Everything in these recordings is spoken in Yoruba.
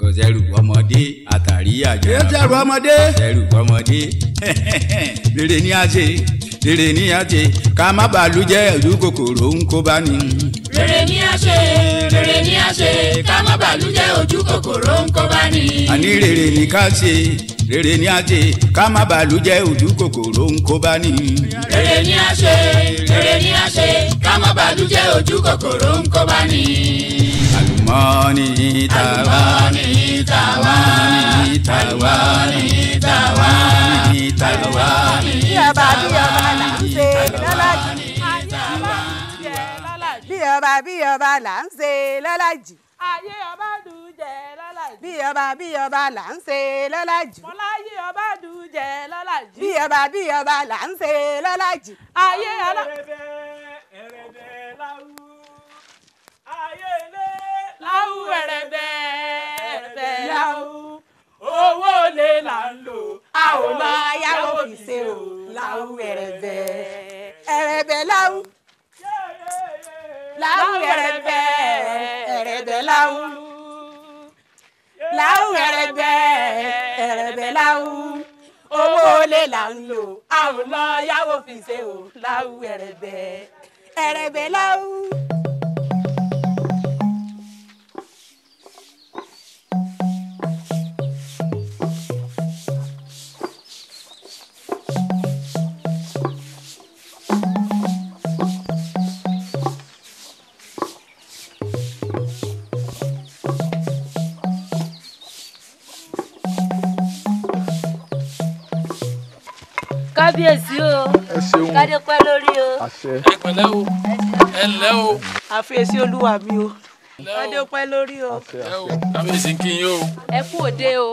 kò sẹ́rù ọmọdé àtàrí àjọ. kò sẹ́rù ọmọdé. kò sẹ́rù ọmọdé. rere ni a ṣe rere ni a ṣe ká má bàálù jẹ́ ìlú kòkòrò ń kó bá ní. rere ni a ṣe rere ni a ṣe ká má bàálù jẹ́ ojú kòkòrò ń kó bá ní. àní rere ni ká ṣe rere ni a ṣe ká má bàálù jẹ́ ojú kòkòrò ń kó bá ní. rere ni a ṣe rere ni a ṣe ká má bàálù jẹ́ ojú kòkòrò ń kó bá ní tawani tawani tawani tawani tawani tawani. bí ọba bí ọba là ń ṣe lọ́lájì. bí ọba bí ọba là ń ṣe lọ́lájì. ayé ọba dùn jẹ lọ́lájì. bí ọba bí ọba là ń ṣe lọ́lájì. mọ́láyé ọba dùn jẹ lọ́lájì. bí ọba bí ọba là ń ṣe lọ́lájì. ayé ọlọ́. ẹrẹ̀dẹ̀ ẹrẹ̀dẹ̀ láwù ayé ilé láwù ẹ̀rẹ̀bẹ̀ yáwù owó olè là ń lò a ò mọ fi ṣe o láwù ẹ̀rẹ̀bẹ̀ ẹ̀rẹ̀bẹ̀ láwù láwù ẹ̀rẹ̀bẹ̀ ẹ̀rẹ̀bẹ̀ láwù láwù ẹ̀rẹ̀bẹ̀ ẹ̀rẹ̀bẹ̀ láwù owó olè là ń lò a ò mọ fi ṣe o láwù ẹ̀rẹ̀bẹ̀ ẹ̀rẹ̀bẹ̀ láwù. kábíyèsí o kádé pẹ́ lórí o ẹ pẹ̀lẹ́ o ẹ ǹlẹ́ o. àfiyèsí olúwa mi o kádé pẹ́ lórí o. kábíyèsí kí n yó o. ẹ kú òde o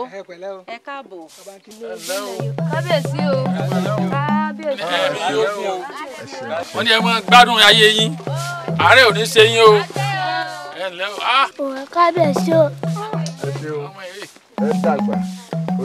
ẹ káàbọ̀ kábíyèsí o kábíyèsí o. wọ́n ní ẹ máa gbádùn ayé yín àárẹ̀ ò ní ṣe yín o. ẹ ǹlẹ́ o. òwe ah! kábíyèsí o. ẹ ṣeun ẹ dàgbà.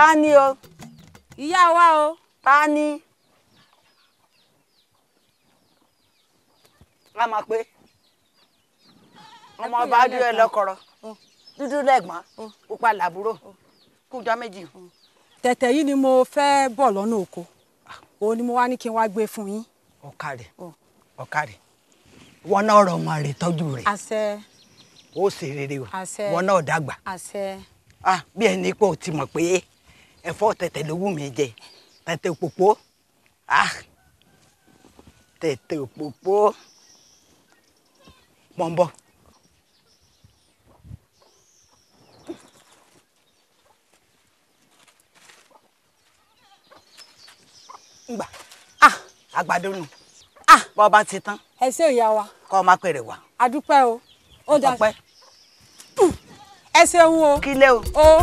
pa o. ìyá wa o. pa ni. a máa pe ọmọ ọba dúró lọkọrọ dúdú lẹ́gbọ̀n pupa làbúrò kújọ méjì. tẹ̀tẹ̀ yìí ni mo fẹ́ bọ̀ lọ́nà oko òun ni mo wá ní kí n wá gbé fún yín. ọ̀ka wọn náà rọ ọmọ rere o wọn náà dàgbà. Ah, bí ẹni pé o ti mọ̀ pé ẹ̀fọ́ tẹ̀tẹ̀ ló wù mí jẹ tẹ̀tẹ̀ òpópó ah tẹ̀tẹ̀ òpópó pọ̀nbọ̀. ngbà ah àgbàdo nù ah bọ́ bá ti tán. ẹ ṣé ìyá wa. kọ́ ọ má pèrè wá. a o ó dá. ọpẹ́. ẹ o. o. Oh.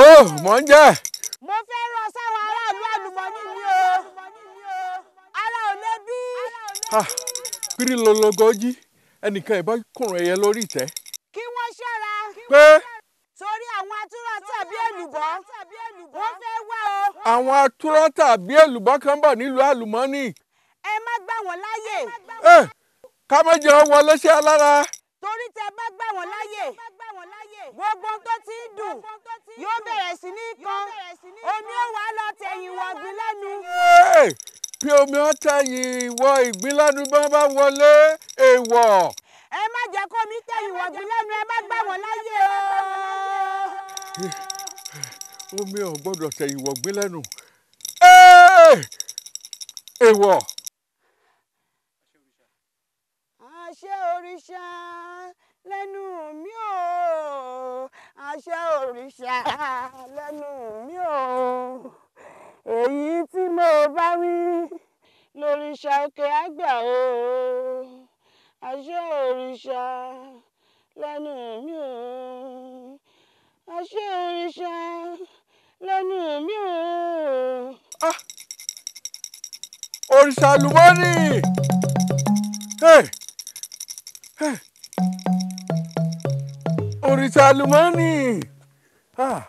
ó mọ̀ ń jẹ́. mo fẹ́ rán sáwọn aráàlú àlùmọ́nì mi o ara ò lè bí. kiri lọlọgọjí ẹnìkan ìbá kùnrin ẹyẹ lórí ìtẹ́. kí wọ́n ṣọ́ra. pé. torí àwọn atúrọ̀ tàbí èlùbọ́ wọ́n fẹ́ wá o. àwọn atúrọ̀ tàbí èlùbọ́ kan bọ̀ nílùú àlùmọ́nì. ẹ má gbà wọ́n láyè. ẹ ká má jẹ́ wọlé sí alára. bẹ̀rẹ̀ sí ní kan omi ó wá lọ tẹ̀yìn wọ ìgbín lẹ́nu. bí omi ó tẹ̀yìn wọ ìgbín lẹ́nu bá bá wọlé èèwọ̀. ẹ má jẹ́ kó omi tẹ̀yìn wọ ìgbín lẹ́nu ẹ má gbà wọ́n láyé o. omi ò gbọ́dọ̀ tẹ̀yìn wọ ìgbín lẹ́nu èèwọ̀. àṣẹ òrìṣà lẹ́nu mi ò àṣẹ òrìṣà lẹ́nu mi o èyí tí mo bá wí lòrìṣà òkè àgbà o àṣẹ òrìṣà lẹ́nu mi o àṣẹ òrìṣà lẹ́nu mi o. Ah! òrìṣà àlùmọ́nì. Hey! Hey! òrìṣà àlùmọ́nì ah, ah,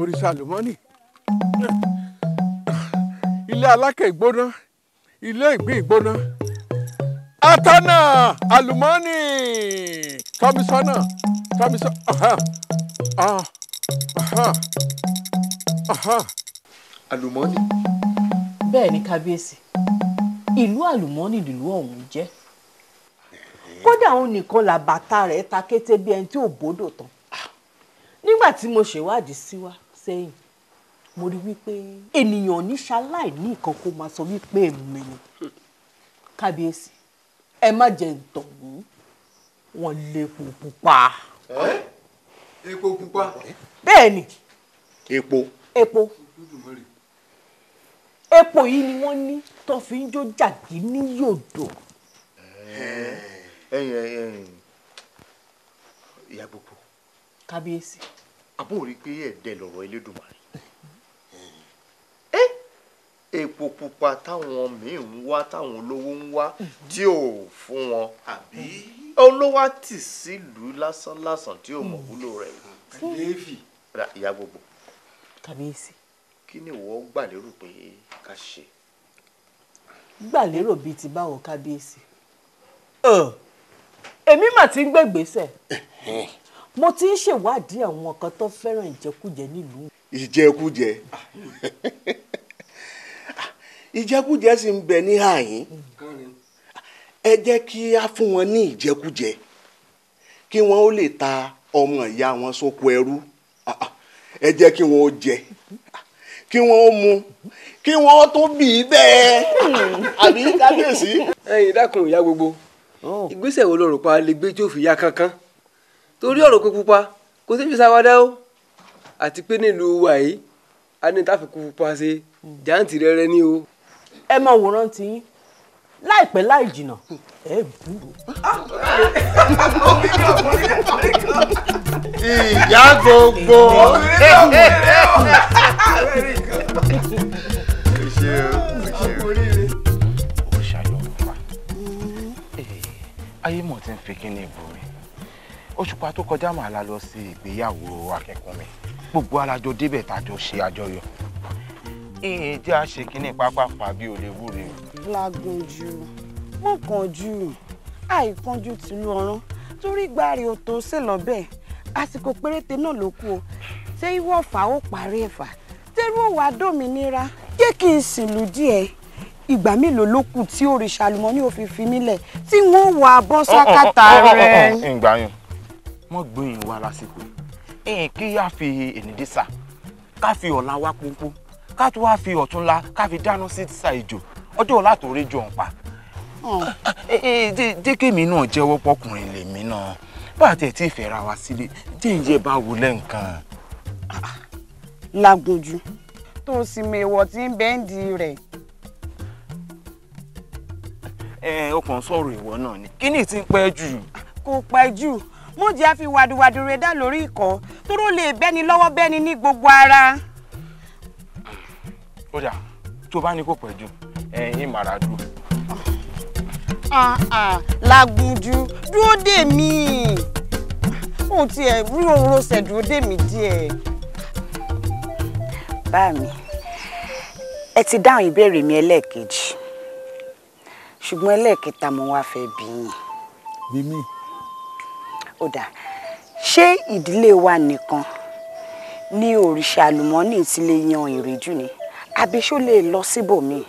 òrìṣà àlùmọ́nì ilé alákẹ́ ìgbóná ilé ìgbín ìgbóná atana àlùmọ́nì tọ́misọ́nà tọ́misọ́ àlùmọ́nì. bẹ́ẹ̀ ni kábíyèsí ìlú àlùmọ́nì ìlú ọ̀hún jẹ́ kódà òun nìkan là bàtà rẹ̀ ta kété bí ẹni tí ò bódò tán nígbà tí mo ṣèwádìí síwá sẹ́yìn mo rí wípé ènìyàn níṣaláì ní nǹkan kó máa sọ wípé èmi ni kábíyèsí ẹ má jẹ ìtọ̀hún wọn lépo pupa. epo pupa. bẹ́ẹ̀ ni. epo. epo. epo yìí ni wọ́n ní tó fi ń jó jàgí ní yòdò ẹ̀yin ẹ̀yin ìyá gbogbo. kábíyèsí. àbó rí pé ẹ̀dẹ̀ lọ̀rọ̀ Elédùmarè. Eh? Eh, epo pupa táwọn míì ń wá táwọn olówó ń wá mm-hmm. tí ò fún wọn àbí mm-hmm. olówó tì sílùú lásánlásán tí ò mọ̀ mm-hmm. wúlò rẹ̀. kàdéfì. ìyá gbogbo. kábíyèsí. kí ni ìwọ gbà lérò pé ká ṣe. gbà lérò bíi ti báwo kábíyèsí. Uh èmi mà ti ń gbé gbèsè mo ti ń ṣèwádìí àwọn kan tó fẹ́ràn ìjẹkújẹ nílùú. ìjẹkújẹ ìjẹkújẹ sì ń bẹ ní àyín ẹ jẹ́ kí a fún wọn ní ìjẹkújẹ kí wọ́n ó lè ta ọmọ ìyá wọn sóko ẹrú ẹ jẹ́ kí wọ́n ó jẹ kí wọ́n ó mu kí wọ́n ó tó bì í bẹ́ẹ̀ hmm. àbí kábíyèsí. ẹ̀yin dákun ìyá gbogbo Oh. ìgbésẹ̀ wo ló rò pa lè gbé tí ò fi ya kankan torí ọ̀rọ̀ kó pupa kò sí fi sáwádà o àti pé nílùú wa yìí a ní tá a fi kú pupa ṣe jáǹtì rẹ́rẹ́ ni o. ẹ máa wòran tí yín láìpẹ́ láì jìnnà ẹ búrò. ìyá gbogbo. ẹ ṣe ẹ ṣe ayé mọ̀ ti ń fi kíní ìbò mi òṣùpá tó kọjá mà la lọ sí ìgbéyàwó akẹ́kọ̀ọ́ mi gbogbo alájọ débẹ̀ tájọ ṣe àjọyọ̀ ìyìn jẹ́ àṣe kíní pápápá bí olè wúre. lágùnjù mọ kánjú àìkánjú tìlú ọ̀rán torí gbàrí o tó ṣe lọ́bẹ̀ àsìkò péréte náà ló kù o ṣé ìwọ̀fà ó parí ẹ̀fà tẹ́rù òwà dòmìnira jẹ́ kí n sì lù díẹ̀ ìgbà mélòó ló kù tí òrìṣà àlùmọ́nì ò fi fi mí lẹ̀ tí wọ́n wà á bọ́ sákàtà rẹ̀. ìgbà yẹn wọ́n gbìyìn wa lásìkò ẹ̀yìn kí á fi ènìdísà ká fi ọ̀la wá pọ́npọ́n ká tó wá fi ọ̀túnla ká fi dáná sí tísà ìjò ọjọ́ ọ̀la tó rí jọ ń pa. jẹ́ kémi náà jẹ́wọ́ pọ́kùnrin lèmi náà bá a tẹ̀ tí ìfẹ́ra wa sílé jíǹjẹ́ bá wo lẹ́ǹkan. Ah, ah. lágbójú tó o sì mèwọ̀ tí ń bẹ́ǹdì rẹ̀ ó kàn sọ̀rọ̀ ìwọ náà ni kí ni ti ń pẹ́ jù. kò pẹ́ jù mo jẹ́ àfi wàdùwàdù rẹ̀ dá lórí ikọ̀ tóró lè bẹ́ni lọ́wọ́ bẹ́ni ní gbogbo ara. ó dà tó bá ní kò pẹ́ jù ẹ̀yìn màrà dúró. Ah, ah, lágùnjú dúró dè mí òun tiẹ̀ rí òróró ṣẹ̀ dè mí díẹ̀. bá mi ẹ ti dáhùn ìbéèrè mi ẹlẹ́ẹ̀kejì ṣùgbọ́n ẹlẹ́ẹ̀kẹta mo wá fẹ́ bí yín. bí mi. ó dà ṣé ìdílé wa nìkan ní òrìṣà àlùmọ́ọ́nì tí lè yan ìrìjú ni àbí ṣó lè lọ síbòmíì.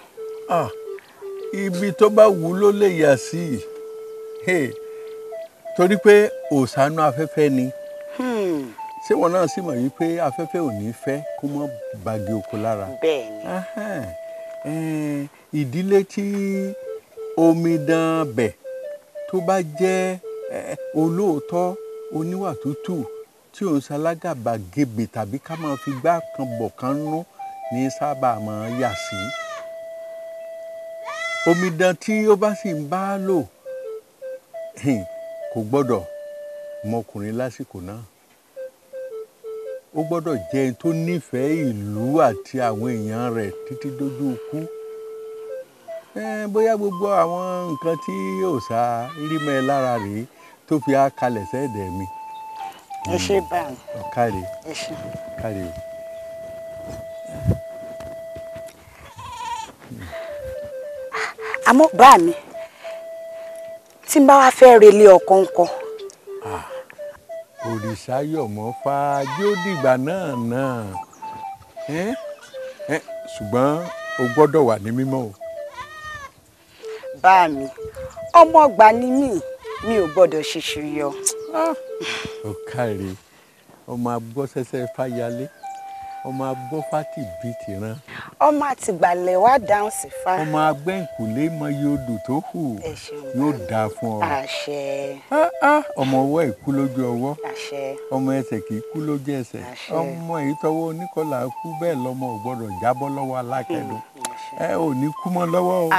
ah ibi tó bá wù ú ló lè yà sí i torí pé òsánú afẹ́fẹ́ ni hmm. ṣé wọn náà sì mọ̀ wípé afẹ́fẹ́ ò ní fẹ́ kó mọ́ bàgé oko lára. bẹ́ẹ̀ ni. ìdílé tí. Uh eh, ìdílé tí omidan bẹ̀ tó bá jẹ́ olóòótọ́ oníwà tútù tí òun ṣalágàbàgebè tàbí ká máa fi gbá kan bọ̀ kan nú ní sábà máa yà sí. omidan tí ó bá sì ń bá lò kò gbọ́dọ̀ mọkùnrin lásìkò náà ó gbọ́dọ̀ jẹ́ ẹni tó nífẹ̀ẹ́ ìlú àti àwọn èèyàn rẹ̀ títí dójú ikú Eh, bóyá gbogbo àwọn nǹkan tí òòṣà rímọ ẹ lára rèé tó fi á kalẹ̀ sẹ́ẹ̀dẹ̀ mi. ẹ ṣe báyìí. ọ̀kàrè ọ̀kàrè o. àmọ́ bá mi tí n bá wá fẹ́ relé ọkọ ńkọ́. òrìṣà yọ̀mọ́ fa jódìgbà náà náà ṣùgbọ́n o gbọ́dọ̀ wà ní mímọ́ o bàbá mi ọmọ ọgbà ni mí mi ò gbọ́dọ̀ ṣíṣú yọ. ó káre ọmọ agbọ́sẹ́sẹ́ fáyalé ọmọ agbọ́fátì bíi tìran. ọmọ àtìgbàlẹ̀ wá dáhùn sí fa. ọmọ agbẹ́ǹkùlé mọ iye odò tó kù yóò dáa fún ọ. àṣẹ. ọmọ ọwọ́ ẹ̀ kú lójú ọwọ́. àṣẹ. ọmọ ẹsẹ̀ kì í kú lójú ẹsẹ̀. àṣẹ. ọmọ ìtọ́wọ́ oníkọlà kú bẹ́ẹ̀ lọ́mọ ò gbọ́dọ̀ jábọ́ lọ́wọ́ alákẹ́dùn. Mm ẹ ò ní kú mọ́ lọ́wọ́ o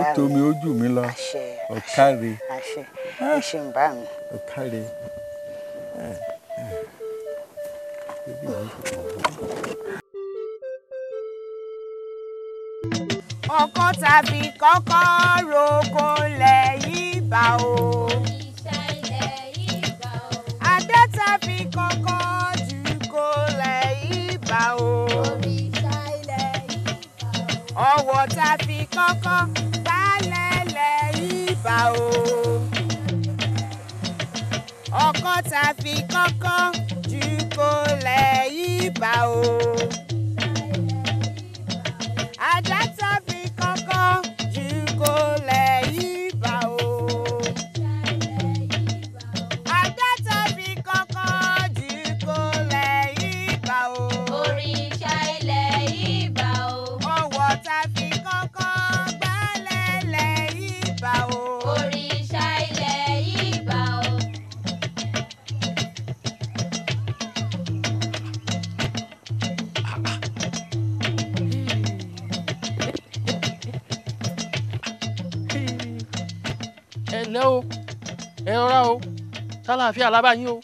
ó tomi ojú mi lọ ọ̀káre ọ̀káre. ọkọ tàbí kọ́kọ́ roko lẹ́yìn ìbà o adé tàbí kọ́kọ́. ọwọ́ tá a fi kọ́kọ́ gbálẹ̀lẹ̀ ibà o. ọkọ́ tá a fi kọ́kọ́ jù kolẹ̀ ibà o. ajá tá a fi kọ́kọ́ jù kolẹ̀. sálàáfíà lábàáyín o.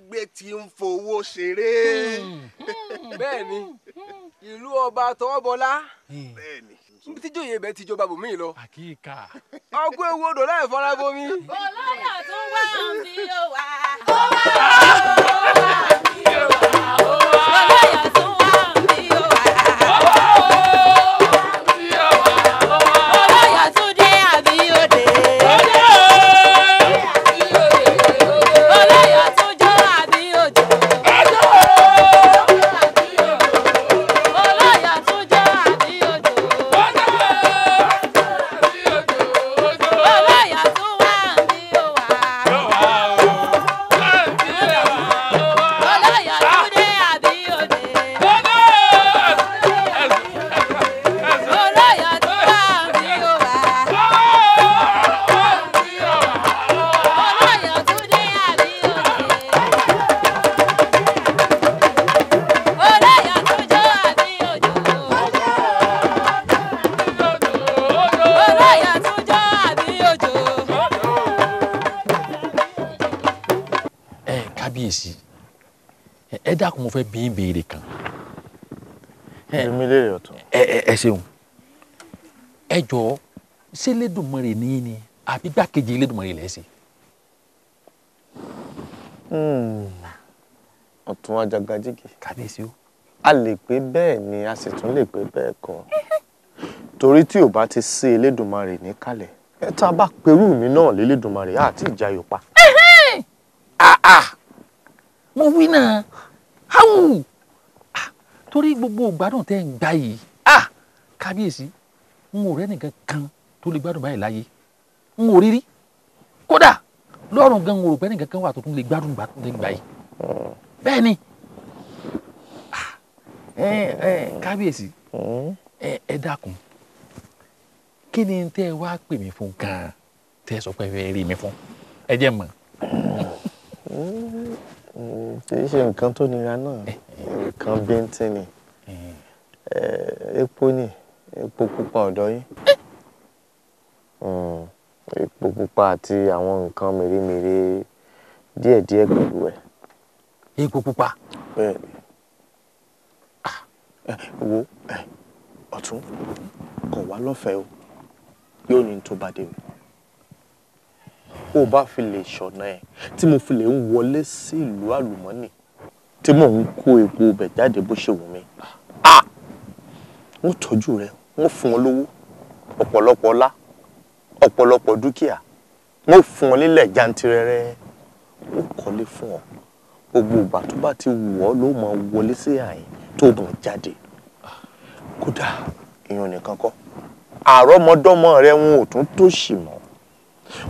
alágbé ti ń fowó ṣeré. Hmm. bẹ́ẹ̀ni ìlú ọba tọwọ́bọlá hmm. níbi tí jòyè bẹ́ẹ̀ ti jọba bòmí lọ. àkíkà. ọgbẹ́ ewu odò láì fọ́nra bomi. olóyè tún wà ń bí ó wà. ó wà ó wà. ẹ dákun mo fẹ́ bí n béèrè kan. èmi lè rè ọ̀tún. ẹ ẹ ẹ ṣeun ẹ jọ̀ọ́ ṣé lẹ́dùnmọ̀rẹ̀ ní ni àbí gbàkejì lẹ́dùnmọ̀rẹ̀ lẹ́ ṣe. Hmm. ọ̀tún ajagajigi. kàbíyèsí o. a lè pé bẹ́ẹ̀ ni a sì tún lè pé bẹ́ẹ̀ kọ́ torí tí ò bá ti sí elédùnmarè níkàlẹ̀ ẹ tá a bá perú mi náà lélédùnmarè àti ìjà yòpa. Ah, ah! mo wí náà háwù ah, torí gbogbo ìgbádùn tẹ́ ń gbà yìí ah, kábíyèsí n ò rẹ́ nìkan kan tó lè gbádùn báyìí láyé n ò rírí kódà lọ́rùn gan n ò rò pé nìkan kan wà tó tún lè gbádùn gbà yìí bẹ́ẹ̀ ni ah, kábíyèsí ẹ dákun kí ni tẹ́ ẹ wá pè mí fún gan-an ẹ sọ pé ẹ fẹ́ rí mi fún ẹ jẹ́ mọ̀ kì í ṣe nǹkan tó nira náà eh, eh. nǹkan bíntín ni eh. epo ni epo pupa ọ̀dọ̀ yín hmm. epo pupa àti àwọn nǹkan mèremère díẹ̀díẹ̀ pẹ̀lú ẹ̀. epo pupa. bẹ́ẹ̀ni ah, wo ọ̀tún kọ̀ wá lọ́fẹ̀ẹ́ o yóò ní tó bá dé o ó ba fi lè ṣọ̀nà ẹ̀ tí mo fi lè ń wọlé sí ìlú àlùmọ́nì tí mò ń kó epo bẹ̀ jáde bó ṣe wù mí wọ́n tọ́jú rẹ wọ́n fún ọ lówó ọ̀pọ̀lọpọ̀ ọlá ọ̀pọ̀lọpọ̀ dúkìá wọ́n fún ọ nílẹ̀ jantirẹrẹ wọ́n kọ́lé fún ọ gbogbo ìgbà tó bá ti wù ọ́ ló máa wọlé sí àyìn tó bùn jáde kódà èèyàn nìkan kọ́ àrọ́mọdọ́mọ rẹ wọn ò tún tó ṣì mọ́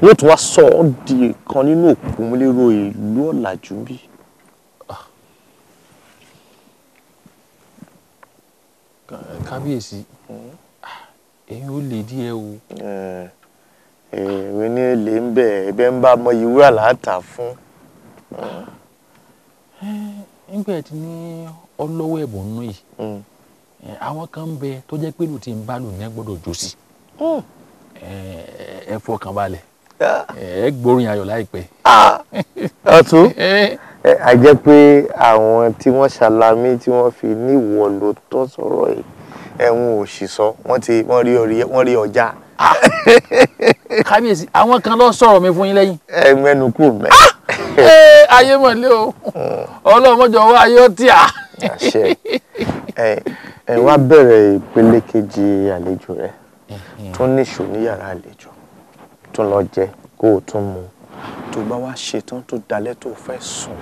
wọ́n tún wá sọ ọ́ di kan nínú òpómúlérò ìlú ọ̀làjú bí. kábíyèsí èyí ò lè díẹ̀ o. èwe ní èlé ń bẹ ẹbẹ ń bá mọ ìwúrà láàtà fún. nígbà tí ní ọlọ́wọ́ ẹ̀bùn nù yìí hmm. àwọn kan ń bẹ tó jẹ́ pé lù ti ń bá lù ní gbọ́dọ̀ jò sí hmm. ẹ fọkàn balẹ̀ ẹ gbórin ayọ̀ láìpẹ́. Ah, ọtún a eh. jẹ́ pé àwọn tí wọ́n ṣàlámí tí wọ́n fi níwọ̀ ló tọ́ sọ̀rọ̀ yìí ẹ̀wọ̀n ò sì sọ wọ́n ti wọ́n rí ọjà. kábíyèsí àwọn kan lọ sọ̀rọ̀ mi fún yín lẹ́yìn. ẹ mẹ́nu kù mẹ́. Ah! Eh, ayé mọ̀lẹ́ o hmm. ọlọ́mọjọ wa ayé ọtí à. ẹ wá bẹ̀rẹ̀ ìpele kejì àlejò rẹ tó níṣó ní yàrá àlejò tún lọ jẹ kó o tún mu tó bá wá ṣetán tó dalẹ́ tó fẹ́ sùn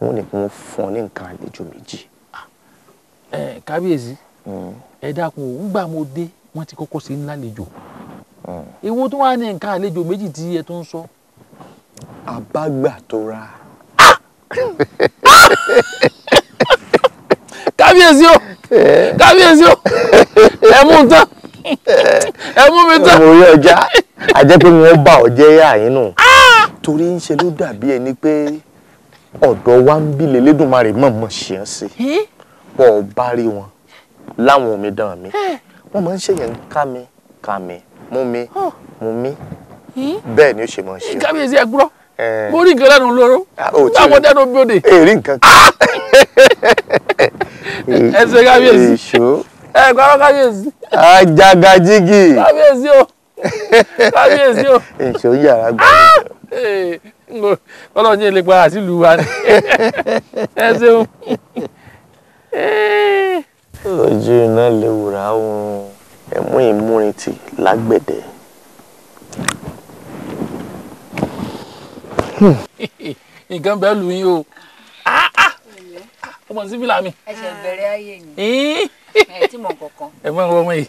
wọn ni kí fún ọ ní nǹkan àlejò méjì. Ah, kábíyèsí hmm. ẹ dákun ò ńgbà mo dé wọ́n ti kọ́kọ́ ṣe ń lálejò hmm. èwo tó wà ní nǹkan àlejò méjì tí ẹ tó ń sọ. àbágbà tó ra. kábíyèsí o eh. kábíyèsí o ẹ mú un tán eh. ẹ mú mi tán. mo rí ọjà a jẹ́ pé wọ́n bà ọ́ jẹ́ yá yín nù. Ah! torí ń ṣe ló dàbí ẹni pé ọ̀dọ̀ wa ń bí lélẹ́dùnmarè mọ̀ọ́mọ̀ ṣe é sí pọ̀ bá rí wọn láwọn omidan mi wọ́n máa ń ṣèyàn ká mi ká mi mú mi mú mi bẹ́ẹ̀ ni ó ṣe máa ń ṣe. kábíyèsí ẹ gbúrọ́ mo rí nǹkan lẹ́nu lóró táwọn dẹ́nu bíòde. èrè nǹkan kan. Ah! ẹ ṣe kábíyèsí ẹ gbọ́dọ̀ kábíyèsí. ajagajigi. kábíyèsí o kábíyèsí o. èso yàrá gbà. Ah! Eh, ọlọ́run ní ilé padà sílùú wa ni ẹ ṣeun. Eh. ojú iná lè wùrà oorun ẹ̀mú ìmúrintì lágbẹ̀dẹ. nǹkan bẹ́ẹ̀ lù yín o ah, ah. ọmọ síbílà mi. ẹ ṣe bẹ̀rẹ̀ ayé ni eh. ẹ tí mọ̀ kankan. ẹ mọ̀ ọmọ yìí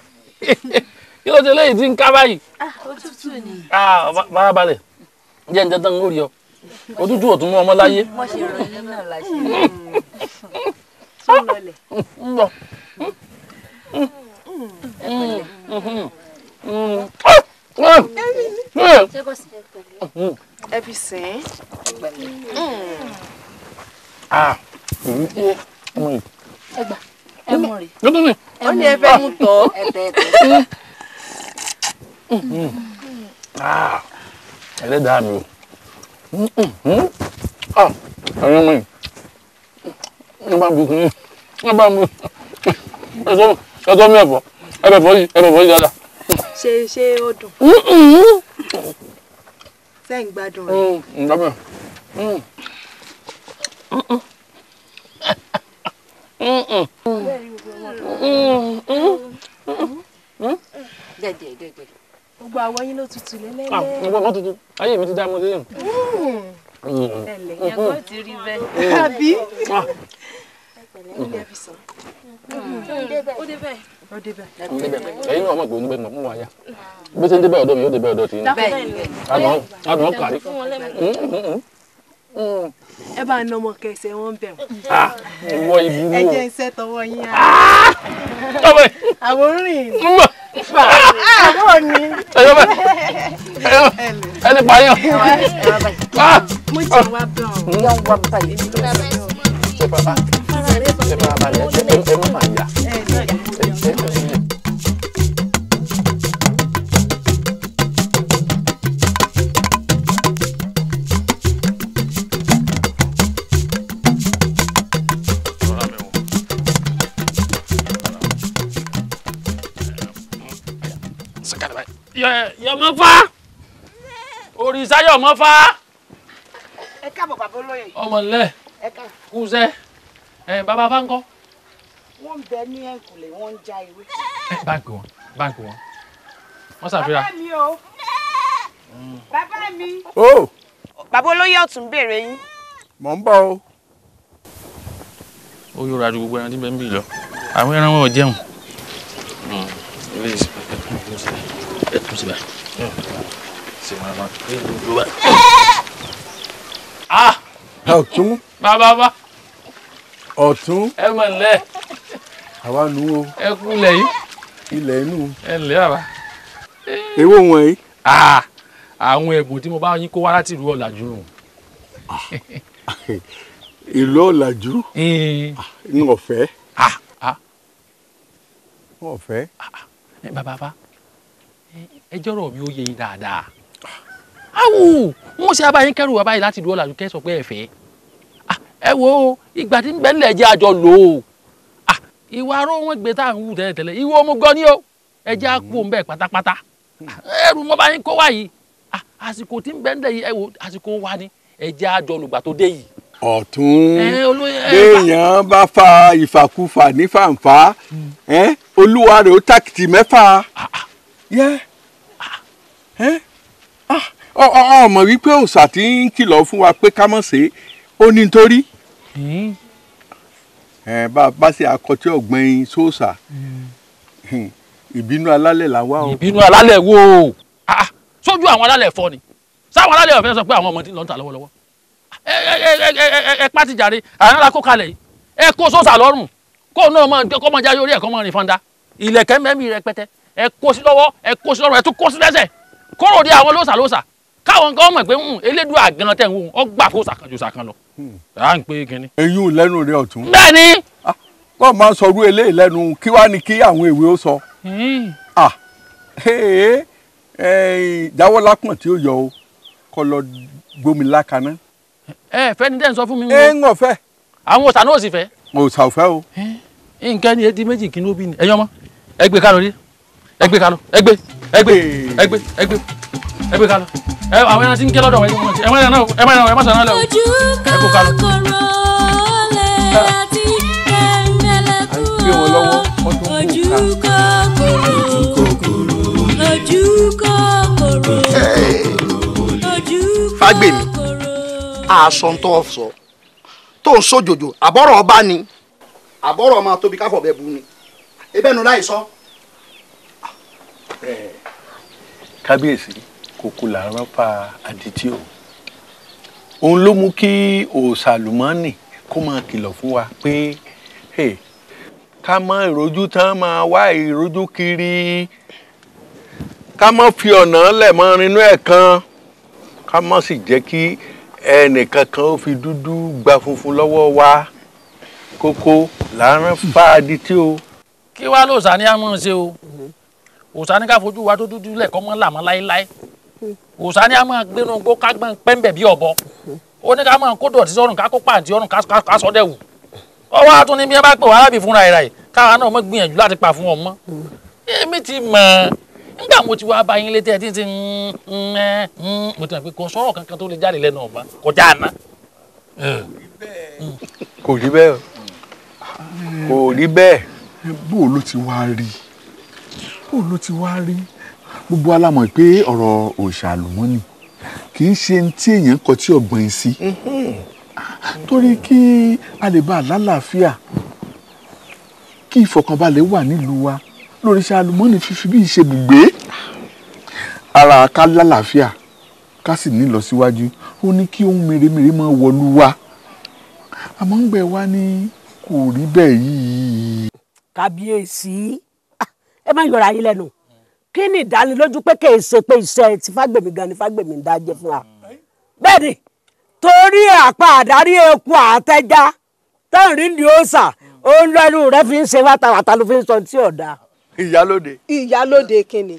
kí ló ṣe léyìí tí ń ká báyìí. Ah, òtútù ni. Ah, bàbá balẹ̀ jẹ́ ǹjẹ́ tán ń rí ọ òtútù ò tún mú ọmọ láyé. mo ṣe ìròyìn náà láṣẹ. tó lọlẹ̀. ń bọ̀ ẹbí sìn. Ah, ẹgbà ẹmu rè. ó ní ẹfẹ mú tọ ẹtẹ ẹtẹ. Ah, ẹlẹ́dàá mi o mm, mm, mm. ah, ẹ̀yin mi ní bá ń bu kìíní ní bá ń bu ẹ̀tọ́ mi ẹ̀fọ́ ẹ̀fọ́ ẹ̀fọ́ yìí ẹ̀fọ́ yìí dáadáa. ṣe ṣe ó dùn. sẹ́yìn gbádùn rẹ̀. ǹjẹ́ bẹ́ẹ̀ jẹjẹ jẹjẹ gbogbo àwọ̀ yín ló tutù lẹ́lẹ́lẹ́. Ah, gbogbo ọkọ tuntun ayé mi ti dá mo dé yẹn. ẹlẹ yẹn kò ti rí bẹ́ẹ̀. Hmm. àbí. Ah. Hmm. ó débẹ̀. ó débẹ̀. ẹ̀yin náà ọmọ ìgbòho níbẹ̀ mọ̀ fún wa yá bí ṣe ń débẹ̀ ọ̀dọ́ mi yóò débẹ̀ ọ̀dọ́ ti yín. àdùn ọ̀kàrí. Oh, ẹ bá ná ọmọ kẹsẹ wọn bẹ wọn. Ah, ìwọ ìlú wo. ẹ jẹ́ iṣẹ́ tọwọ́ yín á. àwòrán ìfà àwọ̀ ni. ẹni pààyàn. mo jẹ wá bẹ́ẹ̀ o. yọ̀ wá báyìí. Ah! Ah! ṣé bàbá ṣé bàbá rẹ̀ ṣé bàbá rẹ̀ ẹ̀ ṣe é mọ̀. yọmọfá òrìṣà yọmọfá. ẹ káàbọ̀ bàbá olóyè. ọmọ nlẹ kùsẹ ẹ bàbá fáńkọ. wọ́n ń bẹ ní ẹ̀kúlẹ̀ wọ́n ń já ewé. ẹ báńkì wọn báńkì wọn wọ́n ṣàfihàn. bàbá mi o bàbá mi. o. bàbá olóyè ọ̀tún béèrè yín. mò ń bọ̀ o. ó yóò ra ju gbogbo ẹran tí bẹ́ẹ̀ ń bì lọ àwọn ẹran wọn ò jẹun. Hmm, ẹ tún síbẹ̀. ọ̀tún. bàbá bá. ọ̀tún. ẹ mọ̀ nílẹ̀. àwa nù o. ẹ kú ilẹ̀ yìí. ilẹ̀ inú. ẹ ǹlẹ́ bàbá. èwo wọ̀nyí. Ah! àwọn ẹ̀bùn tí mo bá yín kó wá láti ìlú ọ̀làjú ah! ìlú ọ̀làjú. n ò fẹ́. n bàbá bá ẹjọ́ rọ̀ mi ó yẹ yín dáadáa. awù wọn ṣe abáyín kẹrù bàbá yìí láti dúró làlùkẹ́ sọ pé ẹ̀fẹ́ ah, ẹ wo ìgbà tí ń bẹ nílẹ̀ jẹ́ àjọ lò ó ah, ìwà aró wọn gbé tá à ń wù tẹ́lẹ̀tẹ́lẹ̀ ìwọ ọmọ gan ni ó ẹ jẹ́ àpò ń bẹ pátápátá ah, ẹrù mọ́ bá yín kó wá yìí àsìkò tí ń bẹ nílẹ̀ yìí ẹ àsìkò wa ni ẹ àjọ lùgbà tó dé yìí ọ̀tún béèyàn bá fa ìfàkúfà ní fàǹfà hmm. olúwa rẹ̀ ó tàkìtì mẹ́fà. Ah, ọmọ wípé òòṣà tí ń kìlọ̀ fún wa pé ká mọ̀ ṣe ó ní nítorí bá a bá ṣe akọtí ọ̀gbìn sóòṣà mm. ìbínú alálẹ̀ là wá o. ìbínú alálẹ̀ wo ah, ah, sójú àwọn alálẹ̀ fọ ni sáwọn alálẹ̀ ọ̀fẹ́ sọ pé àwọn ọmọdé lọ́n ta lọ́wọ́lọ́wọ́ ẹ ẹ ẹ ẹ ẹ pàtì jàre àwọn alákó kalẹ̀ yìí ẹ kó sóòṣà lọ́rùn kó náà mọ kó mọ jáde orí ẹ̀ kó mọ rìn fọ́nda ilẹ̀kẹ́ mẹ́mí rẹpẹtẹ ẹ kó sí lọ́wọ́ ẹ kó sí lọ́rùn ẹ tún kó sí lẹ́sẹ̀ kọrọ dé àwọn lóòsà lóòsà káwọn kan mọ̀ pé hmm, elédùn àgànnà tẹ̀ ń wò ó gbà fún sàkànjò sàkàn lọ. Hmm. à ń pè é kínní. eyín ò lẹ́nu rẹ ah, sọ eléyìí lẹ́nu kí wàá ní kí àwọn sọ. Hmm. Ah, lápọ̀n tí ó yọ o kọ́ lọ gbomi lákaná. ẹ fẹ́ ni dẹ́n sọ fún mi. ẹ ń ọ̀fẹ́. àwọn òòsà náà ò o. nǹkan ni edi méjì kí ló bí ni ẹ̀yin ọmọ ẹgbẹ́ rí ẹgbẹ́ ẹgbẹ́. ẹgbẹ́ ẹgbẹ́ ẹgbẹ́ ẹgbẹ́ ká lọ ẹ àwọn ẹran tí ń gé lọ́dọ̀ wọ́n ẹ má yàn náà ẹ má yàn náà ẹ má sàn náà lọ ẹ kó ká lọ. àìsí wọn lọ́wọ́ ọdún kò ojú kòkòrò ojú kòkòrò aṣọ ń tọ́ sọ tó ń sójòjò àbọ̀rọ̀ ọba ni àbọ̀rọ̀ ọmọ tóbi káfọ̀ bẹ́ẹ̀ bu ni ebẹ́nu láì sọ. Yeah kábíyèsí kòkò làárọ̀ pa àdìtí o òun ló mú kí òòsàlùmọ́nì kó máa kìlọ̀ fún wa pé ká má ìrojú tán máa wá ìrojú kiri ká má fi ọ̀nà lẹ̀ mọ́ rinú ẹ̀ kan ká má sì jẹ́ kí ẹnìkankan ó fi dúdú gba funfun lọ́wọ́ wa kókó làárọ̀ pa àdìtí o. kí wàá lòsàn ni a mọ̀ ṣe o. Mm-hmm òòṣà ní ká fojú wa tó dúdú lẹ̀ kọ́ mọ́ làmọ́ láéláé òòṣà ní a máa gbénu gbó ká gbọ́n pẹ́ńbẹ̀ bí ọ̀bọ ó ní ká máa kó dọ̀tí sọ́run ká kó pàǹtí ọ̀run ká sọ dẹ̀wù ọwọ́ àtún ní bí wọ́n bá pè wá lábì fúnra ìrà yìí káwa náà mọ̀ gbìyànjú láti pa fún ọmọ èmi ti mọ̀ nígbà mo ti wá bá yín létí ẹ tí ń ti mo ti mọ̀ pé kò sọ̀rọ̀ kankan tó lè jáde lẹ́nu ọ̀bá kọjá àná. kò rí bẹ́ẹ̀ kò rí bẹ́ẹ̀. bó o ló ti wá rí i bóun ló ti wá rí gbogbo alámọ̀ pé ọ̀rọ̀ òòṣà àlùmọ́nì kì í ṣe tí èèyàn kọ tí ọ̀gbìn sí torí kí a lè bá a lálàáfíà kí ìfọ̀kànbalẹ̀ wà nílùú wa lórí ṣe àlùmọ́nì fífi bí ìṣe bùgbé ara ká lálàáfíà ká sì ní ìlọsíwájú ó ní kí ohun mèremère máa wọlú wa àmọ́ ń gbẹ wá ní kò rí bẹ́ẹ̀ yìí. kábíyèsí ẹ má yọra yín lẹ́nu kí ni ìdánilójú pé kì í ṣe pé iṣẹ́ ti Fágbèmí gan ni Fágbèmí ń dájẹ́ fún wa bẹ́ẹ̀ ni torí àpá àdárí eku àtẹjá tẹ́rì ní òòsà òun lẹ́nu rẹ̀ fi ń ṣe wátawàta ló fi ń sọ tí ò dáa. ìyálóde. ìyálóde kìnnì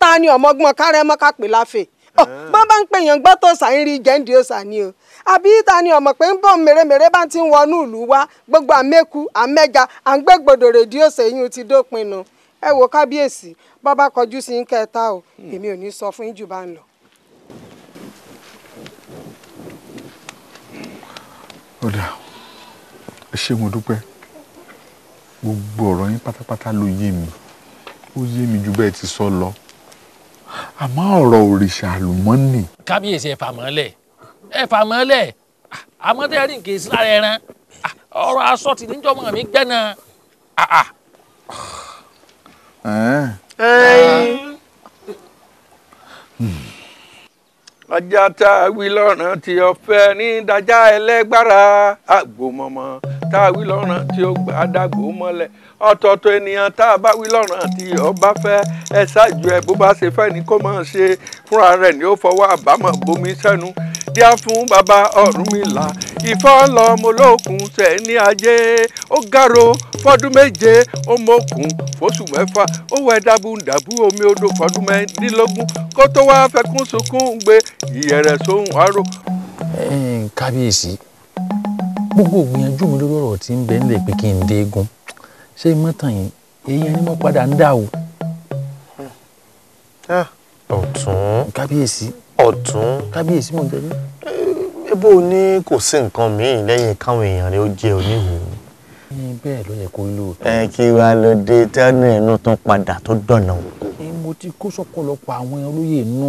ta ni ọmọgbọ́n kárẹ́mọ́ kápẹ́ láfẹ̀ẹ́ eh. bọ́ bá ń pèèyàn gbọ́ tó sàyìn rí jẹ́ǹdì òsà ni o àbí ta ni ọmọ pé ń bọ̀ mèremère bá ti ń wọnú ìlú wa gbogbo àmẹ́kù àmẹ́ja à rèdíò sẹ́yìn ti dópin nu ẹ wò kábíyèsí bàbá kọjú sí ń kẹta o èmi ò ní sọ fún yín jù bá ń lọ. ọ̀dà ẹ ṣé mo dúpẹ́ gbogbo ọ̀rọ̀ yín pátápátá ló yé mi ó yé mi ju bẹ́ẹ̀ ti sọ lọ àmọ́ ọ̀rọ̀ òrìṣà àlùmọ́nì. kábíyèsí ẹ fàmọ́lẹ̀ ẹ fàmọ́lẹ̀ àmọ́ tẹ́ ẹ rí nǹkan ìsìlára ẹran ọ̀rọ̀ aṣọ tì níjọ́ mọ̀ mí gbẹ́ náà. ajá tá a wí lọ́rùn tí ọ̀fẹ́ ní dájá ẹlẹ́gbára àgbòmọ̀mọ̀ tá a wí lọ́rùn tí ó gbà dàgbò mọ́lẹ̀ ọ̀tọ̀ọ̀tọ̀ ènìyàn tá a bá wí lọ́rùn tí ọba fẹ́ ẹ ṣáàjú ẹ bó bá ṣe fẹ́ ni kó máa ṣe fúnra rẹ̀ ni ó fọwọ́ àbámọ̀ bomi sẹ́nu díá fún bàbá Ọ̀rúnmìlà ìfọ́lọ́mọ olókun tẹ̀ ní ajé ó gàrò fọ́dún méje ó mọ̀kùn fóṣù mẹ́fà ó wẹ̀ dábùdàbù omi odò fọ́dún mẹ́ẹ̀ẹ́dínlógún kó tó wá fẹkún sunkún gbé ìyẹ̀rẹ̀ sóhun aró. kábíyèsí gbogbo ògbìyànjú mi lórí ọ̀rọ̀ tí ń bẹ nílẹ̀ pé kí n dé eégún ṣé mọ́tàn yìí èyí ẹni mọ́ padà ń dà o. ọ̀tún kábíyèsí. ọ̀tún kábíyèsí mọ̀ gẹ́gẹ́. Eh, ebo ní kò sí nǹkan míì lẹ́yìn káwọn èèyàn rẹ̀ ó jẹ́ oníhùn. bẹ́ẹ̀ ló ní kó lò. ẹ kí wàá lọ dé tẹ́nu ẹ̀nu tún padà tó dọ̀nà òkú. mo ti kó sọ́pọ̀lọpọ̀ àwọn olóyè nù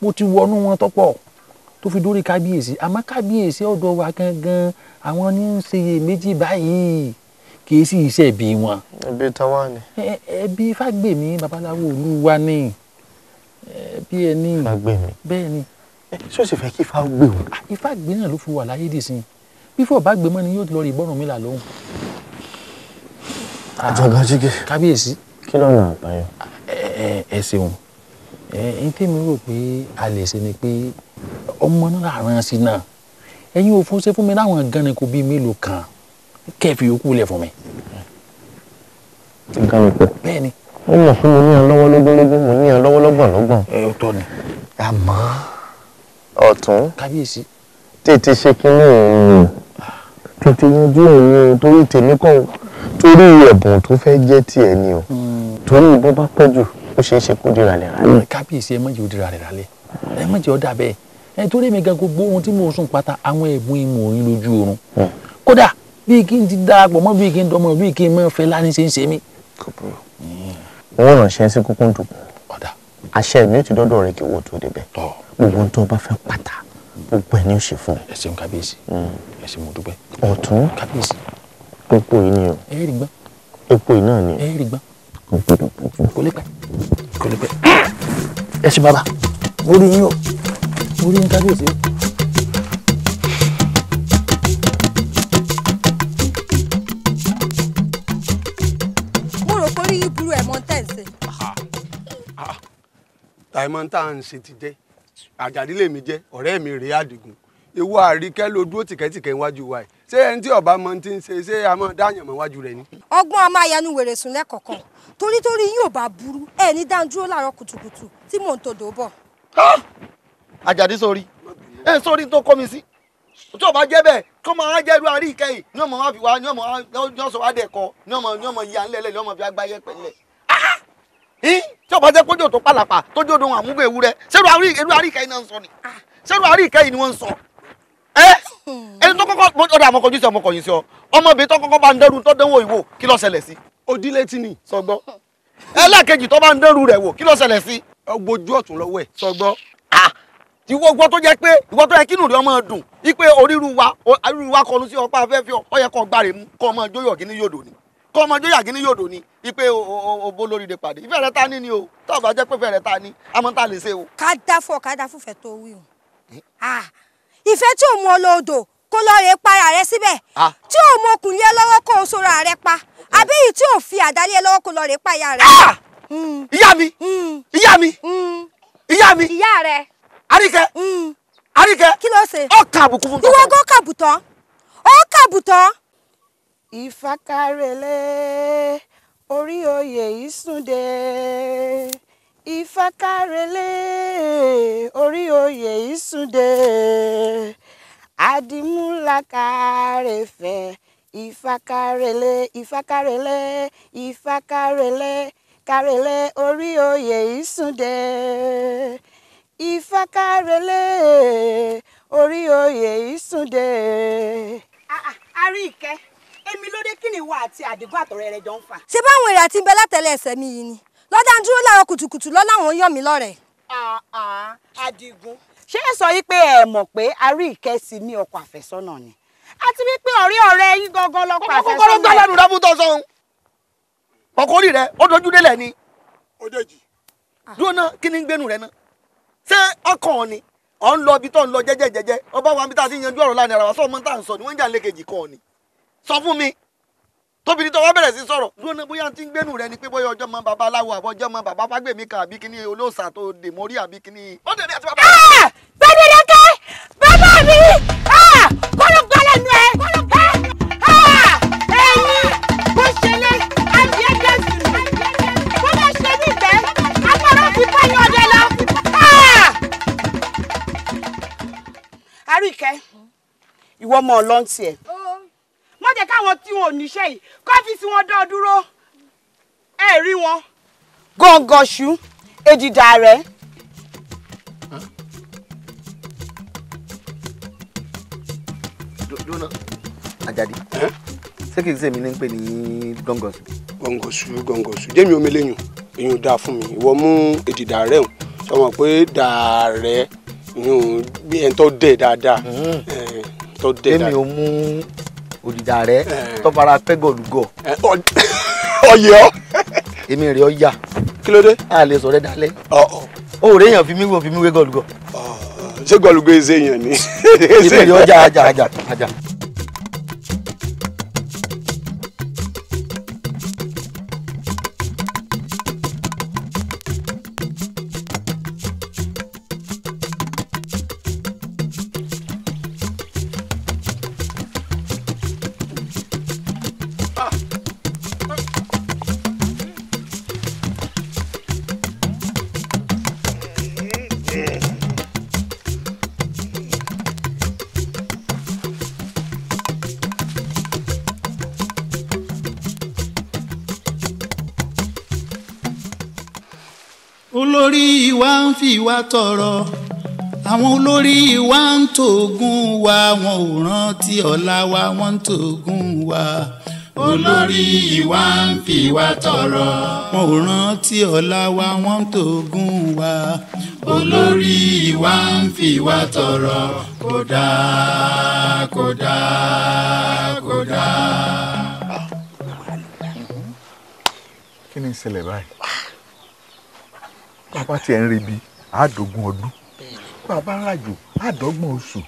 mo ti wọnú wọn tọ́pọ̀ tó fi dórí kábíyèsí àmọ́ kábíyèsí ọ̀dọ̀ wa gangan àwọn ní ń ṣe méjì báyìí kì í sì iṣẹ́ ẹbí wọn. ẹbí táwa ni. ẹbí fàgbèmí babaláwo olúwa ni bí ẹni bẹ́ẹ̀ ni. ṣé o sì fẹ́ kí ifá gbé o. Ah, ifá gbé náà ló fi wà láyé dì sí i bífọ̀ bá gbé mọ́ ni yóò lọ rí ìbọ̀rùn mi là lóhùn. Ah, àjàgbá jíge. kábíyèsí. kí lọ́nà àbáyọ. ẹ ṣeun ẹyin tèmi rò pé a lè ṣe ni pé ọmọ náà ràn sí náà ẹyin òfin ṣe fún mi láwọn gan ni kò bí mélòó kan kẹfì yòókù lẹ fún mi. nǹkan mi pẹ. bẹ́ẹ̀ni wọ́n mọ̀ fún mi ní ọlọ́wọ́ lógúnlógún mo ní ọlọ́wọ́ lọ́gbọ̀n lọ́gbọ̀n. ẹ ò tọ́ ni. àmọ́ ọ̀tún kábíyèsí tètè ṣe kínní òun tètè yanjú òun torí tèmi kan torí ẹ̀bùn tó fẹ́ jẹ́ tiẹ̀ ni o hmm. torí ìbọn bá pọ̀ jù ó ṣeé ṣe kó dira rẹ̀ rálẹ̀. kábíyèsí ẹ má jẹ́ rẹ̀ rálẹ̀ ẹ má jẹ́ bẹ́ẹ̀ ẹ torí mi gan gbogbo ohun tí mo sùn pátá àwọn ẹ̀bùn ìmọ̀ òyìn lójú oorun hmm. kódà bí kí n ti darapọ̀ mọ́ bí kí n dọmọ bí kí n mọ́ fẹ́ lánìí ṣe ń ṣe mí owó ránṣẹ́ sí kúkú dùn àṣẹ mi ò ti dọ́dọ̀ rẹ kí owó tó débẹ̀ gbogbo ohun tó o bá fẹ́ pátá gbogbo ẹ̀ ni ó ṣe fún un. ẹ ṣeun kábíyèsí mm. ẹ ṣe mo dúpẹ́. ọ̀tún kábíyèsí epo yìí ni o epo yìí náà ni o kò lè pẹ́ kò lè pẹ́ ẹ bàbá mo yín o mo yín kábíyèsí o. àìmọ̀ tá à ń ṣe ti jẹ́ àjàdí lèmi jẹ́ ọ̀rẹ́ mi rèé àdìgún ewu àríkẹ́ ló dúró tìkẹ́tìkẹ́ iwájú wa ẹ̀ ṣé ẹni tí ọba mọ ti ń ṣe ṣé a mọ dáyàn mọ́ iwájú rẹ̀ ni. ọgbọ́n a máa yanu wèrè sùn lẹ́kọ̀ọ̀kan torí torí yóò bá burú ẹ ní dáńdúró láàárọ̀ kùtùkùtù tí mò ń tòdò bọ̀. àjàdí sórí ẹ sórí tó kọ́ mi sí tó bá jẹ́ bẹ́ẹ̀ kó máa jẹ́rú àríkẹ́ yìí ní ọmọ wa fi wá ní ọmọ wa ní ọmọ wa dẹ̀ kọ ní ọmọ ní ọmọ yìí à ń lẹ́lẹ̀ ní ọmọ fi agbáyé pẹ̀lẹ́ tí ọba jẹ́ kójó tó pàlàpà tójó dohun àmúgbò ewúrẹ́ ṣẹ́rù àrí ìlú àríkà yìí náà ń sọ ni ah. ṣẹ́rù àríkà yìí ni wọ́n ń sọ ẹ ẹni tó kọ́kọ́ ọ̀dà àmọ́kọ̀jú sí ọmọkọ̀yìn sí ọ ọmọbìnrin tó kọ́kọ́ bá ń dẹ́rù tó dánwò ìwò kí ló ṣẹlẹ̀ sí. odílé ti nì. sọgbọ́ ẹlẹ́ẹ̀kejì tó bá ń dẹ́rù rẹ̀ wò kí ló ṣẹlẹ̀ sí. ọgbójú ọ̀tún lọ́wọ́ ẹ̀. sọgbọ́ ah, ìwọ gbọ́ tó jẹ́ pé ìwọ tó yẹ kí nùrí ọmọ dùn ipe oríru wa oríru wa kọlu sí ọpá afẹ́fẹ́ ọ yẹ kó gbàrẹ̀ mú kó ọmọ jóyọ̀ kí ní yòdò ni kọ́ ọmọdé yàgí ní yòdò ni ipe òbó lórí de pàdé ìfẹ́ rẹ ta ní ni o tó bá jẹ́ pé ìfẹ́ rẹ ta ní àmọ́ ta lè ṣe o. ká dáfọ̀ ká dáfọ̀ fẹ́ tó wí o ìfẹ́ tí ò mú ọ lóòdò kó lọ rè para rẹ síbẹ̀ tí ò mú ọkùnrin ẹ lọ́wọ́ kó o sora rẹ pa àbí yìí tí ò fi àdálẹ́ ẹ lọ́wọ́ kó lọ rè pa ìyá rẹ. ìyá mi ìyá mi ìyá mi ìyá rẹ. àríkẹ́ àríkẹ́ kí ló ṣe. ó kàbùkù fún tọkọ. ìwọ gán kàbùtàn ó kàbùtàn ìfakarẹlẹ orí oyè yìí súnde ìfakarẹlẹ orí oyè yìí súnde àdìmúlàkàrẹfẹ ìfakarẹlẹ ìfakarẹlẹ Karele, karẹlẹ orí oyè yìí súnde ìfakarẹlẹ orí oyè yìí súnde. àrí ìkẹ́ èmi ló dé kí ni ìwọ àti àdìgún àtọ̀rẹ́ rẹ jọ ń fà. ṣé báwọn èrè àti ibẹ látẹlẹ ẹsẹ mi yìí ni lọ́dà ń dúró láàárọ̀ kùtùkùtù lọ́láwọn ń yàn mí lọ́rẹ̀. Ah, ah, àdìgún ṣé ẹ sọ wípé ẹ mọ̀ pé a rí ìkẹ́sí ní ọkọ àfẹ́sọ́nà ni àti wípé ọ̀rẹ́ ọ̀rẹ́ yín gangan lọ́kọ àfẹ́sọ́nà. ọkọ gbọ́dọ̀ lẹ́nu rẹ mú tó sọ ọkọrí rẹ ó dojú délẹ̀ ni. ó dèjì. Ah. dúró náà kí ni ń gbénu rẹ náà ṣé ọkàn ni ọ̀ ń lọ ibi tó ń lọ jẹ́jẹ́jẹ́jẹ́ ọba wa ibi tá a ti yanjú ọ̀rọ̀ láàrin ara wa sọ́ọ́ mọ́ tá à ń sọ sọ fún mi tóbi ní tọwọ́ bẹ̀rẹ̀ sí sọ̀rọ̀ lónà bóyá tí ń gbénu rẹ ni pé bóyá ọjọ́ mọ bàbá aláwo àbọ̀ ọjọ́ mọ bàbá fágbèmí kan àbí kíní olóòsà tó dè mórí àbí kíní. ó dèrè àti bàbá. Ah! bẹ́ẹ̀ni dákẹ́ bàbá mi ah! kọ́lọ́ gbalẹ̀ nù ẹ́ ah! ẹ̀yin bó ṣe lé adìẹ dẹ́sùn bó bá ṣe ní ìgbẹ́ afárá fi báyọ̀ ọdẹ lọ. àríkẹ́ ìwọ ọmọ ọlọ́ntì ẹ̀. Oh má jẹ́ káwọn tí wọn ò níṣẹ́ yìí kọ́fíìsì wọn dán dúró ẹ rí wọn. gángan èdìdà rẹ. dona ajadi ṣé kìí ṣe mi ní pè ní gángan ṣu. gángan jẹ́mi omi lẹ́yìn dáa fún mi ìwọ mú èdìdà rẹ hàn sọmọ pé dàrẹ ìyún bí ẹni tó dẹ dáadáa mm-hmm. tó dẹ dáadáa. èmi ò mú òdìjà rẹ tọ́fara pẹ́gọ̀lùgọ̀. ọyẹ ọ. èmi rè ọ yà. kí ló dé. a lè sọ̀rọ̀ dalẹ̀. Oh, oh. o ò réyàn fi mí wọ fi mí wé gọ̀lùgọ̀. Oh, ṣé gọ̀lùgọ̀ èzè yẹn ni. èmi rè ọ jà jà jà wa tọrọ àwọn olórí wa ń tògùn wa wọn ò rántí ọ̀la wa wọ́n ń tògùn wa olórí wa ń fi wa tọrọ. wọn ò rántí ọ̀la wa wọ́n ń tògùn wa. olórí wa ń fi wa tọrọ kódà kódà kódà. kí ni ìṣẹ̀lẹ̀ báyìí? pápá tiẹ̀ ń rebi àádọ́gbọ̀n ọdún bàbá ńlájò àádọ́gbọ̀n oṣù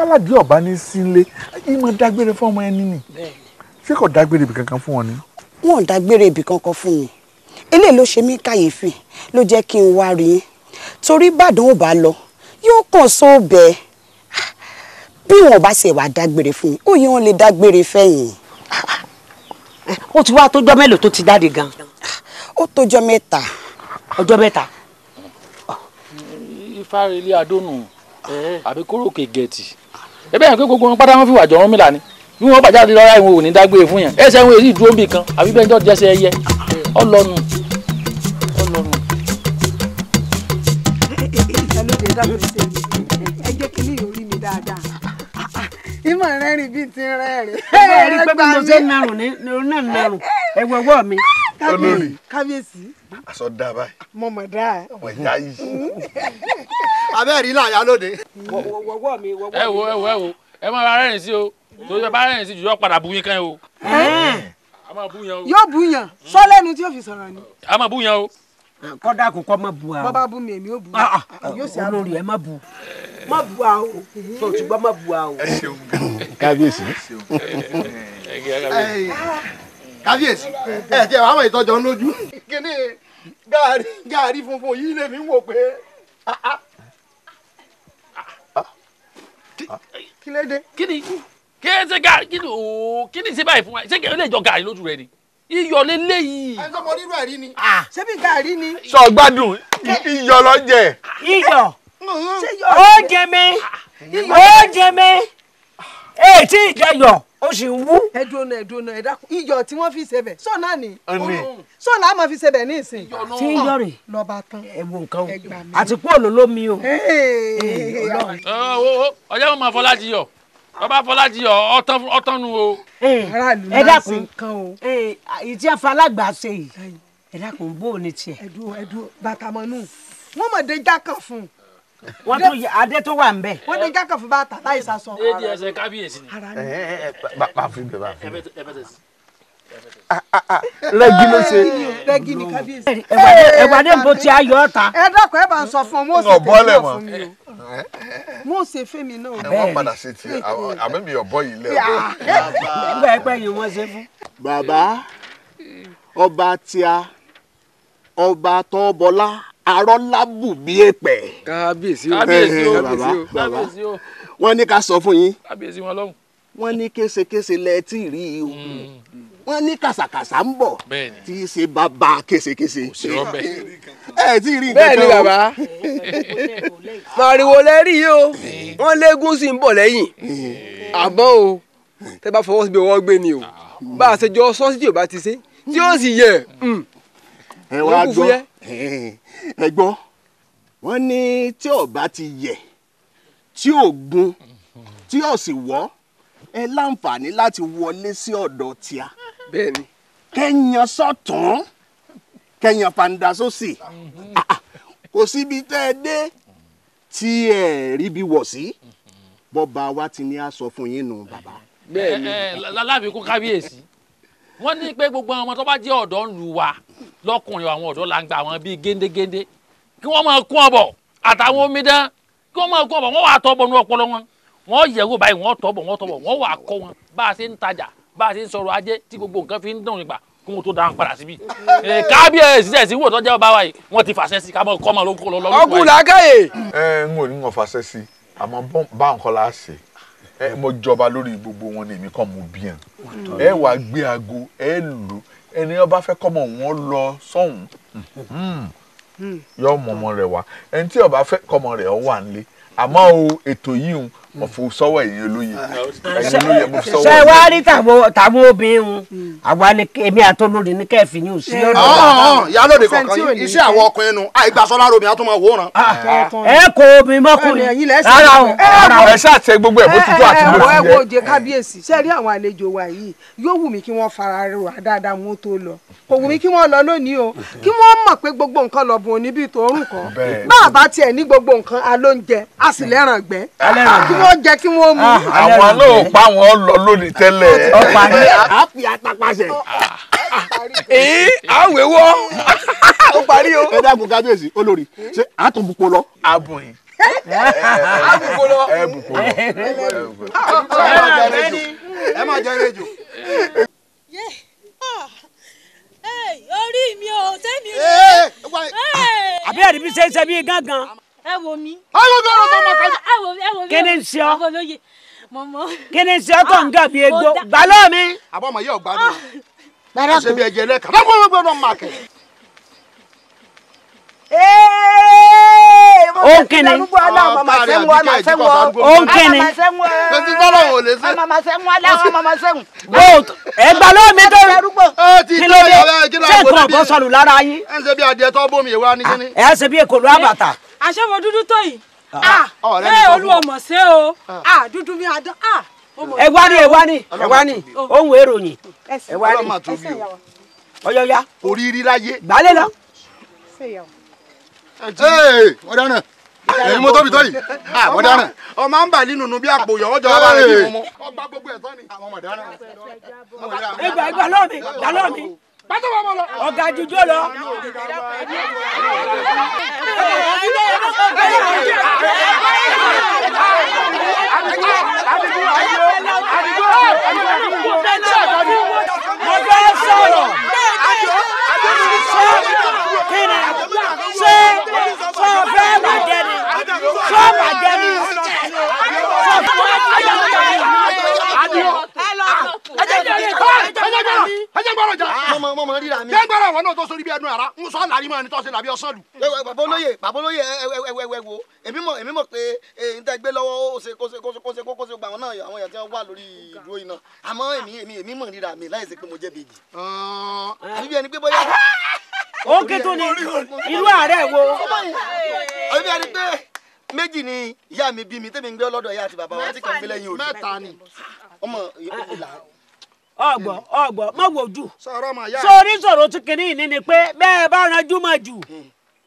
aládìí ọba ní sílé ìmọ̀ dágbére fọmọ ẹni nì ṣé kò dágbére ibì kankan fún wọn ni. wọn ò dágbére ibì kankan fún mi eléyìí ló ṣe mí kàyéfì ló jẹ́ kí n wá rí i torí bàdàn ò bá lọ yóò kàn só bẹ́ẹ̀ bí wọn bá ṣe wà dágbére fún mi ó wọn lè dágbére fẹ̀yìn. ó ti wá tó jọ́ mélòó tó ti jáde gan. ó tó jọ́ mẹ́ta. ọjọ́ mẹ́ta fárelé adónù àbí kórókè gẹ̀ẹ́tì ẹ bẹ́ẹ̀ pé gbogbo wọn pátá wọn fi wà jọ̀rún mi lànà bí wọn bàjá lọ́ra ìwọ̀n ò ní fún yàn ẹsẹ̀ wọn èyí dúró bì àbí bẹ́ẹ̀ jọ́ jẹ́sẹ̀ ẹyẹ ọlọ́nu ọlọ́nu. ẹ jẹ́ kí ní orí mi dáadáa ìmọ̀ rẹ̀ rìn bíi ti rẹ̀ rìn. ẹ bá rí pé bí mo ṣe ń narùn ní orí náà ń narùn ẹ̀wọ̀wọ̀ mi. kábíyèsí aṣọ dá báyìí. mo mọ̀ dá. ọmọ ìyá yìí. abẹ́rẹ́ ilé àyà lóde. wọ́wọ́ mi wọ́wọ́ mi. ẹ wo ẹ wo ẹ wo ẹ máa bá rẹ́rìn sí o tó yẹ bá rẹ́rìn sí jùlọ padà bu yín kan o. a máa bu yàn o. yóò bu yàn sọ lẹ́nu tí yóò fi sọ̀rọ̀ ni. a máa bu yàn o. kọ́dà kò kọ́ má bu a. bọ́bá bu mi èmi ò bu. olórí ẹ má bu. má bu a o tó o má bu a o. kábíyèsí kábíyèsí ẹ tiẹ̀ wàá mọ̀ ìtọ́jọ́ lójú. kíni gaari gaari funfun yìí lèmi wò pé kí ló dé. kíni kí ẹ ṣe gaari kíni ooo kíni ṣe báyìí fún wa ṣé kí ẹ lè jọ gaari lójú rẹ ni iyọ̀ lélẹ́yìí. ẹ sọmọ rírọ ẹ̀rí ni. ṣé bí gaari ni. sọ gbádùn iyọ̀ ló jẹ. iyọ̀ mm-hmm. ó jẹ mi ó jẹ mi ètí ìjẹyọ ó sì ń wú. ẹ dúró náà ẹ dúró náà ẹ dákun iyọ̀ tí wọ́n fi ṣẹbẹ̀ sọ̀nà ni sọ̀nà àmọ́ fi ṣẹbẹ̀ ní ìsìn. tí ń yọrìn lọ́ba tán ẹ wo nǹkan o àti kú òlòló mi o. ọjọ́ mo máa fọlá ti yọ bàbá fọlá ti yọ ọtán nu o. ẹ dákun ìtí afalagba ṣe yìí ẹ dákun bó o ní tiẹ̀. ẹ dúró ẹ dúró bàtà mọ́nú wọ́n mọ̀ dé jákàn fún un wọ́n tún yẹ adé tó wà nbẹ. wọ́n ní kákan fún bá ta láì sasọ. e di ẹsẹ kábíyèsí ni. ẹ ẹ bá fi bẹ bá fi bẹ. rẹgí ló ṣe. rẹgí ni kábíyèsí. ẹwà dé nbọ tí a yọ ẹ dákun ẹ bá ń sọ fún mo ṣe fẹmi náà fún mi o mo ṣe fẹmi náà. ẹ wọ́n padà ṣe tiẹ̀ àmì mi ọ̀bọ yìí lẹ́ nígbà ẹ pẹ́ yìí wọ́n ṣe fún. bàbá ọba tíá ọba tọ́bọlá arọ́lábù bí èpẹ̀. kábíyèsí o kábíyèsí o kábíyèsí o. wọ́n ní ká sọ fún yín. kábíyèsí wọn lọ́hùn. wọ́n ní késekése lẹ́ẹ̀tì rí i o mm. wọ́n ní kàsàkàsà ń bọ̀ tí í ṣe bàbá késekése. ẹ ti rí nǹkan kan o. bẹ́ẹ̀ ni bàbá màrìwò lẹ́rí yìí o mm. wọ́n légún sí ń bọ̀ lẹ́yìn mm. àmọ́ o tẹ́ bá fọwọ́ síbi ọwọ́ gbé ni o bá a ṣe jọ sọ́ọ́sì tí o bá ti ṣe tí ó sì yẹ ẹ wá gbọ́ ẹ gbọ́ wọ́n ní tí ọba ti yẹ tí ò gun tí ò sì wọ́ ẹ láǹfààní láti wọlé sí ọ̀dọ̀ tíá kẹ́yàn sọ̀tún kẹ́yàn fàǹdà sósì kò síbi tẹ́ ẹ dé tí ẹ ríbi wọ̀ sí bọ́ba wa ti ní a sọ fún yín nù bàbá. bẹ́ẹ̀ni láàbí kún kábíyèsí wọ́n ní pé gbogbo àwọn ọmọ tó bá jẹ́ ọ̀dọ́ ń lu wa lọ́kùnrin àwọn ọ̀dọ́ la ń gba àwọn bíi géńdégéńdé kí wọ́n máa kún ọ̀bọ̀ àtàwọn omidan kí wọ́n máa kún ọ̀bọ̀ wọ́n wà tọ́ bọ̀ ní ọpọlọ wọn wọ́n yẹ̀wò báyìí wọ́n tọ́ bọ̀ wọ́n tọ́ bọ̀ wọ́n wà kọ́ wọn bá a ṣe ń tajà bá a ṣe ń sọ̀rọ̀ ajé tí gbogbo nǹkan fi ń dùn nípa kí wọ́n tó dáhùn padà síbí. kábíyèsí ẹ̀ wò tó jẹ́ ọba wa yìí wọ́n ti fàṣẹ sí kámọ́ kọ́mọ́ ló kọ́ lọ́wọ́. ọkùnrin àgàyè. ẹ ń wò ní wọn fàṣẹ sí àmọ́ báwọn kọ́ la ṣe ẹ mọ jọba lórí gbogbo wọn ni èmi kàn mú bí yẹn ẹ wàá gbé aago ẹ lò ẹni ọba fẹ́ kọ́mọ wọn lọ sọ́hùn hmm. hmm. yọ ọmọ ọmọ rẹ wá ẹni tí ọba fẹ́ kọ́mọ rẹ ọ wà nílé àmọ́ ètò yìí ọ̀fun sọ́wọ́ ẹ̀yin olóyè ah, ẹ̀yin ah, olóyè mo sọ́wọ́. ṣé wàá rí tàwọn obìnrin un àwa ni èmi àtọ́lódì eh, ah, ní kẹ́ẹ̀fì ni ò sí ọ̀dọ̀. yálòdì kankan iṣẹ́ àwọn ọkùnrin nu àìgbàsọ́lá romi àtúmọ̀ wòran. ẹ kò obìnrin mọ́kùnrin rárá o. ẹ ṣáà tẹ gbogbo ẹ̀ bó ti tó àti eh, bó ti eh, yẹ. ẹ wo oje kábíyèsí ṣé rí àwọn àlejò wa yìí yóò wù mí kí wọ́n fara rò dáadáa mú tó lọ kò wù mí kí wọ́n lọ lónìí o kí wọ́n mọ̀ pé gbogbo nǹkan lọ́bùn òní bíi tòórùn kan bá a bá tiẹ̀ ní gbogbo nǹkan alóúnjẹ a sì lẹ́ràn gbẹ́ kí w wọ́n jẹ kí wọ́n mú. Ah, àwọn aláwọ̀ pa wọn lọ lónìí tẹ́lẹ̀. ọ̀pá ni a fi atapasẹ̀. Ah. èyí àwẹ̀ wọ́ ó parí o. ẹ dákun kábíyèsí olórí ṣé àtúnbùpọ lọ. abùn yìí abukolo abukolo ẹ má jẹ rẹjò. Ah. orí mi ò tẹ́mi rí. Eh, àbí ẹ̀rí bí ṣe ń ṣe bí gángan ẹ wo mi. ayo bí ọ̀rọ̀ tó mọ kájà. ẹ wo mi ẹ wo mi. kíni sí ọ kíni egbò gbàlọ́ mi. àbọ̀ ọmọ yìí ò gbádùn ah. ọ ṣe bí ẹ̀jẹ̀ lẹ́ka bá wọn o kini o kini mi tó kí ló dé ṣé nǹkan ọ̀gbọ́n sọnù lára yín. ẹ àṣẹwọ dúdú tó yìí ah, ah, ah, ẹ eh, olúwa mọ̀ ṣe o dúdú mi àdán ẹ wá ní ni wá ní ẹ wá ní ohun èrò yìí ẹ wá ọyọ ya oríire láyé gbálẹ̀ lọ. ẹ wọ́n dáná èyí mo tóbi tó yìí àwọn dáná. ọmọ ń bà nínú nu bí àpò yọ ọjọ́ ọba rẹ̀ bí mo mọ. ọgbà gbogbo ẹ̀ tán ni àwọn ọmọ dáná. ẹgbà lọ́ọ̀mì pátó bá mọ lọ. ọ̀gá jùjọ lọ. mo fẹ́ sọ̀rọ̀ kíni ṣé sọ fẹ́ bàjẹ́ ni sọ bàjẹ́ ni sọ fẹ́ bàjẹ́ ni ẹjẹ ah. tó ni irú àárẹ̀ wo. àbí bí pé méjì ni ìyá mi bí mi tẹ́mi ń gbé ọlọ́dọ̀ ìyá àti bàbá wa tí kò ń lẹ́yìn òdu. mẹ́ta ni. ọmọ ìlà ọgbọ ọgbọ má wojú sórí sọ̀rọ̀ tún kìíní ní ni pé bẹ́ẹ̀ bá ranjú mọ̀ jù hmm.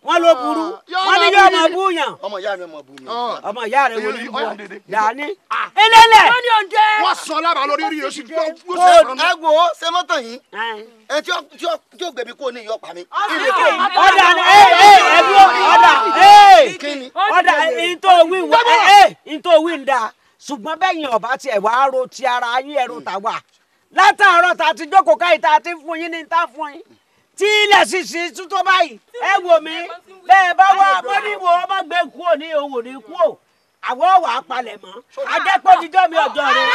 wọ́n ló ah, burú wọ́n ní yóò mọ̀ bú yàn ọmọ ìyá rẹ̀ mọ̀ bú mi ah, ọmọ ìyá rẹ̀ wọlé bú ọ dání elélẹ̀ wọ́n sọ lára lórí rí oṣù tó kú sí ẹ̀rọ mi. ẹgbò sẹmọtò yìí ẹ tí ó tí ó gbẹmí kó ní ìyọ pa mi. Ah, ọ̀dà ẹ ẹ ẹbí ọ̀dà ẹ ọ̀dà ntòwí ẹ ntòwí ń da ṣùgbọ́n bẹ́yìn ọ̀bá tiẹ̀ wàá ro ti ara yín ẹ̀rọ hmm. tàwa látàárọ̀ tá a ti jókòó káyìí tá a ti fún yín ní tá a fún yín tí ilẹ̀ ṣìṣì tútọ́ báyìí ẹ wò mí bẹ́ẹ̀ bá wá mọ́níwò ọmọ gbé kúò ní òwò ní kúò àwọ̀ wà á palẹ̀ mọ́ ajẹ́pọ̀ jíjọ́ mi ọjọ́ rẹ̀.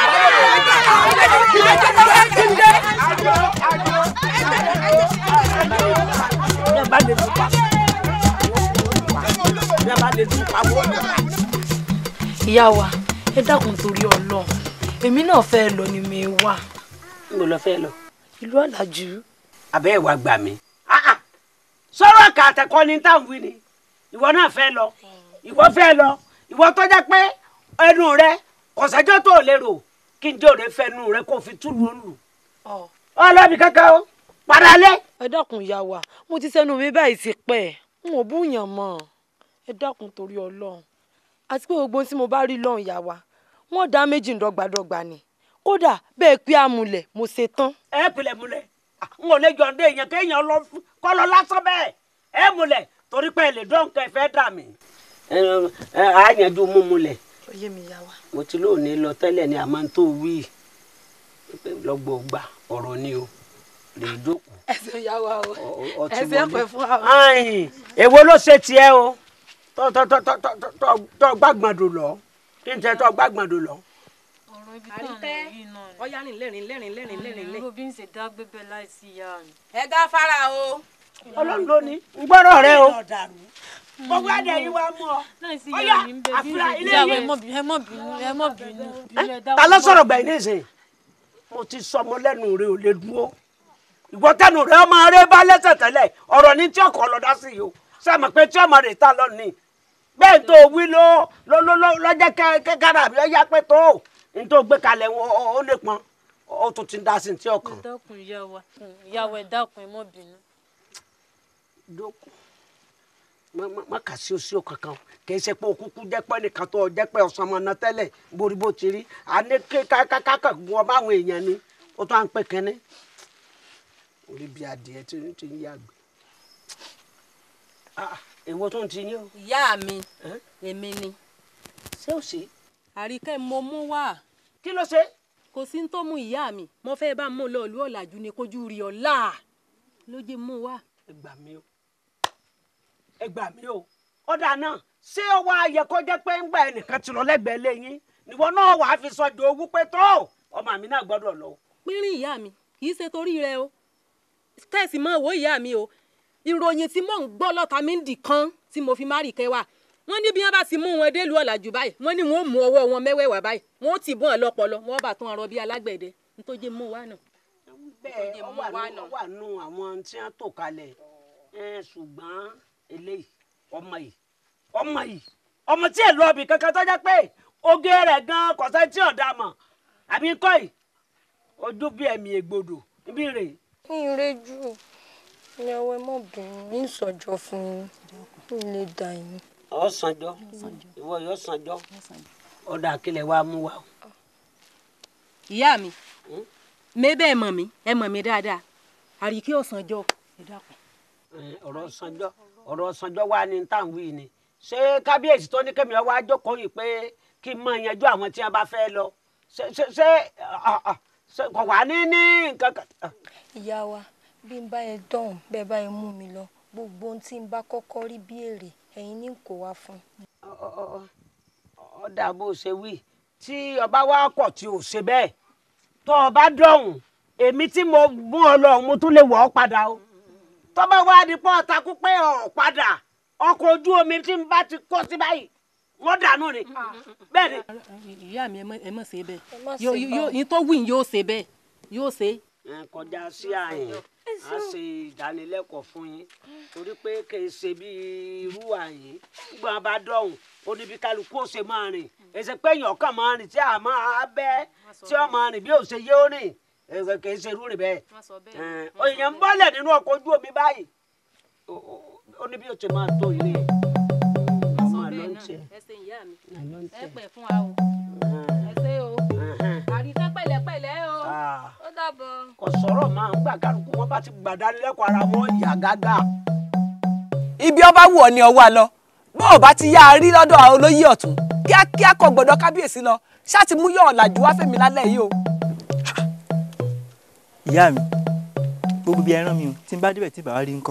ìyá wa ẹ dákun torí Ọlọ́run èmi náà fẹ́ lọ ni mi wá mo lọ fẹ́ lọ. ìlú ọ̀làjú. abẹ́ ẹ̀ wá gbà mí. Ah, ah. sọ̀rọ̀ àkàtẹ̀kọ́ ni táwọn wí ni ìwọ náà fẹ́ lọ ìwọ fẹ́ lọ ìwọ tó jẹ́ pé ẹnu rẹ kọ̀sẹ́jọ́ tó lérò kí n jòrè fẹnu rẹ kó fi túlù olù. ọlọ́bi kankan o padà lé. ẹ dákun ìyá wa mo ti sẹ́nu mi báyìí ti pẹ́ n ò búyàn mọ́ ẹ dákun torí Ọlọ́run àti pé gbogbo tí mo bá rí lọ́hùn ìyá wa wọ́n dá méjì ń ni kódà bẹ́ẹ̀ pé amúlẹ̀ mo ṣe tán. ẹ pilẹ̀ múlẹ̀ n ò lè jọ ọdẹ èèyàn kéèyàn kọ́ lọ lásán bẹ́ẹ̀ ẹ múlẹ̀ torí pé ẹ lè dán nǹkan ẹ fẹ́ dà mí. ẹ ẹ àyànjú mú múlẹ̀. oyè mi yá wa. mo ti lóòní lọ tẹ́lẹ̀ ni àmọ́ tó wí lọ́gbọ̀ọ́ gbà ọ̀rọ̀ ni o lè jókòó. ẹsẹ̀ yá wa o ẹsẹ̀ pẹ̀ fún wa o. èwo ló ṣe tiẹ̀ o tọ́ tọ́ tọ́ tọ́ tọ́ gbàgbọ́n dò lọ kí n tẹ́ tọ́ gbàgbọ́n dò lọ àríkẹ́ ọ̀yá rìn lẹ́rìn lẹ́rìn lẹ́rìn lẹ́rìn lẹ́. bí n ṣe dá gbẹgbẹ láìsí ìyá mi. ẹ gáfárà o. ọlọ́run ló ní gbọ́rọ̀ rẹ o gbogbo ẹ̀dẹ̀ yìí wá mú ọ. ọ̀yá àfúrà ilé yìí. ẹ mọ̀ bínú ẹ mọ̀ bínú. ta ló sọ̀rọ̀ gbẹ̀yìn ní ìsìn mo ti sọ ọmọ lẹ́nu rẹ ò lè dúró ìwọ tẹnu rẹ ọmọ rẹ bá lẹ́sẹ̀ tẹ́lẹ̀ ọ̀rọ̀ ní tí ọkọ̀ ọlọ́dá sí yìí o sẹ́mi pé tí ọmọ rẹ ta lọ́nìí bẹ́ẹ̀ tó wí ló lọ́jẹ́ kẹ́kẹ́rẹ́ àbí ọ̀yá pẹ́ tó n tó gbé kalẹ̀ ó lè pọn ó tún ti ń dá sí ní tí ọkàn. dákun yàwá yàwá ẹ dákun ẹ mọ́ bínú. dókun má kà sí oṣù kankan kì í ṣe pé òkúkú jẹ́pẹ́ nìkan tó jẹ́pẹ́ ọ̀sán ọmọ náà tẹ́lẹ̀ borí bó ti rí àní kákàkà wọn báwọn èèyàn ni ó tún à ń pè kínní orí bíi adìẹ tí ó ti ń yàgbẹ́ ah, èwo tó ń ti yín o. ìyá mi èmi ni. ṣé o ṣe é àríkẹ́ mo mú wá. kí ló ṣe. kò sí ní tó mú ìyá mi mo fẹ́ bá mú lọ ìlú ọ̀làjú ni kójú rí ọ̀la ló mú wá. ẹ gbà o ẹ gbà o ọ̀dà náà ṣé ó wá yẹ kó jẹ́ pé ń gbà ẹnìkan ti lọ lẹ́gbẹ̀ẹ́ lẹ́yìn níwọ náà wàá fi sọ jọ owó pé tó ọmọ mi náà gbọ́dọ̀ lọ. pínrín ìyá mi kì í ṣe torí rẹ o kẹ́sì mọ́ òwò ìyá mi o ìròyìn tí mò ń gbọ́ lọ́ta mi ń dì kan tí mo fi má rí kẹwàá wọ́n ní bí wọ́n bá ti mú wọn délùú ọ̀làjú báyìí wọ́n ní wọ́n mú ọwọ́ wọn mẹ́wẹ̀ẹ̀wá báyìí wọ́n ti bọ́n lọ́pọlọ wọ́n bá tán ọrọ̀ bíi alágbẹ̀dẹ nítorí mú wa náà. bẹ́ẹ̀ ọ wà nù àwọn tí wọ́n tò kalẹ̀ ṣùgbọ́n eléyìí ọmọ yìí ọmọ yìí ọmọ tí ẹ lọ ibì kankan tó jẹ́ pé oge rẹ̀ gan kọ̀sẹ́ tí ọ̀dà mọ̀ àbí kọ́ yìí ojú bí ẹ̀mí ègbodò níbí rè. kí n rejú ìyàwó ẹ ọ̀sánjọ́ ìwọ yóò sànjọ́ ọ̀dà àkìlẹ̀ wa mú wa. ìyá mi hm? mébẹ́ ẹ̀ mọ̀ mí ẹ̀ mọ̀ mí dáadáa àríkí ọ̀sánjọ́ ọ̀rọ̀ ọ̀sánjọ́ ọ̀rọ̀ ọ̀sánjọ́ wa ni tá à ń wí ni ṣé kábíyèsí tó ní kẹ́mi ọwọ́ ajókòó yìí pé kí n máa yanjú àwọn tí wọ́n bá fẹ́ lọ ṣe ṣe ṣe kò wá ní ní nǹkan kan. ìyá wa bí n bá yẹn dọ̀hún bẹ́ẹ̀ bá yẹn mú mi lọ gbogbo ohun tí n bá kọ́kọ́ rí bí èrè ẹ̀yin ní kó wá fún. ọ̀dà bó ṣe wí tí ọba wa kọ̀ tí ò ṣe bẹ́ẹ̀ tó ọba dọ̀hùn èmi tí mo mú ọ lọ mo tún lè wọ̀ ọ́ padà o tọ́ba wa di pọ́ ọ̀takú pé ọ̀ padà ọkọ̀ ojú omi tí n bá ti kọ́ sí báyìí wọ́n dànù ni mm-hmm. bẹ́ẹ̀ ni. ìyá mi ẹ mọ̀ ṣe bẹ́ẹ̀ yìí tó wù yín yóò ṣe bẹ́ẹ̀ yóò ṣe. kọjá sí àyè. a ṣe ìdánilẹ́kọ̀ọ́ fún yín torí pé kì í ṣe bí irú àyè gbogbo àwọn bá dọ̀hùn oníbi kálukú ó ṣe máa rìn èsì pé èèyàn kàn máa rìn tí a máa bẹ́ tí ó máa rìn bí ó ṣe yé ó rìn kì é ṣe irú rìn bẹ́ẹ̀ èèyàn ń bọ́lẹ̀ nínú ọkọ̀ ojú omi báyìí ó ní bí ó ṣe máa tó ilé ọmọ àlọ́ ń tẹ̀ ẹ pẹ̀ fún wa o ẹ ṣe o. pẹ̀lẹ́ o ah. ó dàbọ̀. kò sọ̀rọ̀ máa ń gbà wọn bá ti gbàdánù lẹ́kọ̀ọ́ ara wọn yà gágá. ibi ọba wù ọ ni ọwọ́ lọ. bó o bá ti yá a lọ́dọ̀ olóyè ọ̀tún kíákíá kò gbọ́dọ̀ kábíyèsí lọ mú yìí o. ìyá mi gbogbo ẹran kí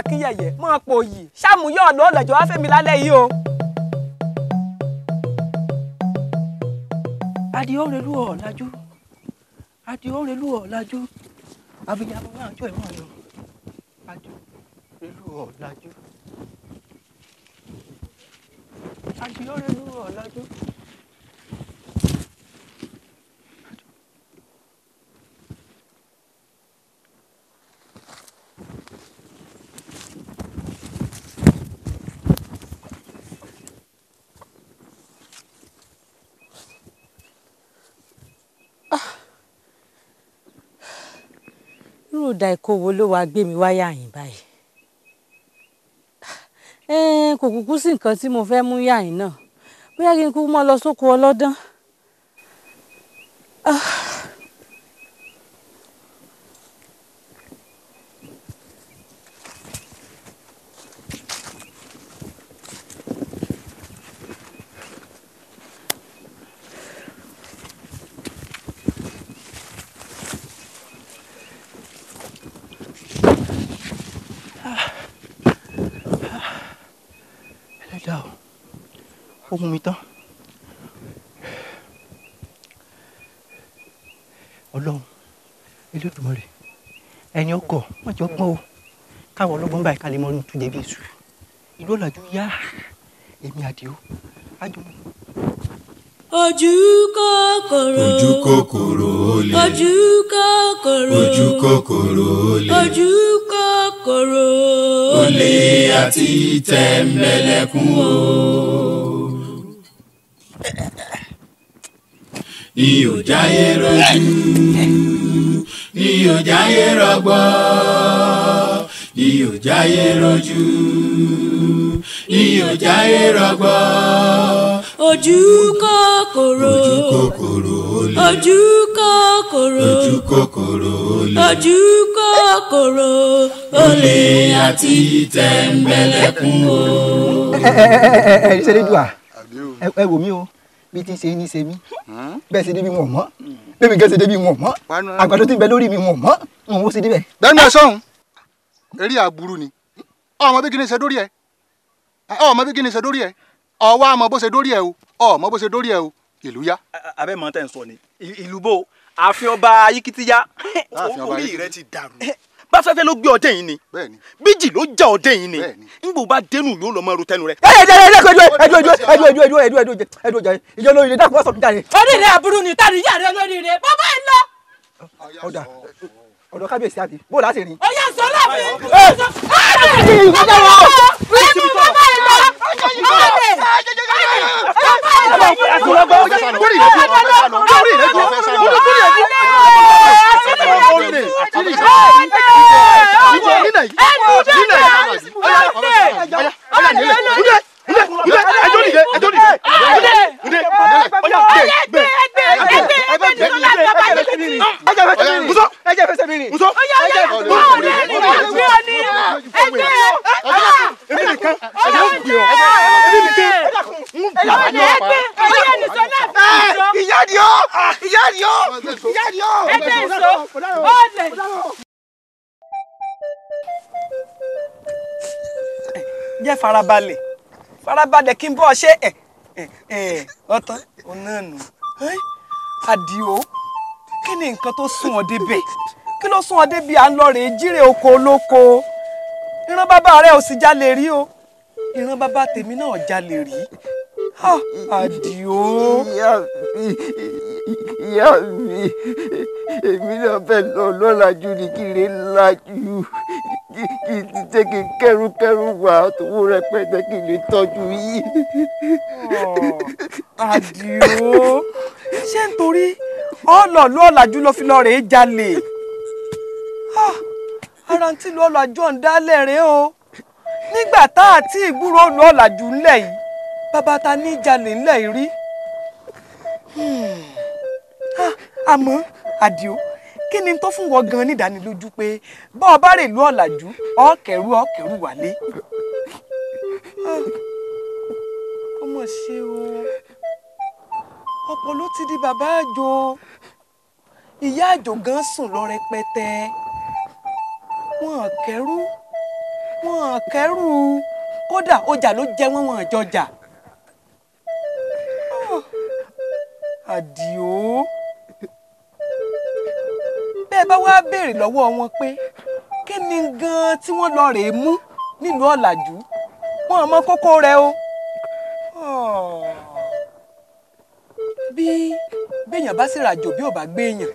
akínyẹ̀yẹ̀ mọ́ pò yìí ṣàmúyọ̀ ọ̀dọ́ ọ̀lẹ́jọ́ wá fẹ́mi lálẹ́ yìí o. adìẹ òrèlú ọ̀làjú adìẹ òrèlú ọ̀làjú àfìyàwó náà jọ ìmọ̀ yọ adìẹ òrèlú ọ̀làjú adìẹ òrèlú ọ̀làjú. ìdá ikó wo ló wàá gbé mi wáyà yín báyìí ah, eh, kò kúkú sí nǹkan tí mo fẹ́ mú yà yín náà bóyá kí n kú mọ́ lọ sóko ọlọ́dán kó mú mi tán ọlọ́run Elédùmarè ẹni ọkọ̀ wọ́n jọ gbọ́n o káwọn ọlọ́gbọ́n báyìí ká lè mọ ohun tó débi èṣù ìlú ọ̀làjú yá èmi àdìo ájò mi. ojú kòkòrò ojú kòkòrò olè ojú kòkòrò ojú kòkòrò olè ojú kòkòrò olè àti tẹ̀m̀bẹ̀lẹ̀kùn o. Iyo jáyé rọjú, iyọ̀ jáyé rọgbọ, Iyo jáyé rọjú, iyọ̀ jáyé rọgbọ. Ojú kòkòrò, ojú kòkòrò olè, ojú kòkòrò, ojú kòkòrò olè, ojú kòkòrò olè àti tẹ̀m̀bẹ̀lẹ̀kùn o. Ẹ ẹ ẹ ẹ ṣe lè dùn à, ẹ wò mí o bí ti ṣe ní ṣe mí bẹ́ẹ̀ ṣe débi wọn mọ́ bẹ́ẹ̀ mi gẹ́ ṣe débi wọn mọ́ àgbàdo ti bẹ lórí mi wọn mọ́ wọn ò ṣe débẹ̀. bẹ́ẹ̀ni ẹ sọhùn eré àbúrú ni ọmọ bí kí ni ṣe dórí ẹ ọmọ bí kí ni ṣe dórí ẹ ọwọ àmọ bó ṣe dórí ẹ o ọmọ bó ṣe dórí ẹ o ìlú yá. abẹ́ mọ̀ tẹ́ ń sọ ni ìlú bó ààfin ọba yìí kìtìyà orí rẹ ti dàrú báfẹ́fẹ́ ló gbé ọdẹ yìí ni bíjì ló já ọdẹ yìí ni ngbò bá dénú ló lọ́ mọ ẹrù tẹnu rẹ. ẹ ẹ ẹ ẹ ẹdú ẹdú ẹdú ẹdú ẹdú ẹdú ẹdú ẹdú ẹdú ìjọ lórí rẹ dákun wá sọdún jáde. orí rẹ aburú ni tani yà rẹ lórí rẹ bàbá ẹ lọ. ọ̀dà ọ̀dọ̀ kábíyèsí àti bó láti rìn. ọ̀yà sọ́lá mi. ẹ ẹ ẹ bàbá ẹ lọ olè àtìrì ìjọ nílẹ̀ yìí nílẹ̀ yìí ọ̀yà ọ̀yà nílẹ̀ nílẹ̀ nílẹ̀ ẹjọ́ nìyẹn ẹjọ́ nìyẹn nílẹ̀ nílẹ̀ ọ̀yà gbẹ gbẹ gbẹ gbẹ gbẹ gbẹ gbẹ fẹsẹ̀ mi rìn. ẹjẹ fẹsẹ̀ mi rìn. muso ẹjẹ fẹsẹ̀ mi rìn. muso ẹjẹ fẹsẹ̀ mi rìn. ọ̀ọ́ ní ẹni máa gbé ọ ní ẹgbẹ́ ọ̀ọ́. èmi nìkan ẹ̀jẹ̀ ń gbé ọ. èmi nìkan ń gbé ọ. ẹ̀jẹ̀ ń gbé ọyẹ nìṣọ náà fẹ́ nìṣọ. ìyá ni ọ ìyá ni ọ ìyá ni ọ. ẹ̀jẹ̀ nìṣọ ọ̀ọ́lẹ̀. jẹ́ farabalẹ̀ farabalẹ̀ kí n bọ́ ọ ṣe ẹ̀ ẹ̀ ọ̀tọ̀ ọ̀nà nù. Adio kí ni nǹkan tó sún ọ débẹ̀ kí ló sún ọ débẹ̀ à ń lọ rèé jíre oko olóko ìran bàbá rẹ ò sì jalè rí o ìran bàbá tèmi náà jalè rí àdìo. ìyá mi èmi náà fẹ́ lọ lọ́làjú ni kí lè lajú kí n ti jẹ́ kí n kẹ́rùkẹ́rù wà tówó rẹpẹtẹ kí n lè tọ́jú yìí. àdìo ṣé nítorí ọlọ́ọ̀lù ọ̀làjú ló fi lọ rèé jalè ara tí ìlú ọ̀làjú ọ̀hún dálẹ̀ rèé o nígbà tá a ti ìgbúrò ìlú ọ̀làjú ńlẹ̀ yìí bàbá ta ní jalè ńlẹ̀ yìí rí hmm. àmọ́ àdìo kí ni tó fún wọn gan nídánilójú pé bá ọba rè lú ọ̀làjú ọ̀kẹ́rù ọ̀kẹ́rù wálé. ọmọ ṣe o ọ̀pọ̀ ló ti di bàbá àjò ìyá àjògán sùn lọ rẹpẹtẹ wọn kẹrù wọn kẹrù kódà ọjà ló jẹ wọn wọn jọjà ah, àdìo bẹ́ẹ̀ bá wá béèrè lọ́wọ́ wọn pé kí ni gan tí wọ́n lọ rèé mú nílùú ọ̀làjú wọn àmọ́ kókó rẹ o. Oh béèyàn bá sì ràjò bí ò bá gbéèyàn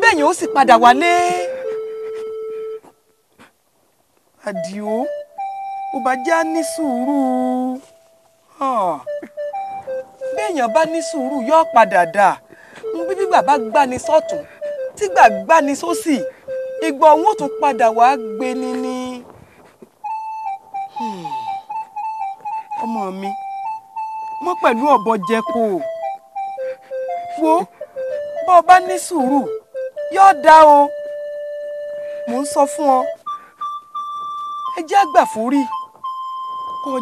béèyàn ó sì padà wálé. àdìo ò bá já ní sùúrù béèyàn bá ní sùúrù yóò padà dà ń bí bí bàbá gbá ní sọ́tún tí gbàgbá ní sósì ìgbà òun ò tún padà wàá gbé ni ni. Hmm. ọmọ mi mọ́ pẹ̀lú ọ̀bọ jẹ́ko wo bó o bá ní sùúrù yóò dá o mò ń sọ fún ọ ẹ jẹ́ àgbà fún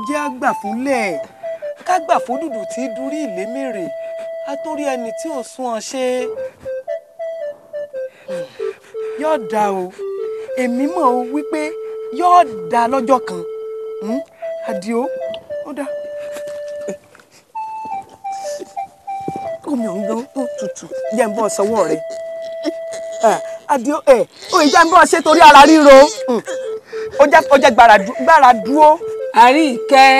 jẹ́ àgbà ká gbà tí dúrí ìlémèrè àtòrí ẹni tí ò sún ọ ṣe yóò dá o èmi mọ̀ wípé yóò dá lọ́jọ́ kan hmm? Àdìó ó dáa. omi òun ló ó tutù jẹ́ ń bọ́ sanwó rẹ̀ adio ẹ̀ ó ìjà ń bọ́ ṣe torí ara ríro hmm. ó jẹ́ gbára dúró. àrí ìkẹ́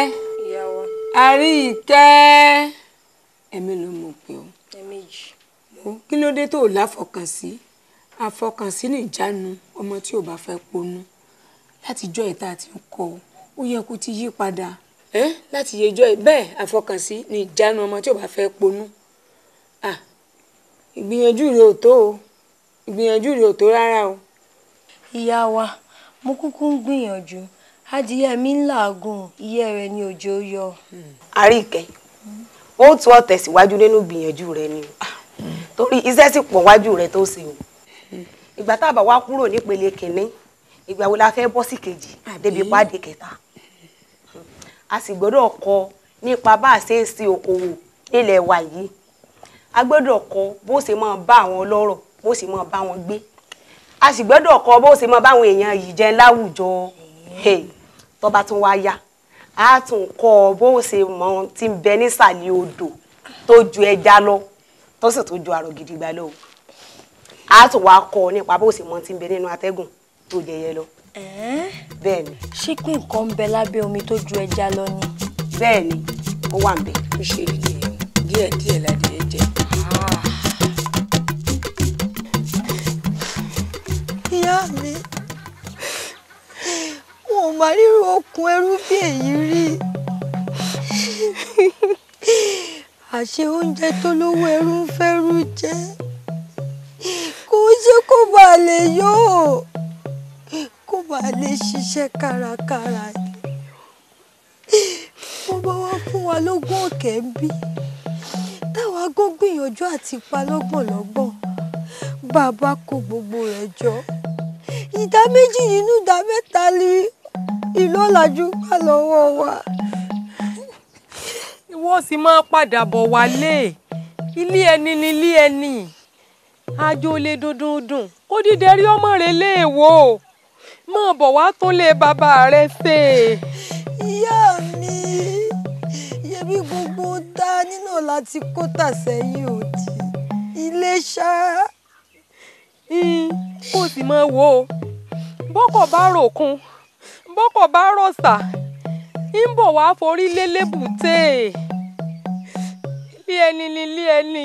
àrí ìkẹ́ ẹ̀mí ló mọ̀ pé o kí ló dé tó o láfọkànsí àfọkànsí nìjánu ọmọ tí o bá fẹ́ ponú látijọ́ ìta ti ń kọ́ ó yẹ kó ti yí padà láti yejọ́ bẹ́ẹ̀ àfọkànsí nìjánu ọmọ tí o bá fẹ́ ponú ìgbìyànjú rẹ ò tó o ìgbìyànjú rẹ ò tó rárá o. ìyá wa mo kúkú ń gbìyànjú adìyẹ mi ń làágùn ìyẹ́ rẹ ni òjò yọ. àríkẹ́ ó tún ọ tẹ̀síwájú nínú ìgbìyànjú rẹ ni o torí iṣẹ́ sì pọ̀ wájú rẹ tó ṣe o ìgbà tá a bá wá kúrò nípele kìnní ìgbà wo la fẹ́ bọ́ sí kejì débi pàdé kẹta a sì gbọ́dọ̀ kọ́ nípa bá a ṣe ń ṣe okòwò nílẹ̀ wa yìí a gbọ́dọ̀ kọ́ bó ṣe máa bá àwọn ọlọ́rọ̀ bó ṣe máa bá wọn gbé a sì gbọ́dọ̀ kọ́ bó ṣe máa bá àwọn èèyàn yìí jẹ láwùjọ tó bá tún wá yá a tún kọ́ bó ṣe mọ ti ń bẹ nísàlẹ̀ odò tó ju ẹja lọ tó sì tó ju àrò gidigba lọ a tún wá kọ́ nípa bó ṣe mọ ti bẹ nínú atẹ́gùn tó jẹyẹ lọ. bẹ́ẹ̀ ni. ṣé pé nǹkan ń bẹ lábẹ́ omi tó ju ẹja lọ ni. bẹ́ẹ̀ ni ó wà ń bẹ. ó ṣe ìdí ẹ̀ díẹ̀díẹ̀ ládìẹ jẹ. mi wọn ò máa ríro okùn ẹrú bí èyí rí àṣé oúnjẹ tó lówó ẹrú ń fẹ́rú jẹ kò ṣe kó bàa lè yó kó bàa lè ṣiṣẹ́ kárakára wọ́n bá wá fún wa lógún òkè bí táwa gbọ́ gbìyànjú àti pa lọ́gbọ̀nlọ́gbọ̀n bàbá kó gbogbo rẹ̀ jọ ìdá méjì nínú ìdá mẹ́ta ni ìlú ọ̀làjú gbà lọ́wọ́ wa. ìwọ sì máa padà bọ̀ wálé ilé ẹni ni ilé ẹni àjò lè dundun dùn kó dídẹ rí ọmọ rẹ léèwọ̀ máa bọ̀ wá tún lé bàbá rẹ fè. ìyá mi yẹbi gbogbo dá nínú láti kó tà sẹ́yìn òdì ilé ṣáá. Hmm, kó o sì máa wò ó bọ́kọ̀ bá ròkun bọ́kọ̀ bá rọ̀ṣà ń bọ̀ wá forí lélébùté ilé ẹni ni ilé ẹni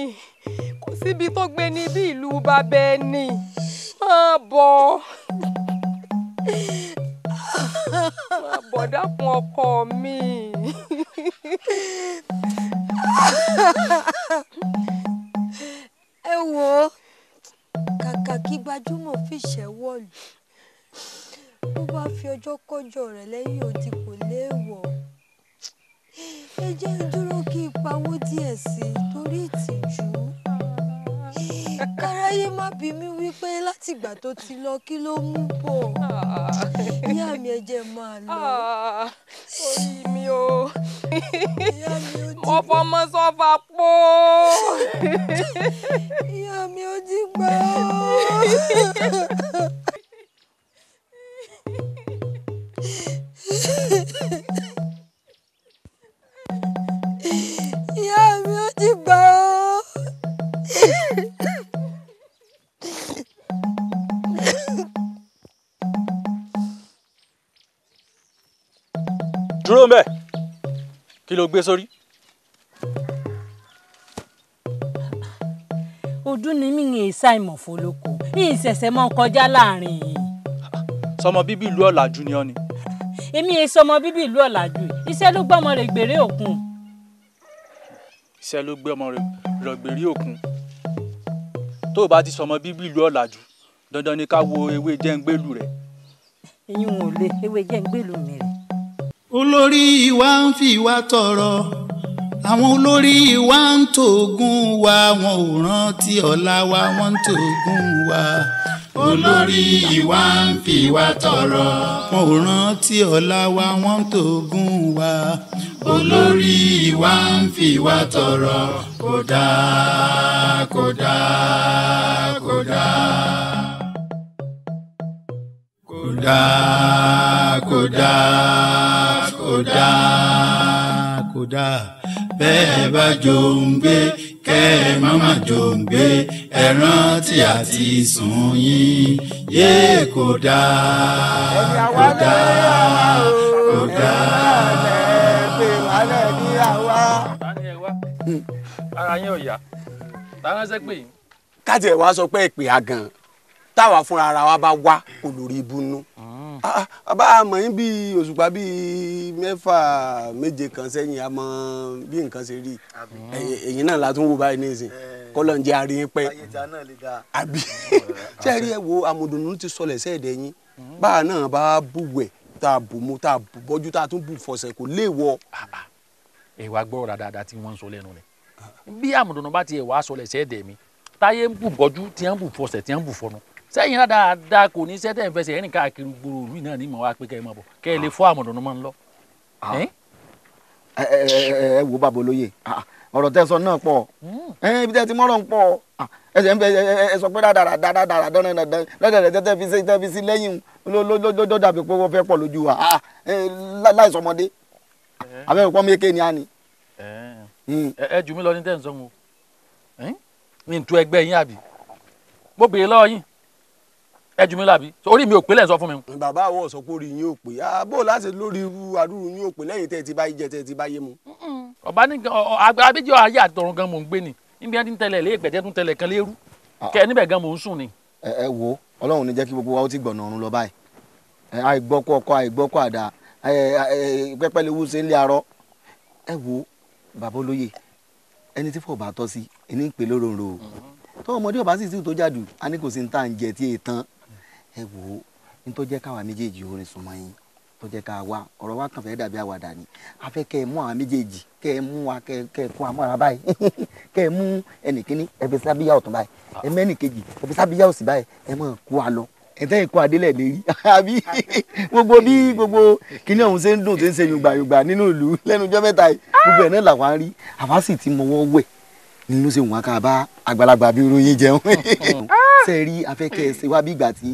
kò síbi tó gbé ní bí ìlú bàbá ẹni máa bọ̀ máa bọ̀ dákun ọkọ mi. ẹ wò kàkà kí gbajúmọ̀ fìṣẹ́ wọ̀lú bó bá fi ọjọ́ kọjọ rẹ̀ lẹ́yìn odi kò léèwọ̀ ẹ jẹ́ dúró kí n pawó díẹ̀ sí i torí ìtìjú káráyé má bí mi wípé látìgbà tó ti lọ kí ló mú bọ̀ ìyá mi ẹ máa lọ. Ah, orí mi o mo fọmọ sọfà pọ̀. ìyá mi ò ti gbà ọ́. ìyá mi ò ti gbà ọ́. dúró mbẹ kí ló gbé sórí. ọdún ni mí ń ṣàìmọ̀ fọlọ́kọ yìí ṣẹ̀ṣẹ̀ mọ́ kọjá láàrin yìí. sọmọ bíbí ìlú ọ̀làjú ni ọ ni. èmi yẹn e sọmọ bíbí ìlú ọ̀làjú iṣẹ́ ló gbé ọmọ rẹ̀ gbèrè òkun. iṣẹ́ ló gbé ọmọ rẹ̀ gbèrè òkun tó o bá ti sọmọ bíbí ìlú ọ̀làjú dandan ni ká wo ewé jẹ́ngbélú rẹ̀. ìyún ò lè ewé jẹ́ngbélú mi rẹ̀ olórí wa ń fi wa tọrọ àwọn olórí wa ń tògùn wa wọn ò rántí ọ̀la wa wọ́n ń tògùn wa. olórí wa ń fi wa tọrọ. wọn ò rántí ọ̀la wa wọ́n ń tògùn wa. olórí wa ń fi wa tọrọ kódà kódà kódà kódà kódà kò dáa kò dáa bẹ́ẹ̀ bá jòǹgbé kẹ́ ẹ má má jòǹgbé ẹ rántí àti sùn yín yé kò dáa kò dáa kò dáa. ara yín ò yá tá a ránṣẹ́ pé. káàtì ẹ̀ wá sọ pé ìpè àgàn táwa fúnra ara wa bá wá kò lórí ibú nú. Mm. Ah, ah, bàbá àmọ́ yín bíi òṣùpá bíi mẹ́fà méje kan sẹ́yìn àmọ́ bí nǹkan ṣe rí ẹ̀yìn náà la tún wò báyìí nísìn kọ́lọ̀ ń jẹ́ àárín pẹ́ àbí ṣe rí ẹ wo amòdùnú ti sọlẹ̀ sẹ́ẹ̀dẹ̀ yín mm. báà náà bá búwẹ̀ tá a bù tá a bọ́jú tá a tún bù fọ̀sẹ̀ kò léèwọ̀. Ah, ẹ wá gbọ́ dáadáa tí wọ́n ń sọ lẹ́nu rẹ̀ bí amòdùnú bá tiẹ̀ wá sọlẹ̀ sẹ́ẹ̀dẹ̀ mi táyé ń bù bọ́jú tí wọ́n ń bù fọ̀sẹ̀ tí wọ́n ń bù fọnu sẹ́yìn dáadáa kò ní sẹ́tẹ̀ ń fẹsẹ̀ ẹ̀rìn káàkiri gbòòrò ìlú náà ní mọ̀ wá pé kẹ́ ẹ máa bọ̀ kẹ́ ẹ lè fọ́ àmọ̀dùnú máa ń lọ. ẹ wo bàbá olóye ọ̀rọ̀ tẹ́ sọ náà pọ̀ ibi tẹ́ ti mọ́rọ̀ ń pọ̀ ẹsẹ̀ ń fẹ́ ẹ sọ pé dáadáa dáadáa dáadáa dáadáa tẹ́ fi sí tẹ́ fi sí lẹ́yìn ló dàbí pé wọ́n fẹ́ pọ̀ lójú wa láìsọmọdé abẹ́rẹ́ pọ́n mi èké ni á ni. ẹ jù mí lọ ní tẹ́ ń sọ wọn mi ń tu ẹgbẹ́ yín àbí mo béèrè lọ́wọ́ yín ẹ jù mí lábí orí mi ò pé lẹ́yìn sọ fún mi. bàbá àwọn sọ pé orí yín ò pé àbò ah, láti lórí irú àdúrú yín ò pé lẹ́yìn tẹ́ ẹ ti bá jẹ tẹ́ ẹ ti bá yé mu. ọba ní abéjì ayé àtọ̀run gan mò ń gbé ni níbi ẹni tẹ́lẹ̀ lé ìgbẹ̀jẹ̀ tún tẹ́lẹ̀ kan lérú ah. kẹ níbẹ̀ gan mò ń sùn ni. ẹ ẹ wo Ọlọ́run ní jẹ́ kí gbogbo wa ó ti gbọ̀nà ọ̀run lọ báyìí àìgbọ́kọ̀ ọkọ àìgbọ́kọ̀ àdá pẹ́pẹ́ lewu ṣe ń lé arọ ẹ wo bàbá olóye ẹni tí fò bá tọ́ sí ẹni ń pè lóròrò mm-hmm. tó ọmọdé ọba sì sí tó jáde a ní kò sí ní tá à ń jẹ tí èè tán ẹ wò ó ní tó jẹ́ káwa méjèèjì orin súnmọ́ yín tó jẹ́ ká wá ọ̀rọ̀ wa kàn fẹ́ dàbí àwàdà ni a fẹ́ kẹ́ ẹ mú àwọn méjèèjì kẹ́ ẹ mú wa kẹ́ ẹ kó wa mọ́ra báyìí kẹ́ ẹ mú ẹnìkíní ẹ fi sábíyá ọ̀tún báyìí ẹ mẹ́nìkejì ẹ fi sábíyá òsì báyìí ẹ mọ̀ kó wa lọ ẹ̀tẹ́ ikú adélẹ̀ lè rí àbí gbogbo bí gbogbo kíní ọ̀hún ṣe ń dùn tó ń ṣe yùgbàyùgbà nínú ìlú lẹ́nu ọjọ́ mẹ́ta yìí gbogbo ẹ̀ náà làwa rí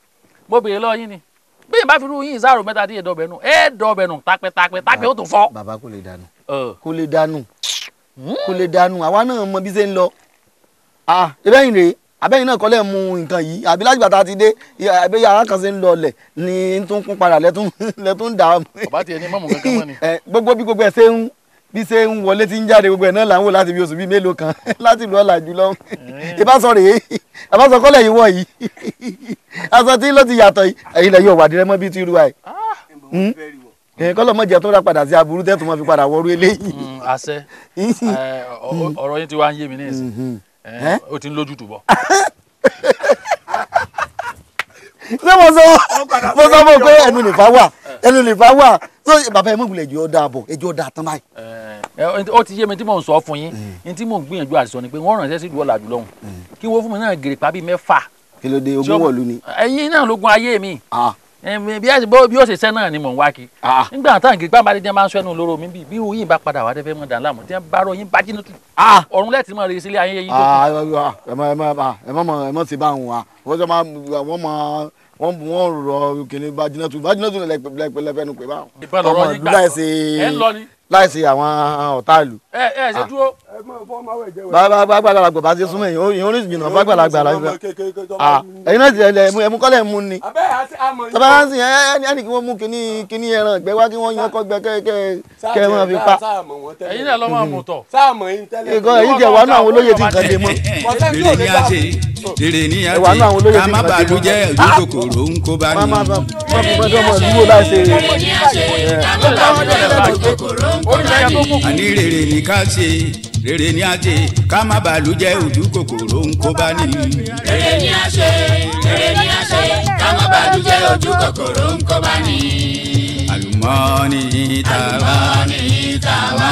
mo béèrè lọ yín ni bí n bá fi rú yín ìsáàrò mẹ́ta díẹ̀ dọ̀bẹ̀ nù ẹ̀ dọ̀bẹ̀ nù tápẹ́ tápẹ́ tápẹ́ ó tún fọ́. bàbá kò lè dànù kò lè dànù hmm. kò lè dànù àwa náà mọ bí ṣe ń lọ ìbẹ́yìn rèé abẹ́yìn náà kọ́lẹ̀ mu nǹkan yìí àbí láti bàtà ti dé àbí yàrá kan ṣe ń lọlẹ̀ ni tún kún padà lẹ́tún lẹ́tún dà á. bàbá tiẹ̀ ní mọ́mù kankan mọ́ ni. gbogbo bí gbogbo ẹ̀ ṣe ń bí ṣe ń wọlé tí ń jáde gbogbo ẹ̀ náà là ń wò láti bí oṣù bíi mélòó kan láti ìlú ọ̀làjú lọ ìbáṣọ rèé àbáṣọ kọ́lẹ̀ yìí wọ̀ yìí aṣọ tí ló ti yàtọ̀ yìí ẹ̀yin lẹ̀ yóò wà dirẹ́ mọ́ bíi ti irú wa yìí ah! kọ́lọ̀ mọ̀jẹ̀ tó ra padà sí aburú tẹ́tù mọ́ fi padà wọ́rú eléyìí. Mm, àṣẹ ọ̀rọ̀ yín ti wá ń yé mi ní ìsìn mhm. ó ti ń lójú tù bọ̀ ṣé mo sọ mo sọ fún un pé ẹnu nìfà wà ẹnu lè fa wà so bàbá ẹ mọ̀ wulẹ̀ ẹjọ́ da bọ̀ ẹjọ́ da tán báyìí. ẹ ó ti yé mi tí mò ń sọ fún yín ní tí mò ń gbìyànjú àtisọ ni pé wọ́n ránṣẹ́ sí ìlú ọ̀làjú lọ́hùn kí wọ́n fún mi náà gèrè pa bíi mẹ́fà. kí ló dé ogún wọ̀lú ni. ẹyin náà ló gun ayé mi bí ó ṣe sẹ́ náà ni mò ń wá kí. nígbà táwọn gèrè pàmò adéjẹ́ máa ń sẹ́nu lóró mi bí bí oyin bá padà wà tẹ́fẹ́ mọ́ dàn láàmú tí wọ́n bá rọ yín bá jínú tù. ọ̀run lẹ́ẹ̀tì máa rèé sílé wọ́n bu wọ́n rọ kìnní bájínátù bájínátù lẹ́pẹ́lẹ́pẹ́ nu pé báwọn. ìbálòpọ̀ yín gbà láìsí àwọn ọ̀tá ìlú ẹ ẹ ṣe dúró. gbàgbàgbàgbà bá ṣe súnmọ́ èyí orí ìjìnà gbàgbàgbà la gbà ẹ̀yin náà ti ẹ̀ ẹ̀mú kọ́lẹ̀ mu ni. tọ́ba bá ń sìn ẹni kí wọ́n mú kíní kíní ẹran ìgbẹ́ wá kí wọ́n yan kọ́gbẹ́ kẹ́kẹ́ kẹ́ wọ́n fi pa. ẹ̀yin náà lọ́mọ àmọ̀tọ̀. ìkọ èyí jẹ́ wàá náà àwọn olóyè ti nǹkan dé mọ́. rere ni a ṣe rere ni a ṣe ká má bàa ló jẹ́ ojú kòkòrò ń kó bá ní. má má má má má má ni ká ṣe rere ni a ṣe ká má bàálù jẹ́ ojú kòkòrò ń kó bá ní. rere ni a ṣe rere ni a ṣe ká má bàálù jẹ́ ojú kòkòrò ń kó bá ní. àlùmọ́ọ́nì tàwa àlùmọ́ọ́nì tàwa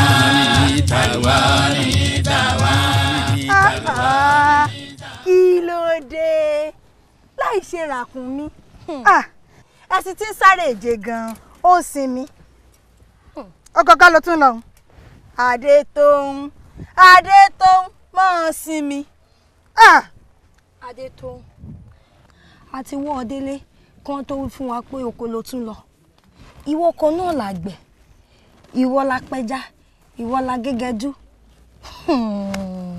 tàwa tàwa tàwa. kí ló dé láì ṣe ràkùn mi hmm. ah, ẹ sì ti ń sáré èjè gan-an ó sinmi hmm. ọkọ̀ ká ló tún lọ́hùn. Adétóun Adétóun máa sinmi. Ah! Adétóun àti wọ́n délé kan tó fún wa pé oko ló tún lọ ìwọ kan náà làgbẹ̀ ìwọ la pẹja ìwọ la gẹ́gẹ́dú hmm.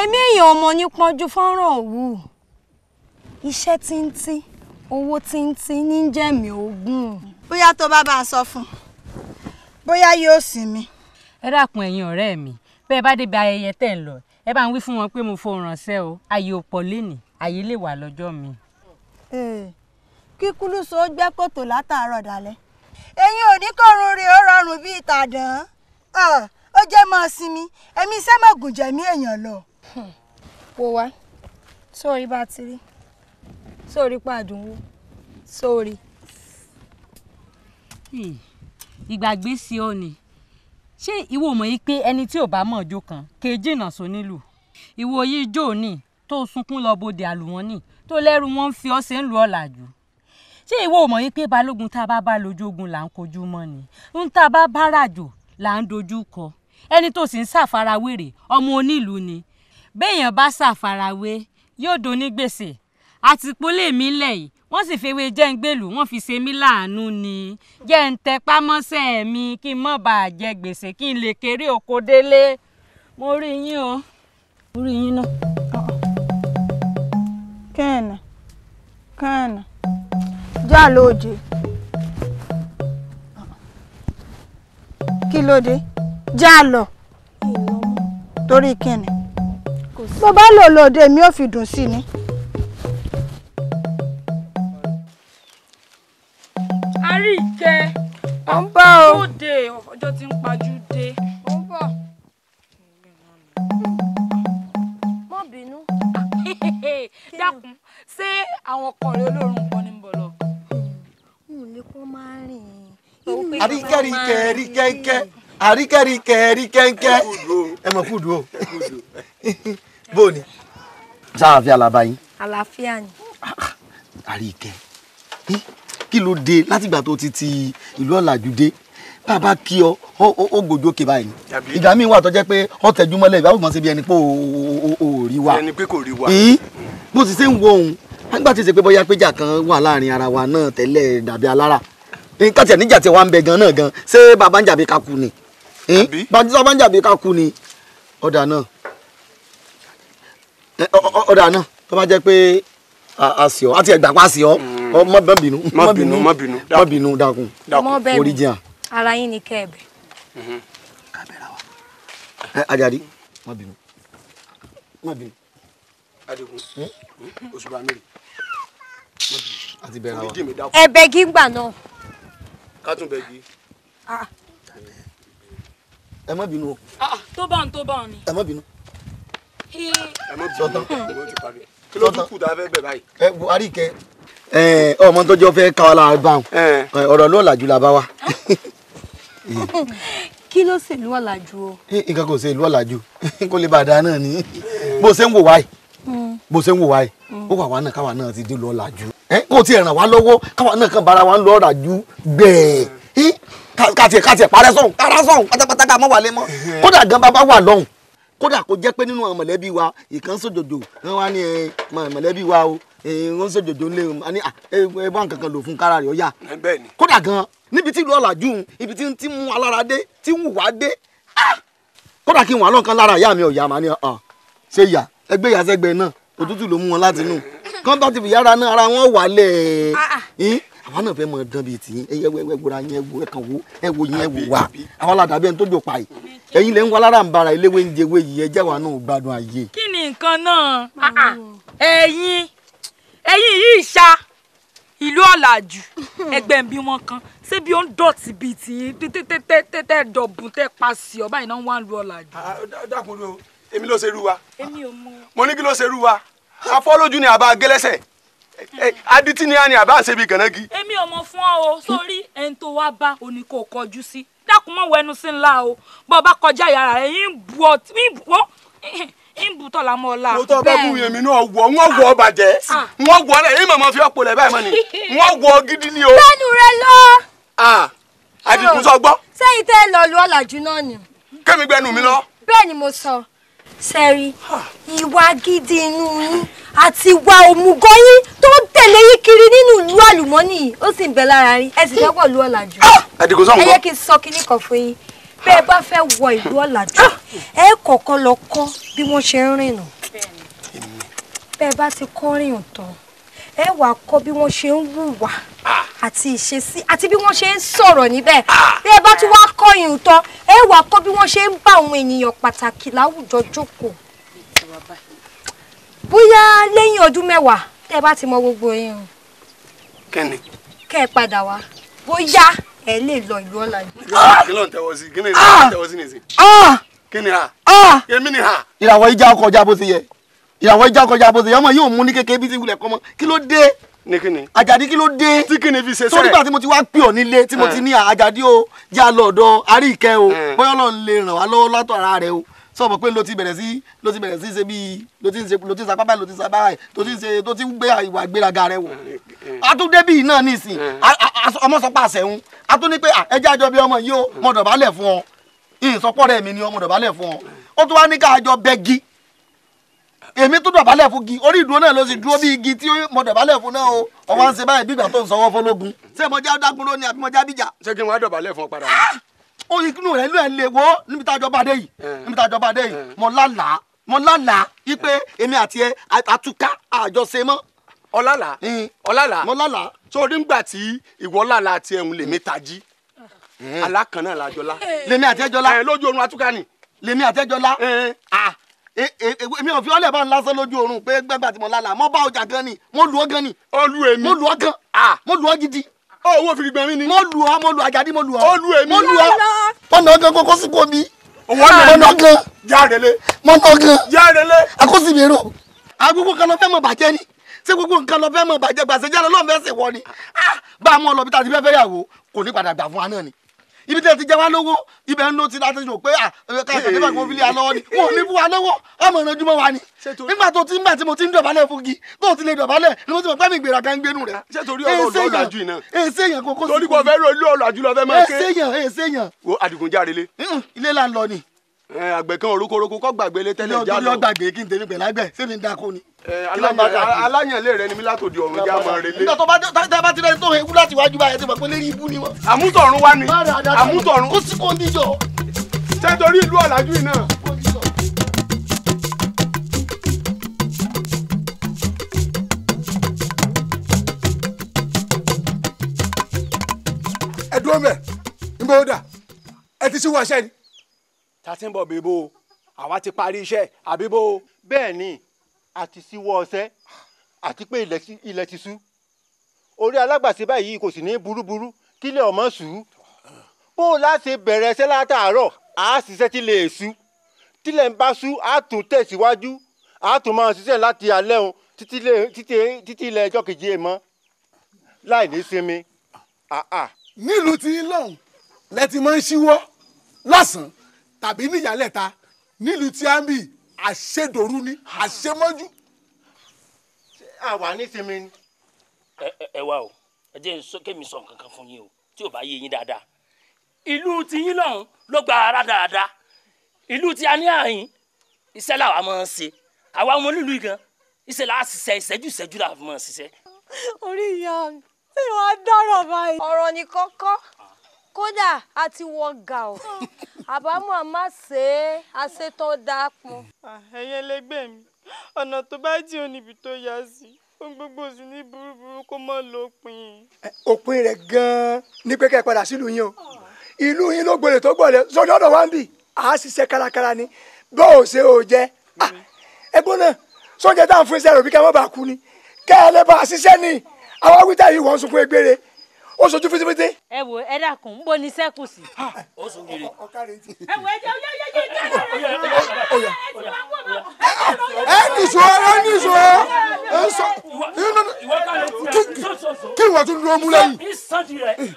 ẹ̀mí èèyàn ọmọ ní pọ́njú fọ́nrán òwú iṣẹ́ tíntín owó tíntín ní jẹ̀mí ogún. bóyá tó bá bá a sọ fún bóyá yóò sinmi ẹ dákun ẹ̀yin ọ̀rẹ́ mi bẹ́ẹ̀ bá débi ayẹyẹ tẹ̀ ń lọ ẹ bá ń wí fún wọn pé mo fohùn ránṣẹ́ o ayé ò pọ̀ lénìí ayé lè wà lọ́jọ́ mi. Eh, kíkúlù so gbẹ́ kòtò látàárọ̀ dalẹ́ ẹ̀yin ò ní kó run rè ó rọrùn bíi tàdán ó jẹ́ mọ́ sinmi ẹ̀mí iṣẹ́ mọ̀ gùn jẹ̀mí èèyàn lọ. Hmm. wo wa sórí bá ti rí sórí pàdùnwó sórí. ìgbàgbé sí ọ ṣé ìwọ mọ̀ yìí pé ẹni tí ò bá mọ̀ ọjọ́ kan kejì náà so nílù ìwọ yìí jò ní tó sunkún lọ bòde àlùmọ́nì tó lẹ́rù wọn fi ọ́ ṣe ń lu ọ̀làjú ṣé ìwọ mọ̀ yìí pé balógun tá a bá bá lójú ogun là ń kojú mọ́ ni ń tá a bá bá ràjò là ń dojú kọ ẹni tó sì ń ṣàfarawérè ọmọ onílù ni béèyàn bá ṣàfarawé yóò do gbèsè àtìpó lèmi lẹ̀ yìí wọ́n sì fi ewé jẹ́ǹgbèlú wọ́n fi ṣe mí láàánú ni jẹ́ ń tẹpá mọ́ṣẹ́ mi kí n mọ̀ bá a jẹ gbèsè kí n lè kéré oko délé mo rí yín o mo rí yín náà. kẹ́ẹ̀nà kẹ́ẹ̀nà já lóde kí ló dé já lọ torí kíni bó bá lò lóde mi ò fi dùn sí ni. Àríkẹ́ ó ń bọ̀ ó dé ọjọ́ tí ń pajú dé ó ń bọ̀. má bínú. dákun ṣé àwọn ọkọ rẹ olóorun kan ní ń bọ̀ lọ. n ò lè kó máa rìn. Àríkẹ́ Àríkẹ́ Àríkẹ́ Àríkẹ́ Àríkẹ́ Àríkẹ́ Àríkẹ́ Àríkẹ́ ẹ mọ̀ kúdù o bó ni. sáà fi àlàbà yín. àlàáfíà ni. Àríkẹ́ kí ló dé látìgbà tó ti ti ìlú ọ̀làjú dé bàbá kí ọ ó gbòjú òkè báyìí ìgbà míì wà tó jẹ́ pé ọ tẹjú mọ́lẹ̀ ìgbà òmùmọ́ síbi ẹni pé ò rí wa ẹni pé kò rí wa bó ti ṣe ń wo òun nígbà tí ó ṣe pé bóyá péjà kan wà láàrin ara wa náà tẹ́lẹ̀ dàbí alára nǹkan tí ẹ̀níjà tí wà ń bẹ gan náà gan ṣé bàbá ń jàbí kakú ni bàbá ń jàbí kakú ni ọ̀dà náà ọ̀dà náà tó bá jẹ́ pé àsì mm. ọ àti ẹgbà pa àsì ọ ọmọ bẹ bínú mọ bínú mọ bínú mọ bínú dákun orí jìyàn. ara yín ni kẹ́ẹ̀bẹ̀. Mm-hmm. kábẹ́rẹ́ wa. ẹ Àjàdí mọ bínú mọ bínú. adigun òṣùpá hm? hmm? mi mọ bínú. àti bẹ̀rẹ̀ wa. ẹ̀bẹ̀ gí gbà náà. ká tún bẹ gí. Ah. ẹ má bínú o. Ah, tó bá ń tó bá ń ni. ẹ má bínú. ẹ má bínú. sọtán kí ló tún kù tá a fẹ́ bẹ̀ báyìí. ẹ buhari kẹ ọmọ tọjọ fẹ́ ká wa lára bá wọn ọ̀rọ̀ ló làjú la bá wa. kí ló ṣe ìlú ọ̀làjú o. nǹkan kò ṣe ìlú ọ̀làjú kó lè bàdá náà ni bó ṣe ń wò wáyìí mm. bó ṣe ń wò wáyìí mm. ó wà wá náà káwa náà ti dé lọ làjú kó tiẹ̀ ràn wá lọ́wọ́ káwa náà kan bára wa ń lọ làjú gbẹ̀ẹ́ mm. kàtìẹ̀ kàtìẹ̀ parẹ́ sọ̀hún kára sọ̀hún pátápátá ká mọ́ wà mọ́ mm-hmm. kódà gan bàbá wà lọ́hùn kódà kó jẹ́ pé nínú àwọn mọ̀lẹ́bí wa ìkan sòdòdò wọn wá ní mọ̀lẹ́bí wa o wọn sòdòdò ńlẹ o ní ẹbá nǹkan kan lò fún kára rẹ̀ ó kódà gan níbi tí ìlú ọ̀làjú ibi tí ń mú alára dé tí ń wùwá dé kódà kí wọn àlọ́ kan lára ìyá mi ọ̀yà màá ní ọ̀ ṣe yà ẹgbẹ́ ìyá sẹ́gbẹ́ náà òtútù ló mú wọn láti nù kọ́ńtà tìfì yára náà ara wọn wà lẹ́ẹ̀ẹ́ ah, ah àwa náà fẹ́ mọ dán bíi tìyín ẹyẹ wẹ́wẹ́ gbọ́ra yín ẹwo ẹ̀kan wo ẹwo yín ẹwo wa àwa la dàbí ẹni tó dòpa yìí ẹ̀yin lẹ́ ń wá lára ń bara eléwé ń jẹwé yìí ẹ jẹ́ wa náà gbádùn ayé. kí ni nǹkan náà ah, ah. ẹ̀yin ẹ̀yin yìí ṣá ìlú ọ̀làjú ẹgbẹ́ ń bí wọn kan ṣé bí ó ń dọ̀tí bíi tìyín tẹ́tẹ́tẹ́tẹ́ dọ̀bùn tẹ́ pa sí ọ báyìí náà wà ń lu ọ̀làjú. Ah, dákun ló èmi ló ṣerú wa mo ní kí ló ṣerú wa afọ́lójú ni àbá gẹ́lẹ́sẹ̀ adití ni a ní àbá àṣebi gànági. èmi ò mọ fún ọ o sórí ẹni tó wá bá òní kò kọjú sí dákun mọ wẹnu sí ńlá o bọ bá kọjá yàrá rẹ yín bu ọ yín bu ọ yín bu tọ́lá mọ́ ọ̀la. mo tọ́ bá bú yẹn mi náà wọ wọ́n wọ ọ bàjẹ́ ah. wọ́n wọ ọ rẹ̀ yín màmá fi ọ̀pọ̀ lẹ̀ báyìí mọ́ wọ ọ gidi ni o. bẹ́ẹ̀ni rẹ lọ. àdìgún ah, sọ gbọ́. sẹ́yìn tẹ́ lọ lu ọ̀làjú náà ni. kẹ́mi gbẹnu mi lọ. bẹ́ẹ̀ ni mo sọ sẹ́rí ìwà gidi inú yín àti ìwà òmùgọ̀ yín tó ń tẹ̀lé yín kiri nínú ìlú àlùmọ́nì ó sì ń bẹ lára rí ẹ sì fẹ́ wọ̀ ìlú ọ̀làjú ah! ẹ yẹ kí n sọ kinní kan fún yín bẹ́ẹ̀ bá fẹ́ wọ ìlú ọ̀làjú ah! ẹ kọ̀ọ̀kan lọ kọ́ bí wọ́n ṣe ń rìnnà bẹ́ẹ̀ bá ti kọ́ rìn tán ẹ wàá kọ́ bí wọ́n ṣe ń wùwà ah! àti ìṣesí àti bí wọ́n ṣe ń sọ̀rọ̀ níbẹ̀ ah. bí ẹ bá tún wá kọ́ ìrùn tán ẹ wà kọ́ bí wọ́n ṣe ń bá àwọn ènìyàn pàtàkì láwùjọ jókòó bóyá lẹ́yìn ọdún mẹ́wàá tẹ́ bá ti mọ gbogbo yín o. kẹ́ni. kẹ́ ẹ padà wá bóyá ẹ lè lọ ìlú ọ̀la yìí. Ah, kí ló ń tẹwọ́ sí kí ló ń tẹwọ́ sí nìyí. Ah. kí ni ha. èmi ni ha. ìràwọ̀ ìjà ọkọ̀ ọjà bó ti yẹ ìràwọ̀ ìjà ọkọ̀ ọjà bó ti yẹ ọmọ yóò mú ní kékeré bí ti wulẹ̀ kọ́mọ kí ló dé ní kíni. àjàdí kí ló dé. tí kíni fi ṣe sẹ́ẹ̀. sórí gbà tí mo ti wá pè ọ́ nílé tí mo ti ní àjàdí o já lọ ọ̀dọ̀ àríkẹ́ o eh. bóyá ọlọ́run lè ràn wá lọ́wọ́ látọ̀ ara rẹ o sọ ma pé ló ti bẹ̀rẹ̀ sí ló ti bẹ̀rẹ̀ si. ṣe bíi ló ti ń ṣe ló ti ń sapá báyìí ló ti ń sapá báyìí tó ti ń ṣe tó ti ń gbé ìwà ìgbéraga rẹ wò. Eh. atúndé bíi náà nìsín eh. ọmọ sọ pa àṣẹ̀hún atúndé pé ẹjẹ́ àjọ bíi ọmọ yìí ó mọ̀ dọ̀bálẹ̀ fún ọ ìsọpọ̀ rẹ̀ mi ni ọmọ dọ̀bálẹ̀ fún ọ ó tún wá ní ká àjọ bẹ́gí èmi tún dọ̀bálẹ̀ fún gi orí ìdúró náà ló sì dúró bí igi tí mo dọ̀bálẹ̀ fún náà o ọwọ́ ń ṣe báyìí bí ìgbà tó ń sanwó fọlọ́gun ṣé mo já dágun lónìí àbí mo já bíjà. ṣé kí n wá dọ̀bálẹ̀ fún ọ padà. Ah! ó yí inú rẹ̀ ló ẹ̀ lè wo níbi tá a jọba dé yìí eh. níbi tá a jọba dé yìí eh. mo lálàá mo lálàá wípé èmi àti ẹ àtúká àjọṣe mọ́. ọlálà eh. ọlálà mo lálàá. sórí ńgbà tí ìwọ lálàá ti ẹ̀hún lèmi tají E, e, e, èmi ò fi ọlẹ̀ bá ń lásán lójú oorun pé gbẹ́gbà tí mo lálà mo bá ọjà gan ni mo lù ọ́ gan ni. ó lù èmi mo lù ọ́ gan mo lù ọ́ gidi. owó fi gbẹ̀mí ni. mo lù ọ́ mo lù àjàdí mo lù ọ́. ó lù èmi mo lù ọ́ ọ̀nà gan kókó sí kò mí. owó náà ọ̀nà gan jáàrẹ̀lẹ̀. mo nà gan jáàrẹ̀lẹ̀. àkóso mi rò. agogo kan ló fẹ́ mọ̀ bàjẹ́ ni ṣé gbogbo nǹkan ló fẹ́ mọ̀ bàjẹ́ gbàṣẹ́ jáde lọ́nfẹ́sẹ̀ wọ ni. Ah, bá a mú ọ lọ bí ta ti fẹ́ fẹ́ yàwó kò ní padà gbà fún wa náà ni ibi tí ẹ ti jẹ wá lówó ibẹ̀ ń lo ti láti rò pé káàkiri bá gbọ́ fílẹ̀ alọ́wọ́ ni wọn ò ní fún wa lọ́wọ́ àmọ̀ràn ojúmọ́ wa ni nígbà tó ti nígbà tí mo ti ń dọ̀bálẹ̀ fún gi tó ti lè dọ̀bálẹ̀ ni mo ti mọ̀ pé mi ìgbéra kan ń gbénu rẹ̀. ṣé torí ọ̀rọ̀ olú ọ̀làjú iná èsè èèyàn kò kó sí. torí kò fẹ́ rí olú ọ̀làjú lọ fẹ́ máa ké. èsè èèyàn èsè èèyàn. wo adigunjalè lé. ilé la ń lọ ni àgbẹ̀ kan òrukọ òrukọ kọ́ gbàgbé lé tẹ́lẹ̀ já lọ. yóò gbàgbé kí n tèmi pẹ̀lú àgbẹ̀ sẹ́mi ń dako ni. aláyànlé rẹ ni mí látòdì ọ̀run já máa relé. nígbà tó bá tẹ́ bá ti rẹ́ tó ewu láti wájú báyẹn ti mọ̀ pé lérí ibú ni wọ́n. àmútọ̀run wá ni àmútọ̀run. ó sì kó ń díjọ. ṣé torí ìlú ọ̀làjú yìí náà. ẹ dúró mẹ́ ń bọ́ dà ẹ ti ṣíwọ́ aṣẹ́ ni ta ti ń bọ̀ bèbò àwa ti parí iṣẹ́ àbíbò. bẹ́ẹ̀ ni àti síwọ́ ọṣẹ́ àti pé ilẹ̀ ti ṣú orí alágbàṣe báyìí kò sì ní burúburú kílẹ̀ ọmọ sùn bó o láti bẹ̀rẹ̀ ẹsẹ̀ látàárọ̀ a ṣiṣẹ́ tí lè ṣú tílẹ̀ ń bá ṣú a tún tẹ̀síwájú a tún máa ṣiṣẹ́ láti alẹ́ o títí ilẹ̀ ẹjọ́ kejì ẹ̀ mọ́ láì ní sinmi. nílùú tí ń lọ́hùn lẹ́tí máa ń ṣíwọ́ lásán-án tàbí níyàlẹ́ta nílùú tí a ń bì àṣedòru ni àṣemọ́jú. àwa ní sinmi ni. ẹ wá o ẹ jẹ́ kémi sọ nǹkan kan fún yín o tí ò bá yé yín dáadáa ìlú tiyín lọ́hùn ló gba ara dáadáa ìlú tí a ní àyín iṣẹ́ làwa máa ń ṣe àwa ọmọ nílùú gan iṣẹ́ làá ṣiṣẹ́ ìṣẹ́jú ìṣẹ́jú làá máa ṣiṣẹ́. orí ìyá mi ṣé wàá dárò báyìí. ọ̀rọ̀ ni kọ́kọ́. Ah kódà a ti wọ gà ọ àbámọ̀ má ṣe é aṣetọ́ dáa pọn. Ah, ẹ̀yin ẹlẹgbẹ́ mi ọ̀nà tó bá jì ó níbi tó yá sí ohun gbogbo sì ní burúburú kó mọ́ lópin. òpin rẹ̀ gan-an ni pé kẹ́ ẹ padà sílùú yín o ìlú yín ló gbèrè tó gbọ̀lẹ̀ sọ́dọ̀ ọ̀dọ̀ wa ń bì á ṣiṣẹ́ kárakára ni bó o ṣe o jẹ́ ah, ẹgbọ́n náà sọ́jà táwọn fún iṣẹ́ rẹ̀ òbí kẹ́ ẹ má kú ni kẹ́ ẹ lè bá a ṣiṣẹ́ ni àwọn wíta yìí wọ́n sunkún egbére ó ṣojú fitifiti. ẹ wo ẹ dákun nbọ ni sẹkùn sí. ó sùn kiri. ẹ wo ẹjẹ oye oye oye oye oye oye ẹ nìṣó ẹ nìṣó ẹ sọ kí ìwà tún dúró mú lẹ́yìn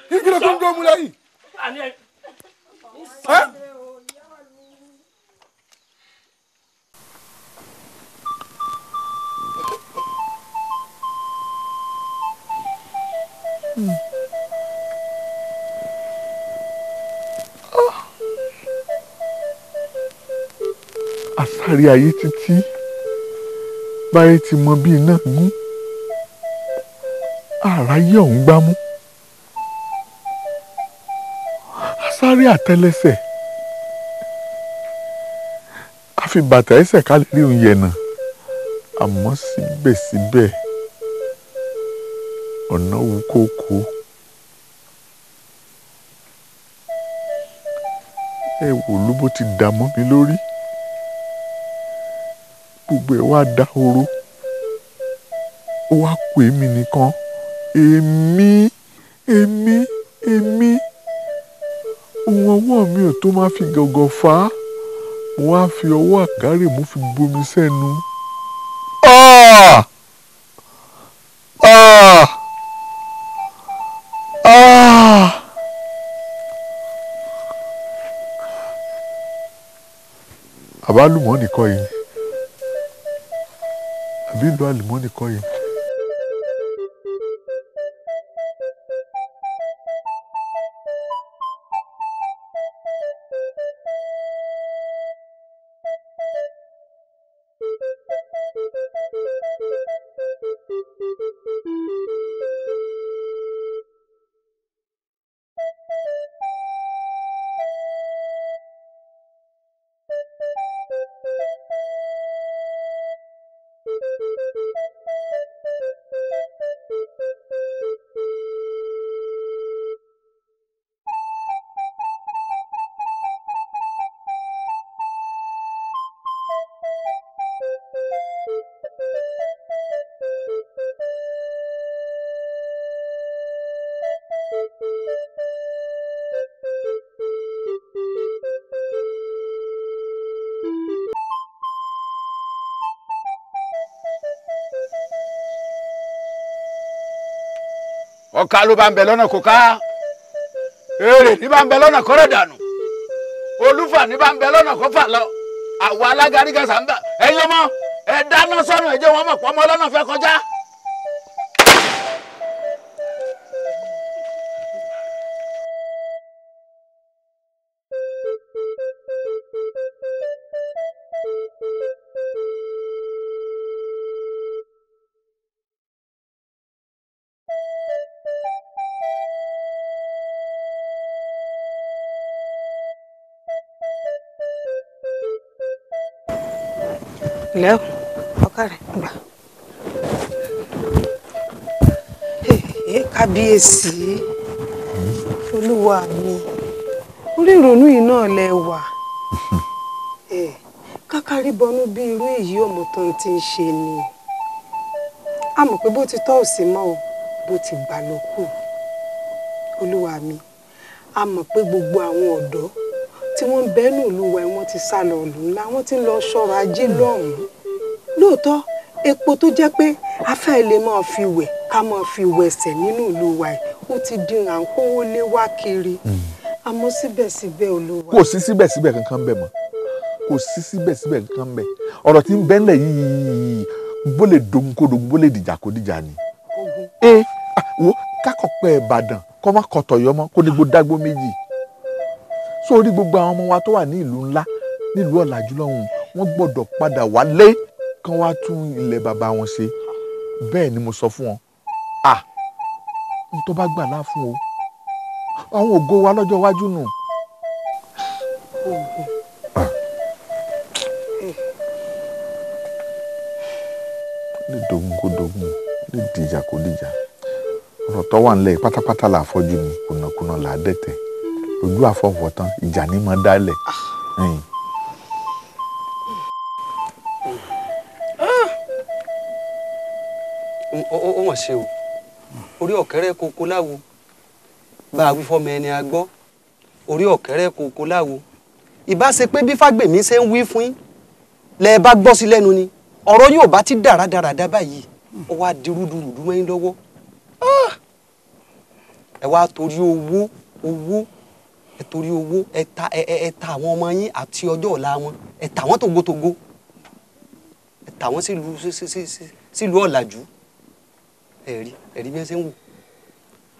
kí ìwà tún dúró mú lẹ́yìn. Mm. káàrí ayé títí báyé ti mọ bí iná gún àráyé ọ̀hún gbámú asáré àtẹlẹsẹ̀ àfi bàtà ẹsẹ̀ ká lè rí òun yẹnà àmọ́ síbẹ̀síbẹ̀ ọ̀nà wú kókó. ẹ wò ló bó ti dààmú mi lórí gbogbo ẹ̀ wá dahoro ó wá kó èmi nìkan èmi èmi èmi ohun ọwọ́ mi ò tó máa fi gọ̀gọ̀ fà mo wá fi ọwọ́ àkárè mo fi bomi sẹ́nu. Ah! Ah! Ah! àbálùmọ́ nìkan yìí àbí ìlú àlùmọ́nì kọ́ yẹn. ká ló bá ń bẹ lọ́nà kó ká èrè ní bá ń bẹ lọ́nà kọ́rọ̀ dànù olúfà ní bá ń bẹ lọ́nà kó fà lọ àwọn alágarí gàṣà ń bà ẹ̀yin ọmọ ẹ̀ wọn mọ̀ pọ́nmọ́ lọ́nà fẹ́ kọjá. lẹ́ọ̀ ọ̀kàrẹ̀ gbà. èè kábíyèsí olúwa mi orí ìrònú yìí náà lẹ wà eh, kákárí bọnú bí irú èyí ọmọ tó ti ń ṣe ni a mọ̀ pé bó ti tọ́ òsì mọ́ o bó ti gbà ló olúwa mi a mọ̀ pé gbogbo àwọn ọ̀dọ́ tí wọ́n ń bẹ́nu ìlú wa wọ́n ti sá lọ ìlú ńlá wọ́n ti ń lọ ṣọ́ra ajé lọ́hùn-ún lóòótọ́ epo tó jẹ́ pé afẹ́ lè máa fi wẹ̀ ká máa fi wẹ̀sẹ̀ nínú ìlú wa yìí ó ti di ràǹkówó lé wá kiri hmm. àmọ́ síbẹ̀síbẹ̀ olówó. kò sí síbẹ̀síbẹ̀ kankan bẹ̀ mọ́ kò sí síbẹ̀síbẹ̀ kankan bẹ̀ ọ̀rọ̀ tí ń bẹ́ńlẹ̀ yìí bó lè dogun kó dogun bó lè dìjà kó dìjà ni. ẹ eh, ah, wo kákọ̀ pẹ́ Ìbàdàn kọ́ má kọ̀tọ̀ yọmọ kó ní dágbó méjì sórí gbogbo àwọn ọmọ wa tó wà ní ìlú ńlá nílùú ọ̀làjú lọ́hùn wọ́n gbọ́dọ̀ padà wálé kán wá tún ilẹ̀ bàbá wọn ṣe bẹ́ẹ̀ ni mo sọ fún wọn à n tó bá gbà láà fún o àwọn ògo wa lọ́jọ́ iwájú nù. lè dogun kó dogun lè dìjà kó dìjà ọ̀rọ̀ tó wà ńlẹ̀ pátápátá là fọ́jú ni kùnàkùnà là á dẹ̀tẹ̀ ojú àfọwọ́tán ìjà ni mo dálẹ̀. Ah. Ah. ó wọ̀n ṣe o orí ọ̀kẹ́rẹ́ koko láwo bá a wí fọ́mọ ẹni a gbọ́ orí ọ̀kẹ́rẹ́ koko láwo ìbá ṣe pé bí Fágbèmí ṣe ń wí fún yín lẹ bá gbọ́ sí lẹ́nu ni ọ̀rọ̀ yóò bá ti dára dára dá báyìí ó wá di rúdurùdu mẹ́yìn lọ́wọ́ ah. ẹ wá torí owó owó ẹ torí owó ẹ ta ẹ ẹ ta àwọn ọmọ yín àti ọjọ́ ọ̀la wọn ẹ ta wọ́n tògótògó ẹ ta wọ́n sílùú sílùú ọ̀làjú ẹ̀rí ẹ̀rí bí ẹ ṣe ń wò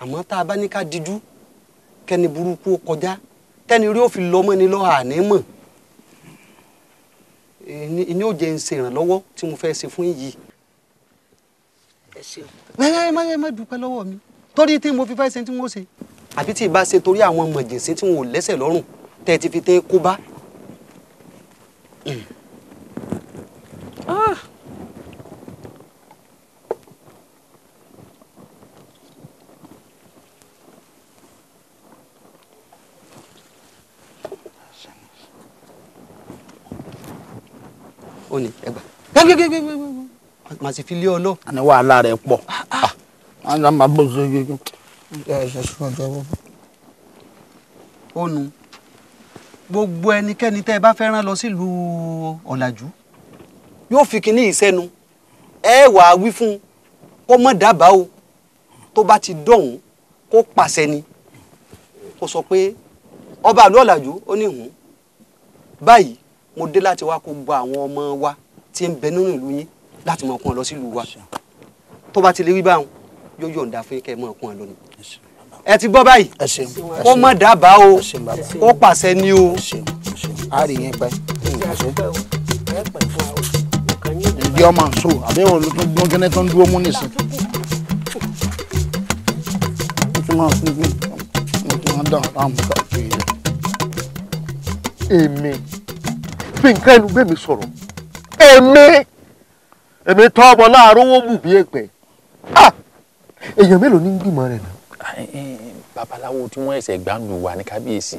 àmọ́ tá a bá ní ká dijú kẹ́ni burúkú kọjá tẹ́ni rí ó fi lọ́mọ ni lọ́ àní mọ̀ ìní ò jẹ́ ń ṣe ìrànlọ́wọ́ tí mo fẹ́ ṣe fún yìí. ẹ ṣeun. ẹ má ẹ má dúpẹ́ lọ́wọ́ mi torí tí mo fi fẹ́ ṣe tí mo ṣe àfi tí ìbá ṣe torí àwọn mọ̀jẹ̀sẹ̀ tí wọn ò lẹ́sẹ̀ lọ́rùn tẹ́ ẹ ti fi tẹ́ kó bá. Ah. ó ní ẹgbà gbẹgbẹgbẹgbẹ màá sì fi lé ọ lọ. àní wàhálà rẹ ònu gbogbo ẹnikẹ́ni tẹ́ ẹ bá fẹ́ rán lọ sílùú ọ̀làjú yóò fi kinní ìsẹ́nu ẹ wàá wí fún un kó mọ̀ dábàá o tó bá ti dọ̀hún kó pàṣẹ ni kó sọ pé ọba àlọ́ ọ̀làjú ó ní hùn báyìí mo dé láti wá kó gba àwọn ọmọ wa tí ń bẹ nínú ìlú yín láti mọ̀ kún ọ lọ sílùú wa tó bá ti lè rí báwọn yóò yọ̀ǹda fún kẹ́ ẹ mọ̀ ọkùnrin lónìí. ẹ ti gbọ́ báyìí kó mọ̀ dábàá o ó pàṣẹ ní o. a rí yín pẹ́ ìdí ọmọ so àbẹ̀wò ló tún gbọ́n gẹ́nẹ́ tó ń dúró mú nìsín. ó tún máa fún mi ó tún máa dàn láàmú káàkiri rẹ̀. èmi fi nǹkan ẹnu gbé mi sọ̀rọ̀ èmi èmi tọ́ ọmọ láàárọ̀ wọ́n bù bí èpè. Ah! èèyàn mélòó ní gbìmọ̀ rẹ̀ náà. babaláwo tí wọ́n ẹ̀sẹ̀ gbàǹdù wà ní kábíyèsí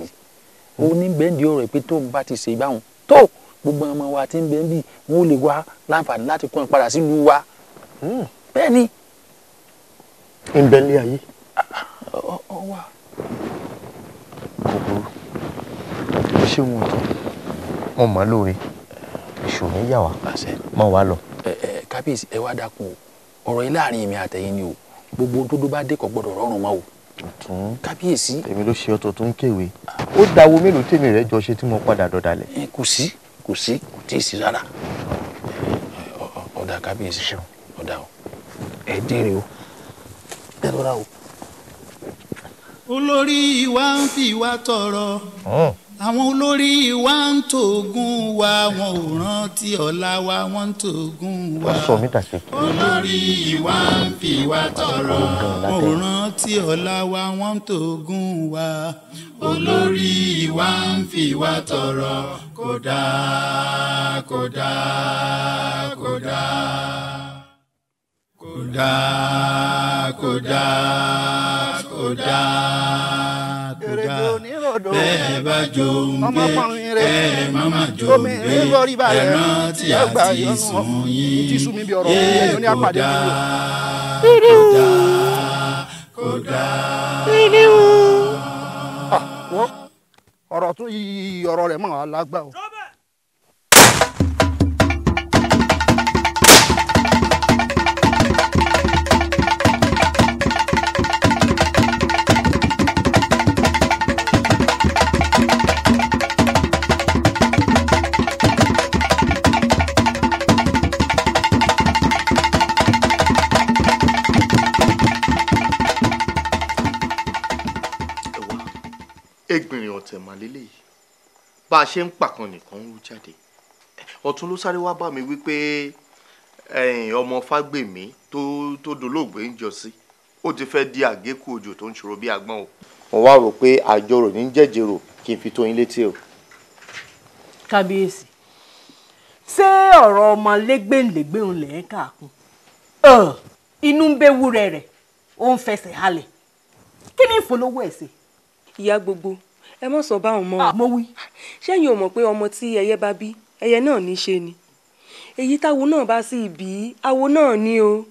ó ní bẹ́ẹ̀ndì ọ̀rọ̀ pé tó bá ti ṣe báwọn tó gbogbo ọmọ wa ti ń bẹ́ẹ̀ bí wọ́n lè wá láǹfààní láti kọ́ ẹ̀ padà sílùú wa hmm. bẹ́ẹ̀ ni. ìbẹ̀lẹ̀ ayé. ọ wà. kò burú ṣé wọn ò tọ́ wọn mọ̀ lóore ìṣòro yà wá mọ̀ wá lọ. ẹ ẹ kábíyèsí ẹ wá dákun o ọ̀rọ̀ yìí láàrin èmi àtẹ̀yin ni o gbogbo ohun bá dé kò gbọdọ̀ rọrùn mọ́ o. kábíyèsí. èmi ló ṣe ọtọ tó ń kéwèé ó dáwọ́ mélòó tèmi rẹ jọ ṣe tí mo padà dọ̀dàlẹ̀. ẹ kò sí kò sí kò tí ì sí rárá ọ̀dà kábíyèsí ọ̀dà o ẹ dèrè o ẹ lọ́ra o. olórí ìwà ń fi ìwà tọrọ àwọn olórí wa ń tògùn wa wọn ò rántí ọ̀la wa wọ́n ń tògùn wa olórí wa ń fi wa tọrọ wọn ò rántí ọ̀la wa wọ́n ń tògùn wa olórí wa ń fi wa tọrọ kódà kódà kódà kódà kódà kódà kódà odò. bẹ́ẹ̀ bá jó ń gbé ẹ má má jó ń gbé ẹ àti sùn yín yé kò dáa ah, ọ̀rọ̀ tún yí ọ̀rọ̀ rẹ̀ mọ́ alágbá o. egbìnrin ọ̀tẹ̀ mà lélẹ́yìí bá a ṣe ń pàkan nìkan ń rú jáde ọ̀tún ló sáré wá bá mi wípé ọmọ fágbèmí tó tó dolóògbé ń jọ sí ó ti fẹ́ di àgékù òjò tó ń ṣòro bí agbọ́n o. mo wá rò pé àjọrò ní jẹ́jẹ̀rò kí n fi tó yín létí o. kábíyèsí ṣé ọ̀rọ̀ ọmọ lẹ́gbẹ̀lẹ́gbẹ̀ ń lẹ̀ ń kàkún inú ń bẹ́ wúrẹ́ rẹ̀ ó ń fẹsẹ̀ halẹ̀ kí ni ìfowó ẹ̀ sí ìyá gbogbo ẹ má sọ báwọn mọ́ ọ. Ah, mo wí. ṣẹ́yìn ò mọ̀ pé ọmọ tí ẹyẹ bá bí ẹyẹ náà ní í ṣe ni èyí táwo náà bá sí ibi awo náà ni o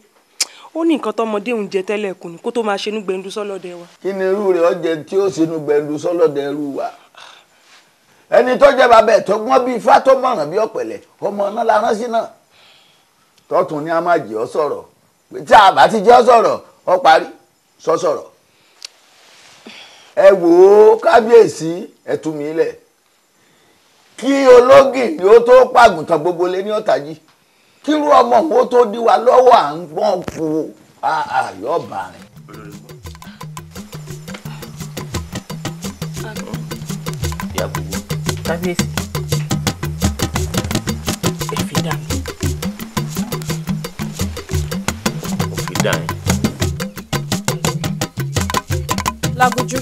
ó ní nǹkan tọmọdé òun jẹ tẹ́lẹ̀ kù ni kó tó máa ṣenú gbẹndu sọ́lọ́dẹ wa. kí ni irú rẹ̀ ọ̀jẹ̀ tí ó ṣenú gbẹndu sọ́lọ́dẹ rú wa ẹni tó jẹ́ bàbá tó gbọ́n bíi ifá tó mọ̀ràn ọmọ náà la ránṣẹ́ náà tọ́tún ni a máa jẹ́ ọ sọ̀rọ̀ pé tí a bá ti jẹ́ ọ sọ̀rọ̀ ọ parí sọ sọ̀rọ̀ ẹ wò ó kábíyèsí ẹ tú mi lẹ̀ kí ológì yóò tó pàgùntàn gbogbo lé ní ọ̀tàjì kírú ọmọ wo tó dí wa lọ́wọ́ à ń gbọ́n fún àyọ̀bà rẹ̀. kábíyèsí ẹ fi dà mí. mo fi dà yín. lágójú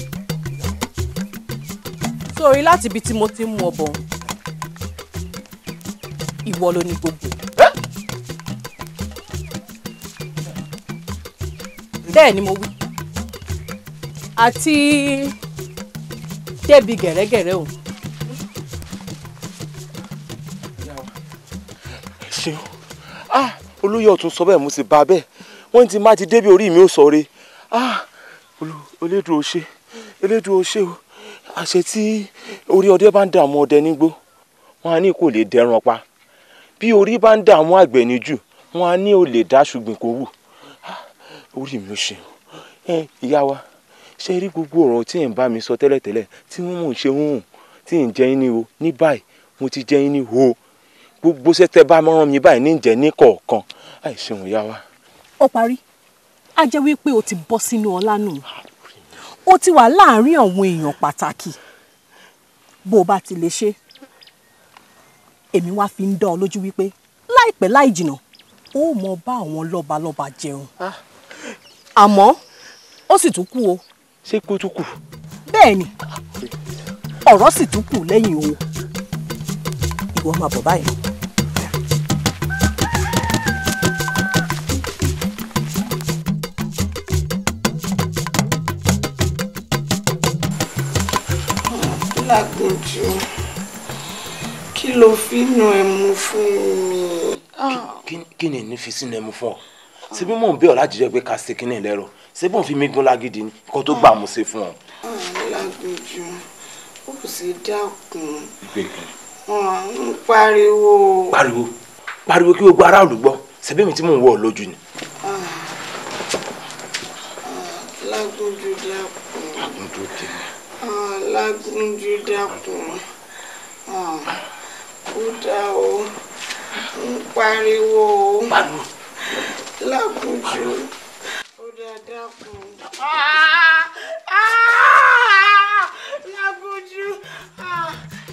sórí láti ibi tí mo ti ń mú ọbọ ìwọ ló ní gbogbo. bẹ́ẹ̀ ni mo wí àti débi gẹ̀rẹ́gẹ̀rẹ́ o. ṣeun ah olóyè ọ̀tún sọ bẹ́ẹ̀ mo sì bá a bẹ́ẹ̀ wọ́n ti má ti débi orí mi ò sọ̀re ah olódùn ò ṣe elédùn ò ṣe o àṣẹ tí orí ọdẹ bá ń dààmú ọdẹ nígbó wọn á ní kò lè dẹran pa bí orí bá ń dààmú àgbẹ̀ níjù wọn á ní ò lè dá ṣùgbìn kó wù ah, orí mi ò ṣe ẹ ìyá wa ṣe rí gbogbo ọ̀rọ̀ tí ẹ̀ ń bá mi sọ tẹ́lẹ̀tẹ́lẹ̀ tí wọ́n mọ̀ ń ṣe hùn tí ń jẹ́ ní o ní báyìí mo ti jẹ́ ní o gbogbo sẹ́tẹ́ bá mọ́rán mi báyìí ní ìjẹ́ ní kọ̀ọ̀kan àìsàn ìyá wa. ó parí a jẹ́ wípé o ti bọ́ sínú ọlá nù. Ah, ó ti wà láàárín àwọn èèyàn pàtàkì bó o bá ti lè ṣe èmi wá fi ń dá ọ lójú wípé láìpẹ́ láì jìnà ó mọ bá àwọn lọ́balọ́ba jẹun ah. àmọ́ ó sì tún kú o. ṣé kó tún kù. bẹ́ẹ̀ ni ah. ọ̀rọ̀ sì tún kù lẹ́yìn o ìwọ máa bọ̀ báyìí. ṣàgbéjù kí ló fi nu ẹmu fún mi. Ah. kí ni ìní fi sínú ẹmu fún ọ ṣebí mò ń bẹ ọ láti jẹ pé ká ṣe kínní lẹrọ ṣé bọ́n fi mí gún lágídí ni nǹkan tó gbà mú ṣe fún ọ. Ah, lágbèjì ó kò dákun ah, ń pariwo. pariwo pariwo kí gbogbo aráàlú gbọ́ ṣebí mi tí mò ń wọ ọ lójú ni. lágbèjì dákun. lágbèjì dákun alágúnjú dákun ó ah, dá o ń pariwo o lágúnjú ó dá dákun. Ah, ah, lágúnjú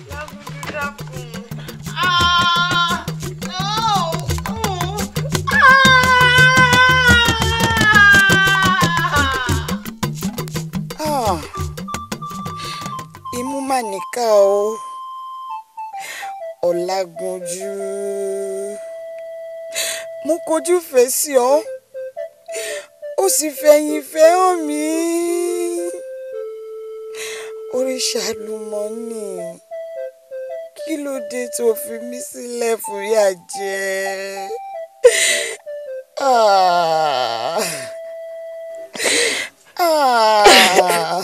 lágúnjú dákun. nìkà o ọ̀làgùnjú mo kojú fẹ́ sí ọ ó sì fẹ̀yìn fẹ́ hàn mí oríṣà lùmọ́nì kí ló dé tó fi mí sílẹ̀ fúyà jẹ ah ah.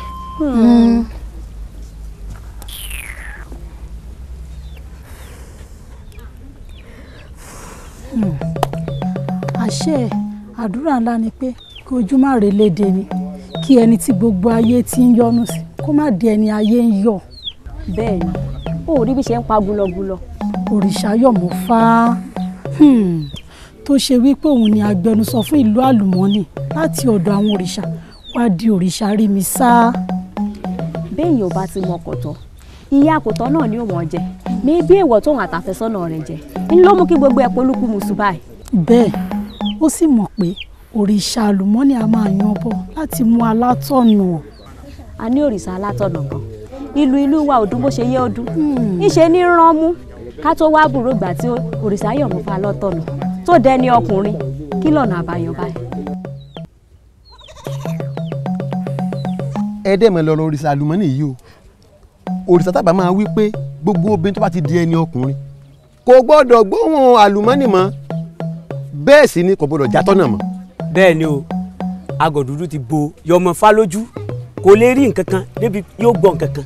Hmm. hmm. àṣẹ àdúrà ńlá ni pé kí ojú má relédè ni kí ẹni tí gbogbo ayé ti ń yọnu sí kó má di ẹni ayé ń yọ. bẹ́ẹ̀ ni ó rí bí ṣe ń pa gulọgulọ. òrìṣà yọ̀mọ̀ fá hmm. tó ṣe wípé òun ni agbẹnusọ fún ìlú àlùmọ́nì láti ọ̀dọ̀ àwọn òrìṣà wá di òrìṣà rí mi sá béèyàn ò bá ti mọ kòtò ìyá kòtò náà ni ó mọ̀ jẹ mébí èèwọ̀ tóun àtàfẹ́sọ́nà rẹ̀ jẹ ń ló mú kí gbogbo ẹ̀ polúkú musu báyìí. bẹ́ẹ̀ ó sì mọ̀ pé òrìṣà àlùmọ́nì a máa yan bọ̀ láti mú alátọ̀nà. a ní òrìṣà alátọ̀nà gan ìlú ìlú wa ọdún bó ṣe yẹ ọdún ìṣe hmm. ní rán mú ká tó wá bùrọ̀gbà tí òrìṣà yọ̀mọ̀fà lọ́tọ̀nà tó dẹni ọkùnrin kí lọ́nà àbáyọ báyìí. ẹ̀ẹ́dẹ́mọ̀ lọ́rọ̀ òrìṣà àlùmọ́nì yìí o òrìṣà tábà máa wí pé gbogbo obìnrin tó bá ti di ẹni ọkùnrin kò gbọ́dọ̀ gbóhùn àlùmọ́nì mọ́ bẹ́ẹ̀ sì ni kò gbọ́dọ̀ játọ́nà mọ́. bẹ́ẹ̀ ni o agọ̀ ti bo yọmọ fá lójú kò lè rí nǹkan kan débi yóò gbọ́ nǹkan kan.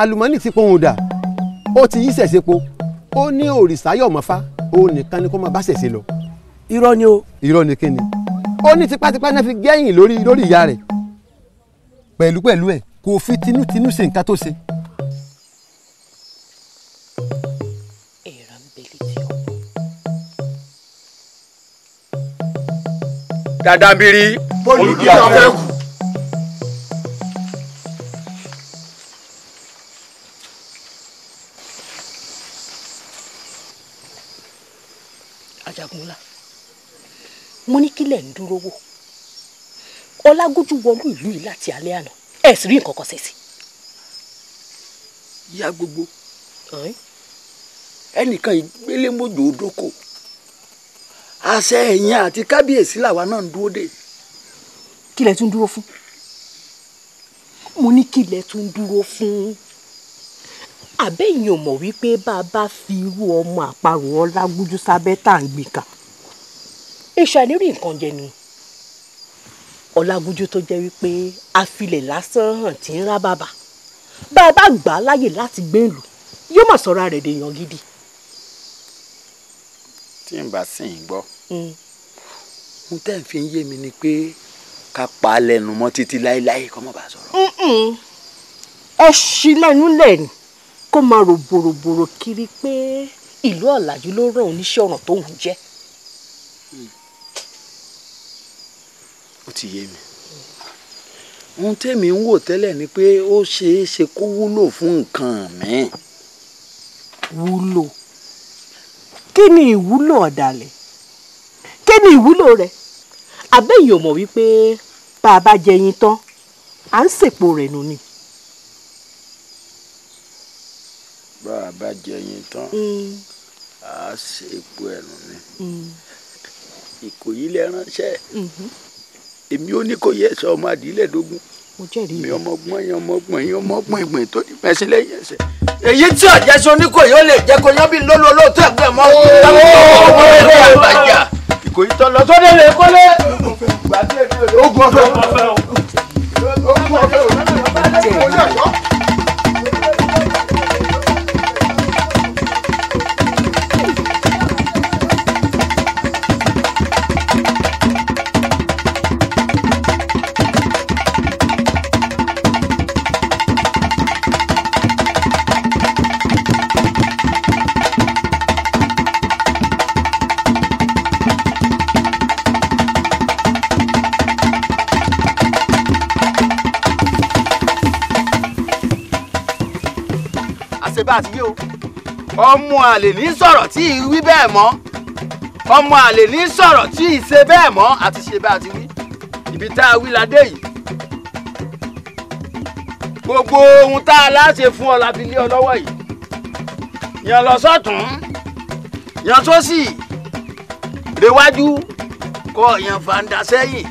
àlùmọ́nì ti pohùn dà ó ti yí sẹ̀sepo ó ní òrìṣà yọmọ fá òun nìkan ni kó máa bá sẹ̀se lọ. irọ́ ni o. irọ́ ni kí ni ó ní tipátipá náà fi gẹ́yìn lórí lórí ìyá rẹ̀ pẹ̀lú pẹ̀lú ẹ̀ kò fi tinútinú ṣe nǹkan tó ṣe. dadambiri. olùdíje ọ̀fẹ́ kù. ajagunla mo ní kílẹ̀ ń dúró wò ọlágójú wọnú ìlú yìí láti alẹ́ àná ẹ̀ sì rí nǹkan kan ṣe sí. ya gbogbo ẹnìkan ìgbélémòjò òdòkó àṣẹ ẹ̀yìn àti kábíyèsí làwa náà ń dúró dè. kí lẹ tún dúró fún mo ní kí lẹ tún dúró fún àbẹ́yìn ò mọ̀ wípé bá a bá fi irú ọmọ àparò ọlágójú sábẹ́ tá à ń gbìkà èṣù àìní rí nǹkan jẹ ni. Kan, ọ̀làgúnjú tó jẹ́ wípé àfilẹ̀ lásán hàn tí ń rá bàbà bá a bá gbà á láyè láti gbèlú yóò mà sọ̀rọ̀ rẹ̀ dèèyàn gidi. tí n bá sì ń gbọ́ mo hmm. tẹ́ ń fi yé mi ni pé ká pa á lẹ́nu mọ́ títí láéláé kó má bàa sọ̀rọ̀. ẹ ṣí lẹ́nu lẹ́nu kó máa rò bòròbòrò kiri pé ìlú ọ̀làjú ló rán oníṣẹ́ ọ̀ràn tó ń jẹ́ ó ti yé mi ohun tèmi ń wò tẹ́lẹ̀ ni pé ó ṣeé ṣe kó wúlò fún nǹkan mi. wúlò kí ni ìwúlò ọ̀dàlẹ̀ kí ni ìwúlò rẹ̀ àbẹ́yìí ò mọ̀ wípé bá a bá jẹ yín tán à ń sèpo rẹ̀ nù ni. bá a bá jẹ yín tán hmm. à ń sèpo ẹ̀ nù ni hmm. ìkòyí lè ránṣẹ́. Mm-hmm èmi ò ní kó yẹ ẹsẹ ọmọ àdílẹ̀ dógún mi ọmọ gbọ́n yẹn ọmọ gbọ́n yẹn ọmọ gbọ́n ìgbọ̀n tó ní fẹsẹ̀ lẹ́yìn ẹsẹ̀. èyí tí ọ̀jẹ̀ sọ ní kò yóò lè jẹ́ kó yán bí lónìí olóòótọ́ ẹ̀gbọ́n mọ́ ìkòyí tọ́ lọ sọ́dẹ̀ lè kọ́lé. ogun ọ̀fẹ́ ogun ọ̀fẹ́ ogun ọ̀fẹ́ ọmọ àlè ní sọ̀rọ̀ tí ì wí bẹ́ẹ̀ mọ́ ọmọ àlè ní sọ̀rọ̀ tí ì ṣe bẹ́ẹ̀ mọ́ àti ṣe bá a ti wí ibi tá a wí la dé yìí gbogbo ohun tá a láṣẹ fún ọ la fi lé ọ lọ́wọ́ yìí yàn lọ sọ́tún yàn sósì rewájú kọ yàn fàǹdà sẹ́yìn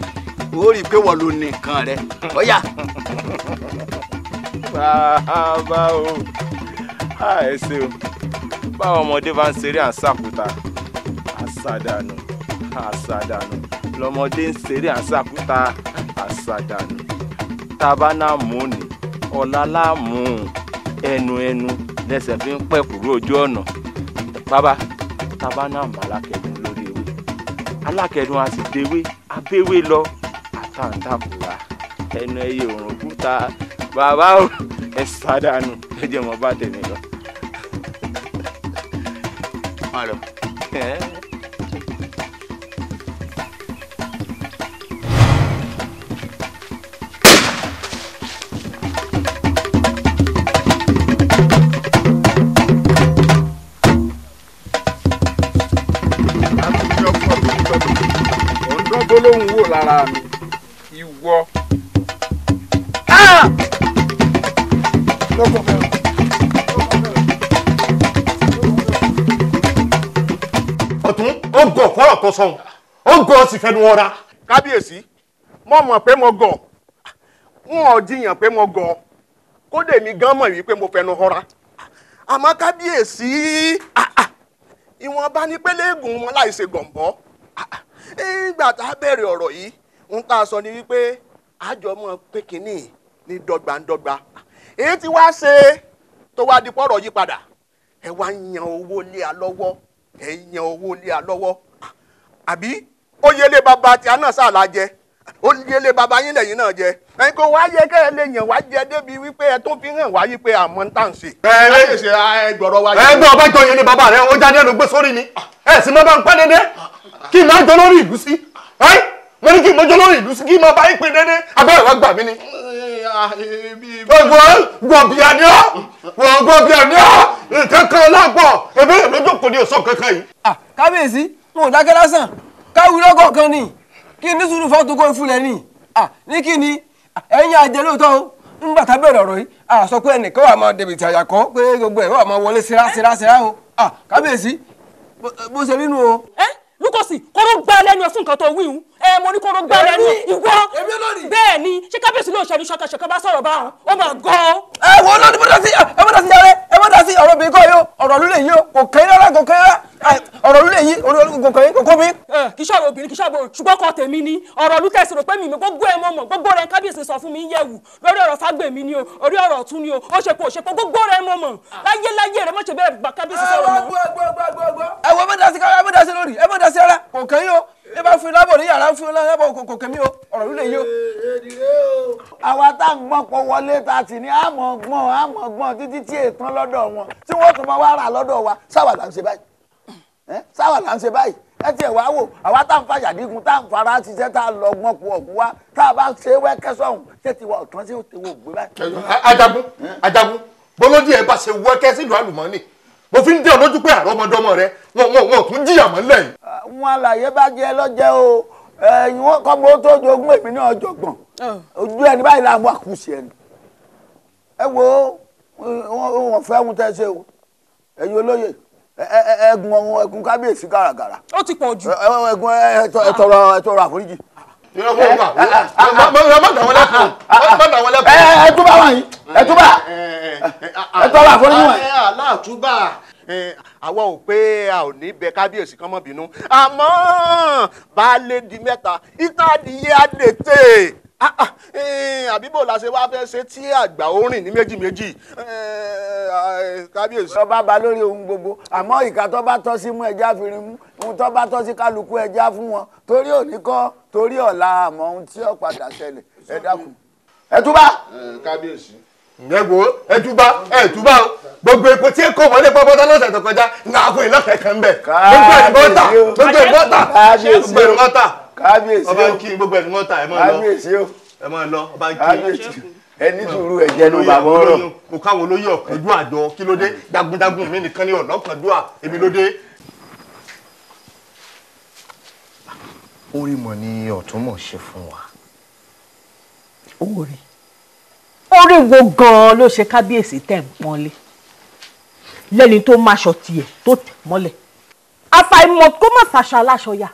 ó rí i pé wọ́n ló nìkan rẹ ọ̀yà. bàbá o àìsè o báwọn ọmọdé bá ń ṣeré à ń sàkúta àsàdànù àsàdànù lọmọdé ń ṣeré à ń sàkúta àsàdànù tabanamuni ọ̀làlámù ẹnu ẹnu lẹ́sẹ̀ fi ń pẹ́ kúrò ojú ọ̀nà bàbá tabanamù alákẹ̀dùn lórí ewé alákẹ̀dùn a sì dewé abéwé lọ àtàǹtàkùrà ẹnu ẹyẹ òrùn òkúta bàbá ẹ sádànù ẹ jẹ́ mọ́ bá tẹ̀lé lọ. malo. ¿Eh? tó sọ̀hún ó gọ́ sí fẹ́nu ọ̀ra. kábíyèsí mo mọ̀ pé mo gọ̀ wọn ò jiyàn pé mo gọ̀ kódé mi gan mọ̀ wípé mo fẹ́nu ọ̀ra àmọ́ kábíyèsí ìwọ̀nba ni pélégùn wọn láì ṣe gọ̀m̀bọ́ nígbà tá a bẹ̀rẹ̀ ọ̀rọ̀ yìí ń tá a sọ ni wípé àjọmọ́ pé kínní ní dọ́gbandọ́gba èyí tí wàá ṣe tó wá di pọ́rọ̀ yí padà ẹ wá ń yan owó lé a lọ́wọ́ ẹ yan owó lé a lọ́wọ́ àbí ó yẹlé bàbá tí a náà sàlá jẹ ó yẹlé bàbá yín lẹ́yìn náà jẹ ẹ̀yin kò wá yẹ kẹ́ ẹ lè yàn wá jẹ débi wípé ẹ tó fi hàn wá yí pé àmọ́ ń tàn sí. ẹ ẹ ṣe ẹ gbọ́dọ̀ wá. ẹ gbọ́ ọba jọ yẹlé bàbá rẹ ó jáde ló gbé sórí ni ẹ sì máa bá ń pẹ́ dédé kí n máa jọ lórí ìlú sí mo ní kí n mọjọ lórí ìlú sí kí n máa bá yín pé dédé abẹ́rẹ́ wá gbà mí ni. ọgbọ́n gbọ̀bìà ni ọ́ wọ́n gbọ̀bìà ni ọ́ nǹkan kan lágbọ̀n ẹ̀mí ẹ̀mí jókòó ni ò sọ kankan yìí. kábíyèsí n ò dákẹ́ lásán káwí lọ́kọ̀ kan ni kí n ní sùúrù fọ́ọ̀tù kó fúlẹ̀ ni ní kí ni ẹ̀yin àjẹ lóòótọ́ o ńgbà tá bẹ̀rẹ̀ ọ̀rọ̀ yìí a sọ pé ẹnìkan wà máa dẹ̀bìtì àyàkọ́ pé gbogbo ẹ̀ wà máa wọlé síra síra síra o kábíyèsí bó ṣe rí nu o. ẹ lukosi kóró gbá lẹ́nu ẹ fún nǹkan tó wí ẹ eh, mo ní kó ló gbá lẹ́nu ìwọ bẹ́ẹ̀ ni ṣé kábíyèsí ló ṣẹlú ṣọkàṣọkà bá sọ̀rọ̀ báwọn ó mà gan. ẹ wo ló ní bọ́dọ̀ sí ẹ eh, bọ́dọ̀ sí yàrá ẹ eh, bọ́dọ̀ sí ọ̀rọ̀ mi kọ́ yó ọ̀rọ̀ lulẹ̀ yìí kò kẹ́yìn rárá kò kẹ́yìn rárá ọ̀rọ̀ lulẹ̀ yìí kò kẹ́yìn kò kó kì í ṣọ̀rọ̀ obìnrin kì í ṣọ̀rọ̀ ṣùgbọ́n kan tèmi ni ọ̀rọ̀ lu tẹ̀sí pé mi gbogbo ẹ̀ mọ̀ mọ̀ gbogbo rẹ̀ kábíyèsí sọ fún mi ń yẹ̀wù lórí ọ̀rọ̀ fágbèmí ni o orí ọ̀rọ̀ ọ̀tún ni o ó ṣe pé ó ṣe pé gbogbo rẹ̀ mọ̀ mọ̀ láyé láyé rẹ̀ mọ̀ṣẹ̀ bẹ́ẹ̀ gbà kábíyèsí sọ̀rọ̀ mọ́. ẹ wọ mọ́dásí rárá kò kẹ́yìn o ẹ bá fún ilábọ̀ ní yàrá fún ilábọ̀ kòkò kẹ́mi o ọ̀rọ̀ ló lè o. àwa tá à gbọ́n pọ̀ wọlé ta sì ní àmọ́ gbọ́n àmọ́ gbọ́n títí tí ètàn lọ́dọ̀ wọn tí wọ́n tún mọ wá rà lọ́dọ̀ wa sáwà là ń ṣe báyìí sáwà là ń ṣe báyìí ẹ tiẹ̀ wá wò àwa tá à fa yàdígun tá à fara ṣiṣẹ́ tá à lọ gbọ́n pọ̀ ọ̀gbun wa tá a bá ṣe é wẹ́kẹ́sọ̀ ọ̀hún ṣé ti wa ọ̀tún sí òtún wọn àlàyé bá jẹ lọ́jẹ́ o ẹ̀yìn wọn kọ́ tó jogún èmi náà jọ̀gbọ̀n ojú ẹni báyìí là ń sí ẹni ẹ wo wọn fẹ́ ohun tẹ́ ṣe o ẹ̀yin olóyè ẹ̀gùn ọ̀hún ẹ̀gùn kábíyèsí gàràgàrà ó ti pọ̀ jù ẹ̀gùn ẹ̀tọ̀rọ̀ ẹ̀tọ̀rọ̀ àforíjì ẹ túbà wọ̀nyí ẹ túbà ẹ tọrọ àforíjì aláàtúbà Eh, àwa ò pé a ò ní bẹ kábíyèsí kan mọ́ bínú àmọ́ baálé di mẹ́ta ìtàn adìyẹ adètè ah, ah, eh, àbíbò la ṣe wá fẹ́ ṣe tí àgbà ó rìn ní méjì méjì eh, kábíyèsí. tọ́ba ba lórí ohun gbogbo àmọ́ ìka tọ́ba tọ́ sí mú ẹja fìrin mú ohun tọ́ba tọ́ sí kálukú ẹja fún wọn torí òní kọ́ torí ọ̀la àmọ́ ohun tí ó ṣẹlẹ̀ ẹ dákun. ẹ túbà. kábíyèsí ẹ wo ẹtúbá ẹtúbá o gbogbo epo tí èkó wọlé pọpọtà lọ́sẹ̀ tó kọjá nga akó ìlọsẹ kan bẹ gbogbo ẹni bọta gbogbo ẹni bọta gbogbo ẹni bọta kábíyèsí o ọba ń kí gbogbo ẹni bọta ẹ máa lọ ẹ máa lọ ọba ń kí ẹni sùúrù ẹ̀jẹ̀ ló bàbá ọ̀rọ̀. kò káwọn olóyè ọ̀kàndú àjọ kí ló dé dagundagun mi nìkan ní ọ̀nà ọ̀kàndú à èmi ló dé. orí mọ̀ ni ọ̀túnmọ̀ ṣe fún wa. orí orí wo gan-an ló ṣe kábíyèsí tẹ̀ ń pọ́nlé lẹ́ni tó máṣọ tiẹ̀ tó tẹ̀ mọ́lẹ̀ àfàìmọ̀ kó má fàṣà aláṣọ yá.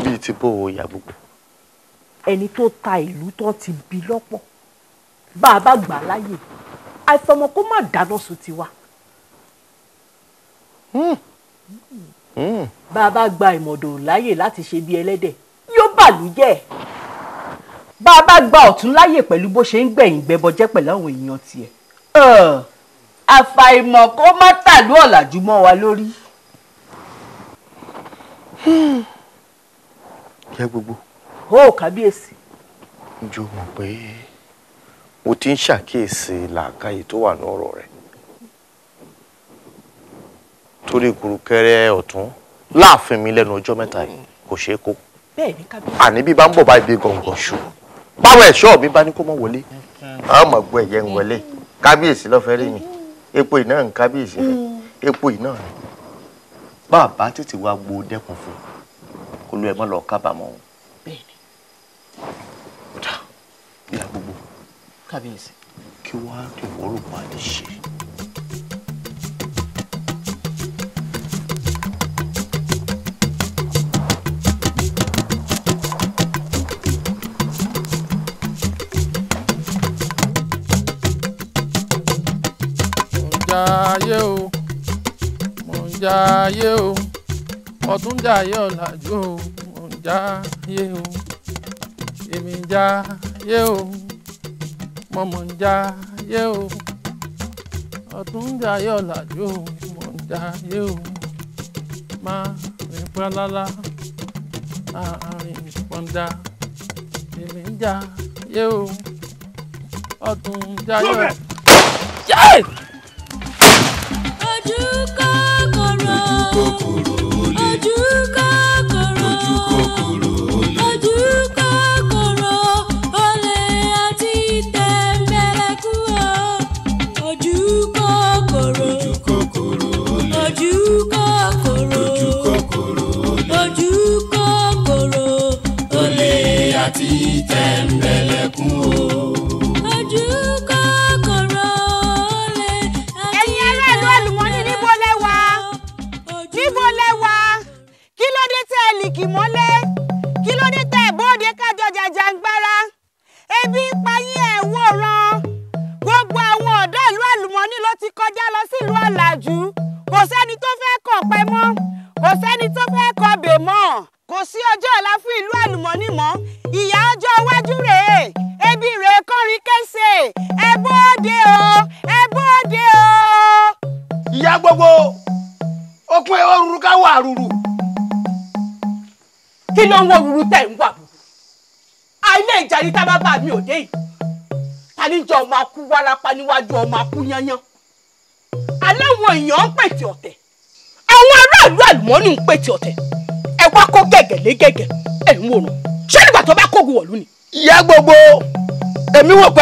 bíi ti bó o yà gbogbo. ẹni tó ta ìlú tó ti bí lọ́pọ̀ bá a bá gbà á láyè àìfọmọ kó má dáná sun tiwa. Hmm. Hmm. bá a bá gba ìmọ̀dò láyè láti ṣe bí ẹlẹ́dẹ̀ yóò bàlújẹ́ bá a bá gba ọ̀tún láyè pẹ̀lú bó ṣe ń gbẹ̀yìn gbẹbọjẹ́ pẹ̀lú àwọn èèyàn tiẹ̀ àfàìmọ̀ kó má tàlú ọ̀làjú mọ́ wa lórí. jẹ́ gbogbo. ó kábíyèsí. jọ mọ̀ pé mo ti ń ṣàkíyèsí làákàyè tó wà lọ́rọ̀ rẹ̀ torí kùrùkẹrẹ ọ̀tún láàfin mi lẹ́nu ọjọ́ mẹ́ta yìí kò ṣeé kó àní bí bá ń bọ̀ báyìí bí gọ̀ǹgọ̀ báwọn ẹ̀ṣọ́ mi bá ní kó mọ̀ wọlé àwọn ọmọ ẹ̀gbọ́n ẹ̀yẹ ń wọlé kábíyèsí lọ́fẹ́ rí mi epo iná ń kábíyèsí rẹ̀ epo iná rẹ̀. bàbá tètè wá gbo dẹ́kun fún kó ló ẹ mọ́ lọ kábàámọ̀ o. bẹ́ẹ̀ni ìyá gbogbo kábíyèsí kí wàá dìwọ́rò máa lè ṣe. jayé o mò ń jayé o ọ̀tún jayé ọ̀làjú o mò ń jayé o èmi ń jayé o mo mò ń jayé o ọ̀tún jayé ọ̀làjú o mò ń jayé o má rìn pálálá àárín pọ́ńdà èmi ń jayé o ọ̀tún jayé o. Yeah! ojú kòkòrò ojú kòkòrò ojú kòkòrò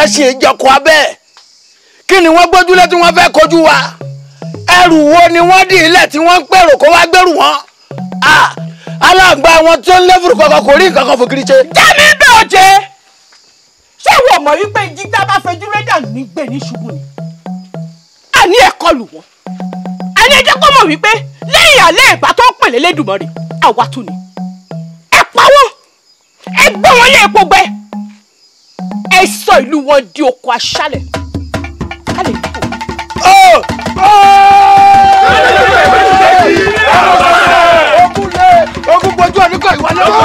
fẹ́ ṣe ìjọkọ̀ abẹ́ kí ni wọ́n gbójúlé tí wọ́n fẹ́ kojú wa ẹrù wo ni wọ́n dì í lẹ̀ tí wọ́n ń pèrò kó wá gbẹ̀rù wọn aláǹgbá wọn tó ń léfùrú kankan kò rí nǹkan kan fòkiri ṣe. jẹ́mi bẹ́ẹ̀ ṣe ṣé wọ́n mọ̀ wípé jíjá bá fẹjú rédà nígbè ní ṣubú ni àní ẹ̀kọ́ lù wọ́n àní ẹjẹ́ kó mọ̀ wípé lẹ́yìn alẹ́ ìgbà tó ń pèlè lẹ́dùnmọ́ rẹ̀ àwa tún ni ẹ pa ẹ gbọ́ wọn lé epo gbẹ fẹ́ sọ ìlú wọn di oko aṣálẹ̀ kálẹ̀ yìí kò. ogun bojú ọ̀nìkọ̀ ìwà lọ́wọ́.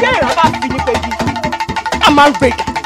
bí èèrà bá fi ní pẹ̀lú a máa ń gbẹ̀dà.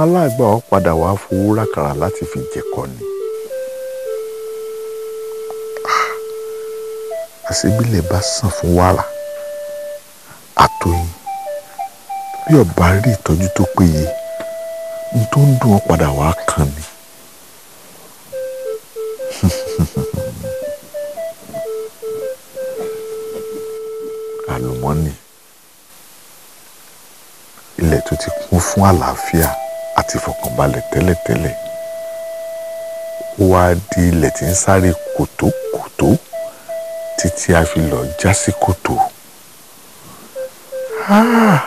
àwọn alágbà ọ padà wàá fowó rákàrà láti fi jẹ̀kọ ni. àṣebílẹ̀ bá sàn fún wàrà àtòyìn bí ọba rí ìtọ́jú tó péye n tó ń dùn ọ padà wàá kàn ni. àlùmọ́nì ilẹ̀ tó ti kún fún àlàáfíà ti fọkànbalẹ̀ tẹ́lẹ̀tẹ́lẹ̀ ó wá di ilẹ̀ tí ń sáré kòtókòtó títí a fi lọ já sí kòtò. Ah!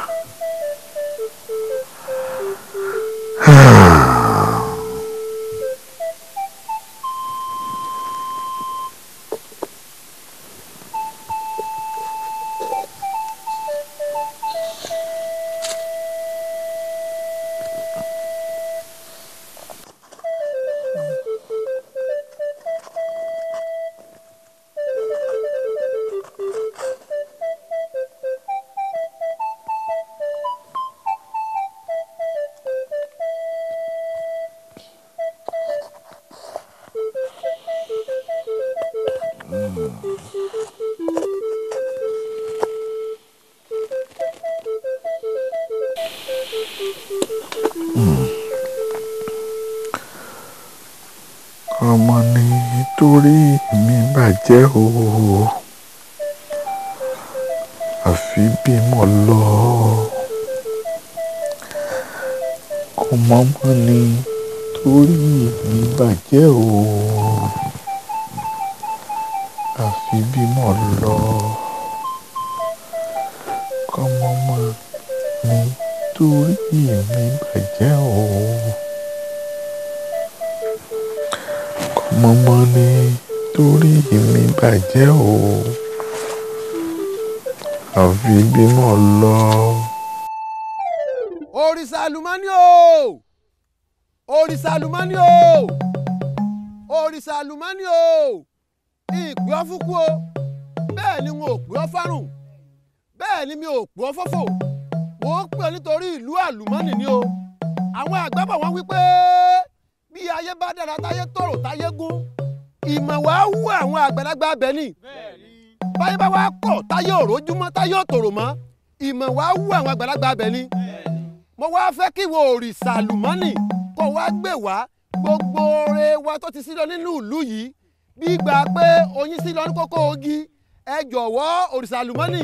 截胡。gbàbẹ̀ ni mo wá fẹ́ kí wo òrìṣà lùmọ́nì kó wá gbè wá gbogbo oore wa tó ti sí lọ nínú ìlú yìí bí gbà pé oyin sí lọ ní kókó ogi ẹ jọ̀wọ́ òrìṣà lùmọ́nì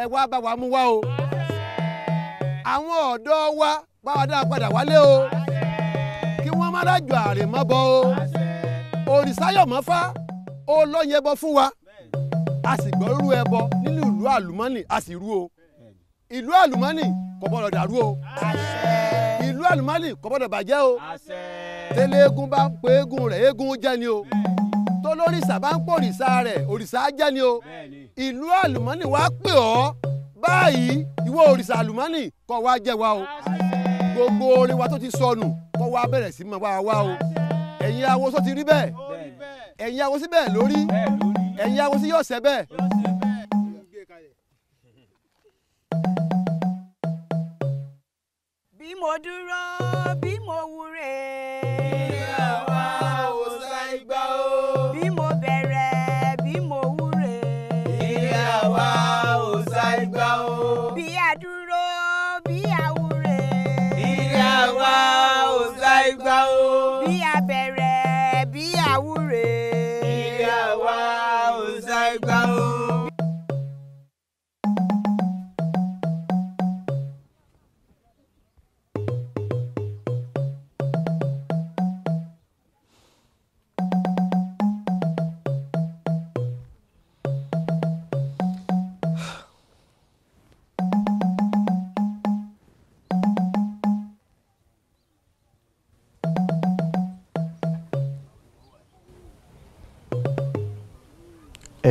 ẹ wá bá wa mú wá o àwọn ọ̀dọ́ wa bá wa dáa padà wálé o kí wọ́n má dájọ àrèmọ́bọ o òrìṣà yọ̀mọ́fá ó lọ́yẹ̀bọ fún wa a sì gbọ́ rú ẹbọ nínú ìlú àlùmọ́nì a sì rú o ìlú àlùmọ́nì kò gbọ́dọ̀ dàrú o ìlú àlùmọ́nì kò gbọ́dọ̀ bàjẹ́ o tẹ́lẹ̀ eégún bá ń pe eégún rẹ̀ eégún jẹ́ ni o tolórìṣà bá ń pò òrìṣà rẹ̀ òrìṣà jẹ́ ni o ìlú àlùmọ́nì wá pè ọ́ báyìí ìwọ òrìṣà àlùmọ́nì kó wá jẹ́ wa o gbogbo orin wa tó ti sọnù kó wá bẹ̀rẹ̀ sí máa wá wa o ẹ̀yin awo ti rí bẹ́ẹ̀ ẹ̀yin awo bẹ́ẹ̀ lórí ẹ̀yin awo yóò ṣẹ bẹ́ẹ̀. bí mo dúró bí mo wúre. bí àwa ò sa igbá o. bí mo bẹ̀rẹ̀ bí mo wúre.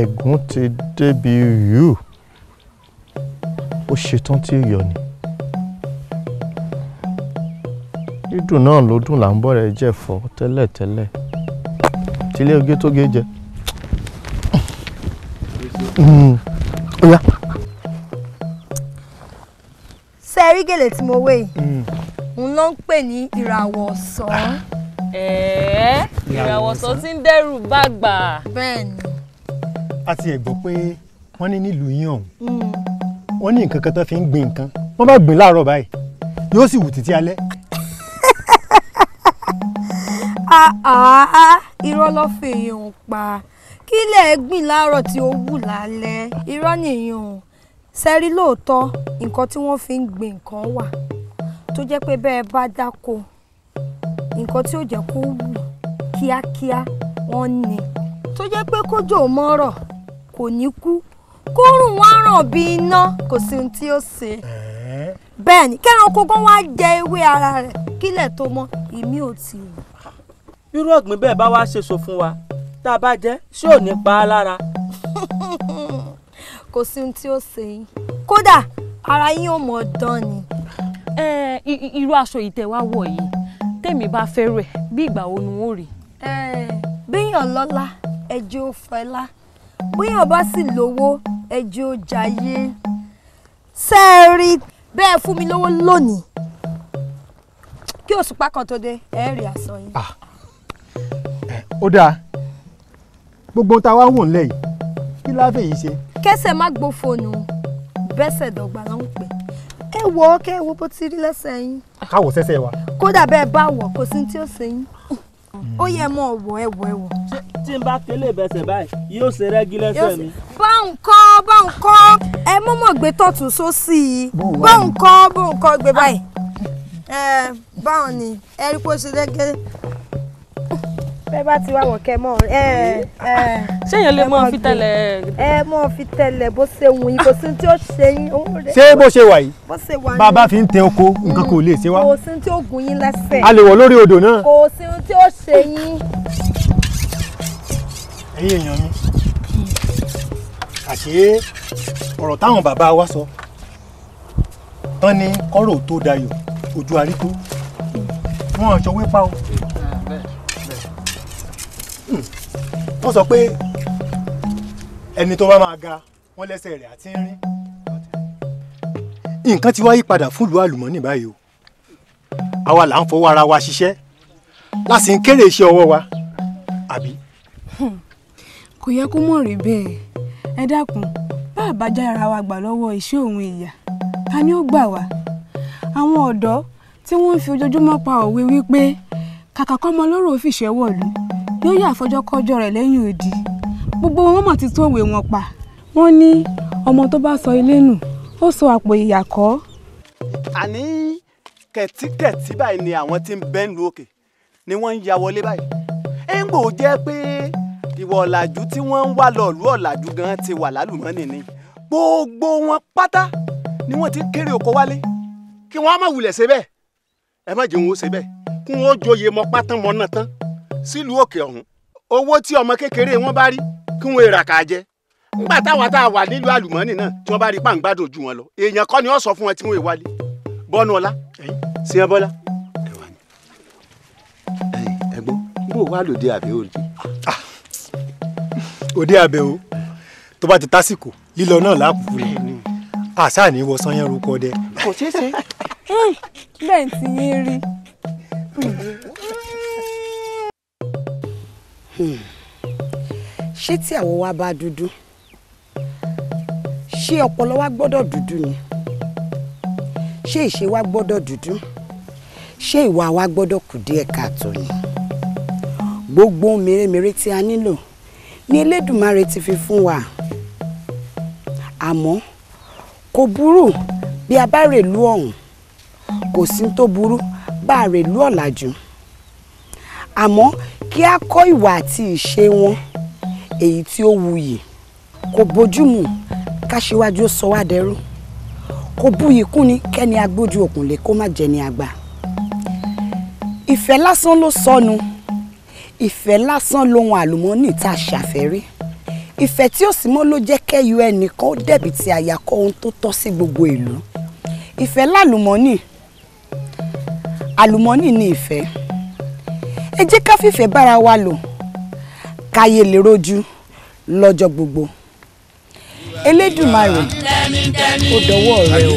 ẹ̀gún ti débi yù ó ṣetán tí yọ ni dídùn náà ló dùn là ń bọ̀ rẹ̀ jẹ́ fọ́ tẹ́lẹ̀tẹ́lẹ̀ tílé oge tó gé jẹ. ọ̀yá. Hmm. ṣé ẹ rí gèlè tí mo wé yìí hmm. òun ló ń pè ní ìràwọ̀ ọ̀sán. Ah. ẹ̀ẹ́ ìràwọ̀ ọ̀sán ti ń dẹ́rù bàgbà. bẹ́ẹ̀ ni a ti ẹ̀ gbọ́ pé wọ́n ní nílùú yín ọ̀hún mm. wọ́n ní nǹkan kan tó fi ń gbin nǹkan wọ́n bá gbìn láàárọ̀ báyìí yóò sì wù títí alẹ́. Ah, ah, ah. irọ́ ló fi èèyàn pa kí lẹ̀ gbìn láàárọ̀ tí ó wù lálẹ́ irọ́ nìyẹn sẹ́rí lóòótọ́ nǹkan tí wọ́n fi ń gbin nǹkan wà tó jẹ́ pé bẹ́ẹ̀ bá dáko nǹkan tí ó jẹ́ kó wù kíákíá wọ́n ní tó jẹ́ pé kójò mọ́rọ̀ kò ní kú kórùn wá ràn bí iná kò sí ohun tí ó ṣe bẹ́ẹ̀ ni kẹ́ranko gan wá jẹ ewé ara rẹ̀ kílẹ̀ tó mọ́ ìmí ò tì í. irú ọ̀gbìn bẹ́ẹ̀ bá wá ṣèso fún wa tá a bá jẹ́ ṣé ò ní pa á lára. kò sí ohun tí ó ṣe yín kódà ara yín ò mọ̀ dán ni. irú aṣọ ìtẹ̀wá wọ̀ yìí tèmi bá fẹ́ rẹ̀ bí ìgbà wo ni wọ́n rí. bíyàn lọ́lá ẹjọ́ fẹ́lá bóyá ọba sì lówó ẹjẹ ó jayé ṣe é rí bẹ́ẹ̀ fún mi lówó lónìí kí òṣùpá kan tó dé ẹ rí aṣọ yín. Ah. Eh, ó dáa gbogbo ohun tá a wá wò ńlẹ̀ yìí kí láfẹ́ yìí ṣe. kẹsẹ̀ má gbó fóònù bẹ́sẹ̀ dọ̀gba ló ń pè ẹ wọ kẹ ẹ wo bó ti rí lẹ́sẹ̀ yín. káwọ sẹsẹ wa. kódà bẹ́ẹ̀ bá wọ kò sí ní tí ó ṣe yín ó yẹ mọ ọwọ ẹ wọ ẹ wọ. tí n bá kélé bẹsẹ̀ báyìí yóò ṣe rẹ́gí lẹ́sẹ̀ mi. báwọn kọ́ báwọn kọ́ ẹ mọ́mọ́ gbé tọ̀tún sósì yìí báwọn kọ́ báwọn kọ́ gbé báyìí báwọn ni ẹ rí pé ó ṣe rẹ́gí bẹ́ẹ̀ bá ti wá wọ̀ kẹ́ mọ́ ẹ ẹ ah, ah. ṣéyàn lè mọ́ fi tẹ̀lẹ̀. ẹ mọ́ fi tẹ̀lẹ̀ bó ṣe wù yín kò sí tí ó ṣe yín. ṣé bó ṣe wà yìí bàbá fi ń tẹ oko nǹkan kò lè ṣe wá. kò sí tí ó gùn yín lẹ́sẹ̀. a lè wọ̀ lórí odò náà. kò sí tí ó ṣe yín. ẹ̀yin èèyàn mi àṣé ọ̀rọ̀ táwọn bàbá wa sọ tán ni kọ́rọ̀ tó dayọ̀ ojú àríkú wọn ò sọ o. Ah, wọ́n sọ pé ẹni tó bá máa ga wọ́n lẹ́sẹ̀ rẹ̀ àti rin nǹkan ti wá yí padà fún ìlú àlùmọ́nì báyìí o àwa là ń fọwọ́ ara wa ṣiṣẹ́ láti ń kéré iṣẹ́ ọwọ́ wa àbí. kò yẹ kó mọ̀ rí bẹ́ẹ̀ ẹ dákun bá àbájá ara wa gbà lọ́wọ́ iṣẹ́ òun ìyà ta ni ó gbà wá àwọn ọ̀dọ́ tí wọ́n ń fi ojoojúmọ́ pa òwe wípé kàkà kọ́mọ lọ́rọ̀ òfìṣẹ́ wọ̀lú yóò yà àfọjọ́kọ́jọ́ rẹ̀ lẹ́yìn odi gbogbo wọn mọ̀ ti tóòwé wọn pa wọ́n ní ọmọ tó bá sọ ilé nù ó sọ àpò ìyà kọ́. àní kẹ̀tíkẹ̀tí báyìí ni àwọn tí ń bẹ́ ń lu òkè ni wọ́n ń ya wọlé báyìí ẹ̀ńgbò jẹ́ pé ìwà ọ̀làjú tí wọ́n ń wá lọ́ọ̀lú ọ̀làjú gan ti wà lálùmọ́nì ni gbogbo wọn pátá ni wọ́n ti kéré oko wálé kí wọ́n á má wulẹ̀ ṣe bẹ́ẹ̀ ẹ má jẹun ó ṣe bẹ́ẹ̀ kí wọ́n ó joyè mọ pátán mọ náà tán sílùú òkè ọ̀hún owó tí ọmọ kékeré wọn bá rí kí wọn èrà kà jẹ nígbà táwa tá a wà nílùú àlùmọ́nì náà tí wọ́n bá rí pàǹgbádùn ojú wọn lọ èèyàn kọ́ ni wọ́n sọ fún wọn tí wọ́n wálé bọ́nu ọlá sèyàn bọ́lá. ẹ̀gbọ́n bó wàá lòde àbẹ̀ òde. òde àbẹ̀ o tó bá ti tásìkò lílọ náà láàpù rẹ̀ àṣà ni wọ́n sanyẹ́rù kọ́ dẹ. kò ṣeé ṣe. bẹ́ẹ̀ ti yín rí. Hmm. ṣé tí àwọ̀ wa bá dúdú ṣé ọpọlọ wa gbọ́dọ̀ dúdú ni ṣé ìṣe wa gbọ́dọ̀ dúdú ṣé ìwà wa gbọ́dọ̀ kù díẹ̀ káàtó ni gbogbo mèremère tí a nílò ni Elédùmarè ti fi fún wa àmọ́ kò burú bí a bá rèlú ọ̀hún kò sí tó burú bá a rèlú ọ̀làjú àmọ́ kí a kọ́ ìwà àti ìṣe wọn èyí tí ó wuyì kò bójúmu káṣíwájú ó sọ wá dẹrú kò buyì kún ni kẹ́ni agbójú òkùnlé kó má jẹni àgbà ìfẹ́ lásán ló sọnù ìfẹ́ lásán lohun àlùmọ́nì tá a ṣàfẹ́rí ìfẹ́ tí ó sì mọ́ ló jẹ́ kẹ́yọ ẹnìkan ó dẹ̀bi ti àyà kọ ohun tó tọ́ sí gbogbo ìlú ìfẹ́ lálùmọ́nì àlùmọ́nì ni ìfẹ́ ẹ jẹ́ ká fìfẹ́ bára wa lò káyé lè rojú lọ́jọ́ gbogbo elédùnmarè ó dọwọ́ rẹ o.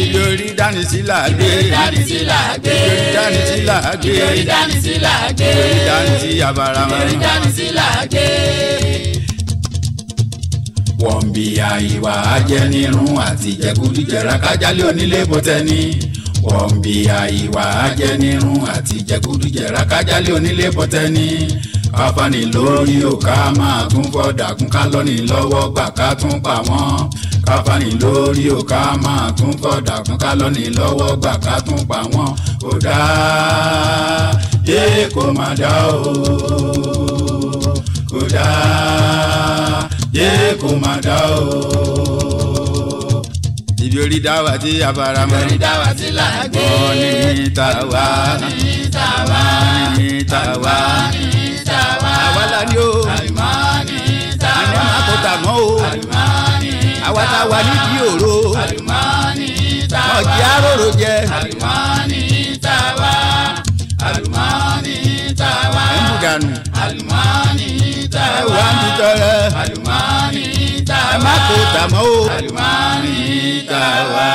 ìlórí dánisílà gbé ìlórí dánisílà gbé ìlórí dánisílà gbé ìlórí dánisílà gbé ìlórí dánisílà gbé wọ̀nbíà ìwà ajẹnirun àti ìjẹkújújẹra kájálẹ̀ onílé bọ́tẹ́ni wọ̀nbíà ìwà ajẹnirun àti ìjẹkújújẹra kájálẹ̀ onílé bọ́tẹ́ni káfáni lórí o ká máa tún fọ́dà kún ká lọ́ni lọ́wọ́ gbà ká tún pa wọ́n káfáni lórí o ká máa tún fọ́dà kún ká lọ́ni lọ́wọ́ gbà ká tún pa wọ́n kò dáa yé má dá o kò dáa jẹ́ kó má dá o. ibi orí dá wa tí a fara mọ́. orí dá wa tí là ń gbé. wọ́n ní ta wá. ní ta wá. ní ta wá. ní ta wá. àwa la ní o. àlùmọ́ ní ta wá. àní má kó ta mọ́ o. àlùmọ́ ní ta wá. àwa ta wà nídìí òro. àlùmọ́ ní ta wá. ọ̀jẹ̀ aróró jẹ. àlùmọ́ ní ta wá. àlùmọ́ ní ta wá dànù. àlùmọ́ọ́nì tẹ́ wá wá ní tọrẹ. ẹ má kó tàmọ́ o. àlùmọ́ọ́nì tẹ́ wá.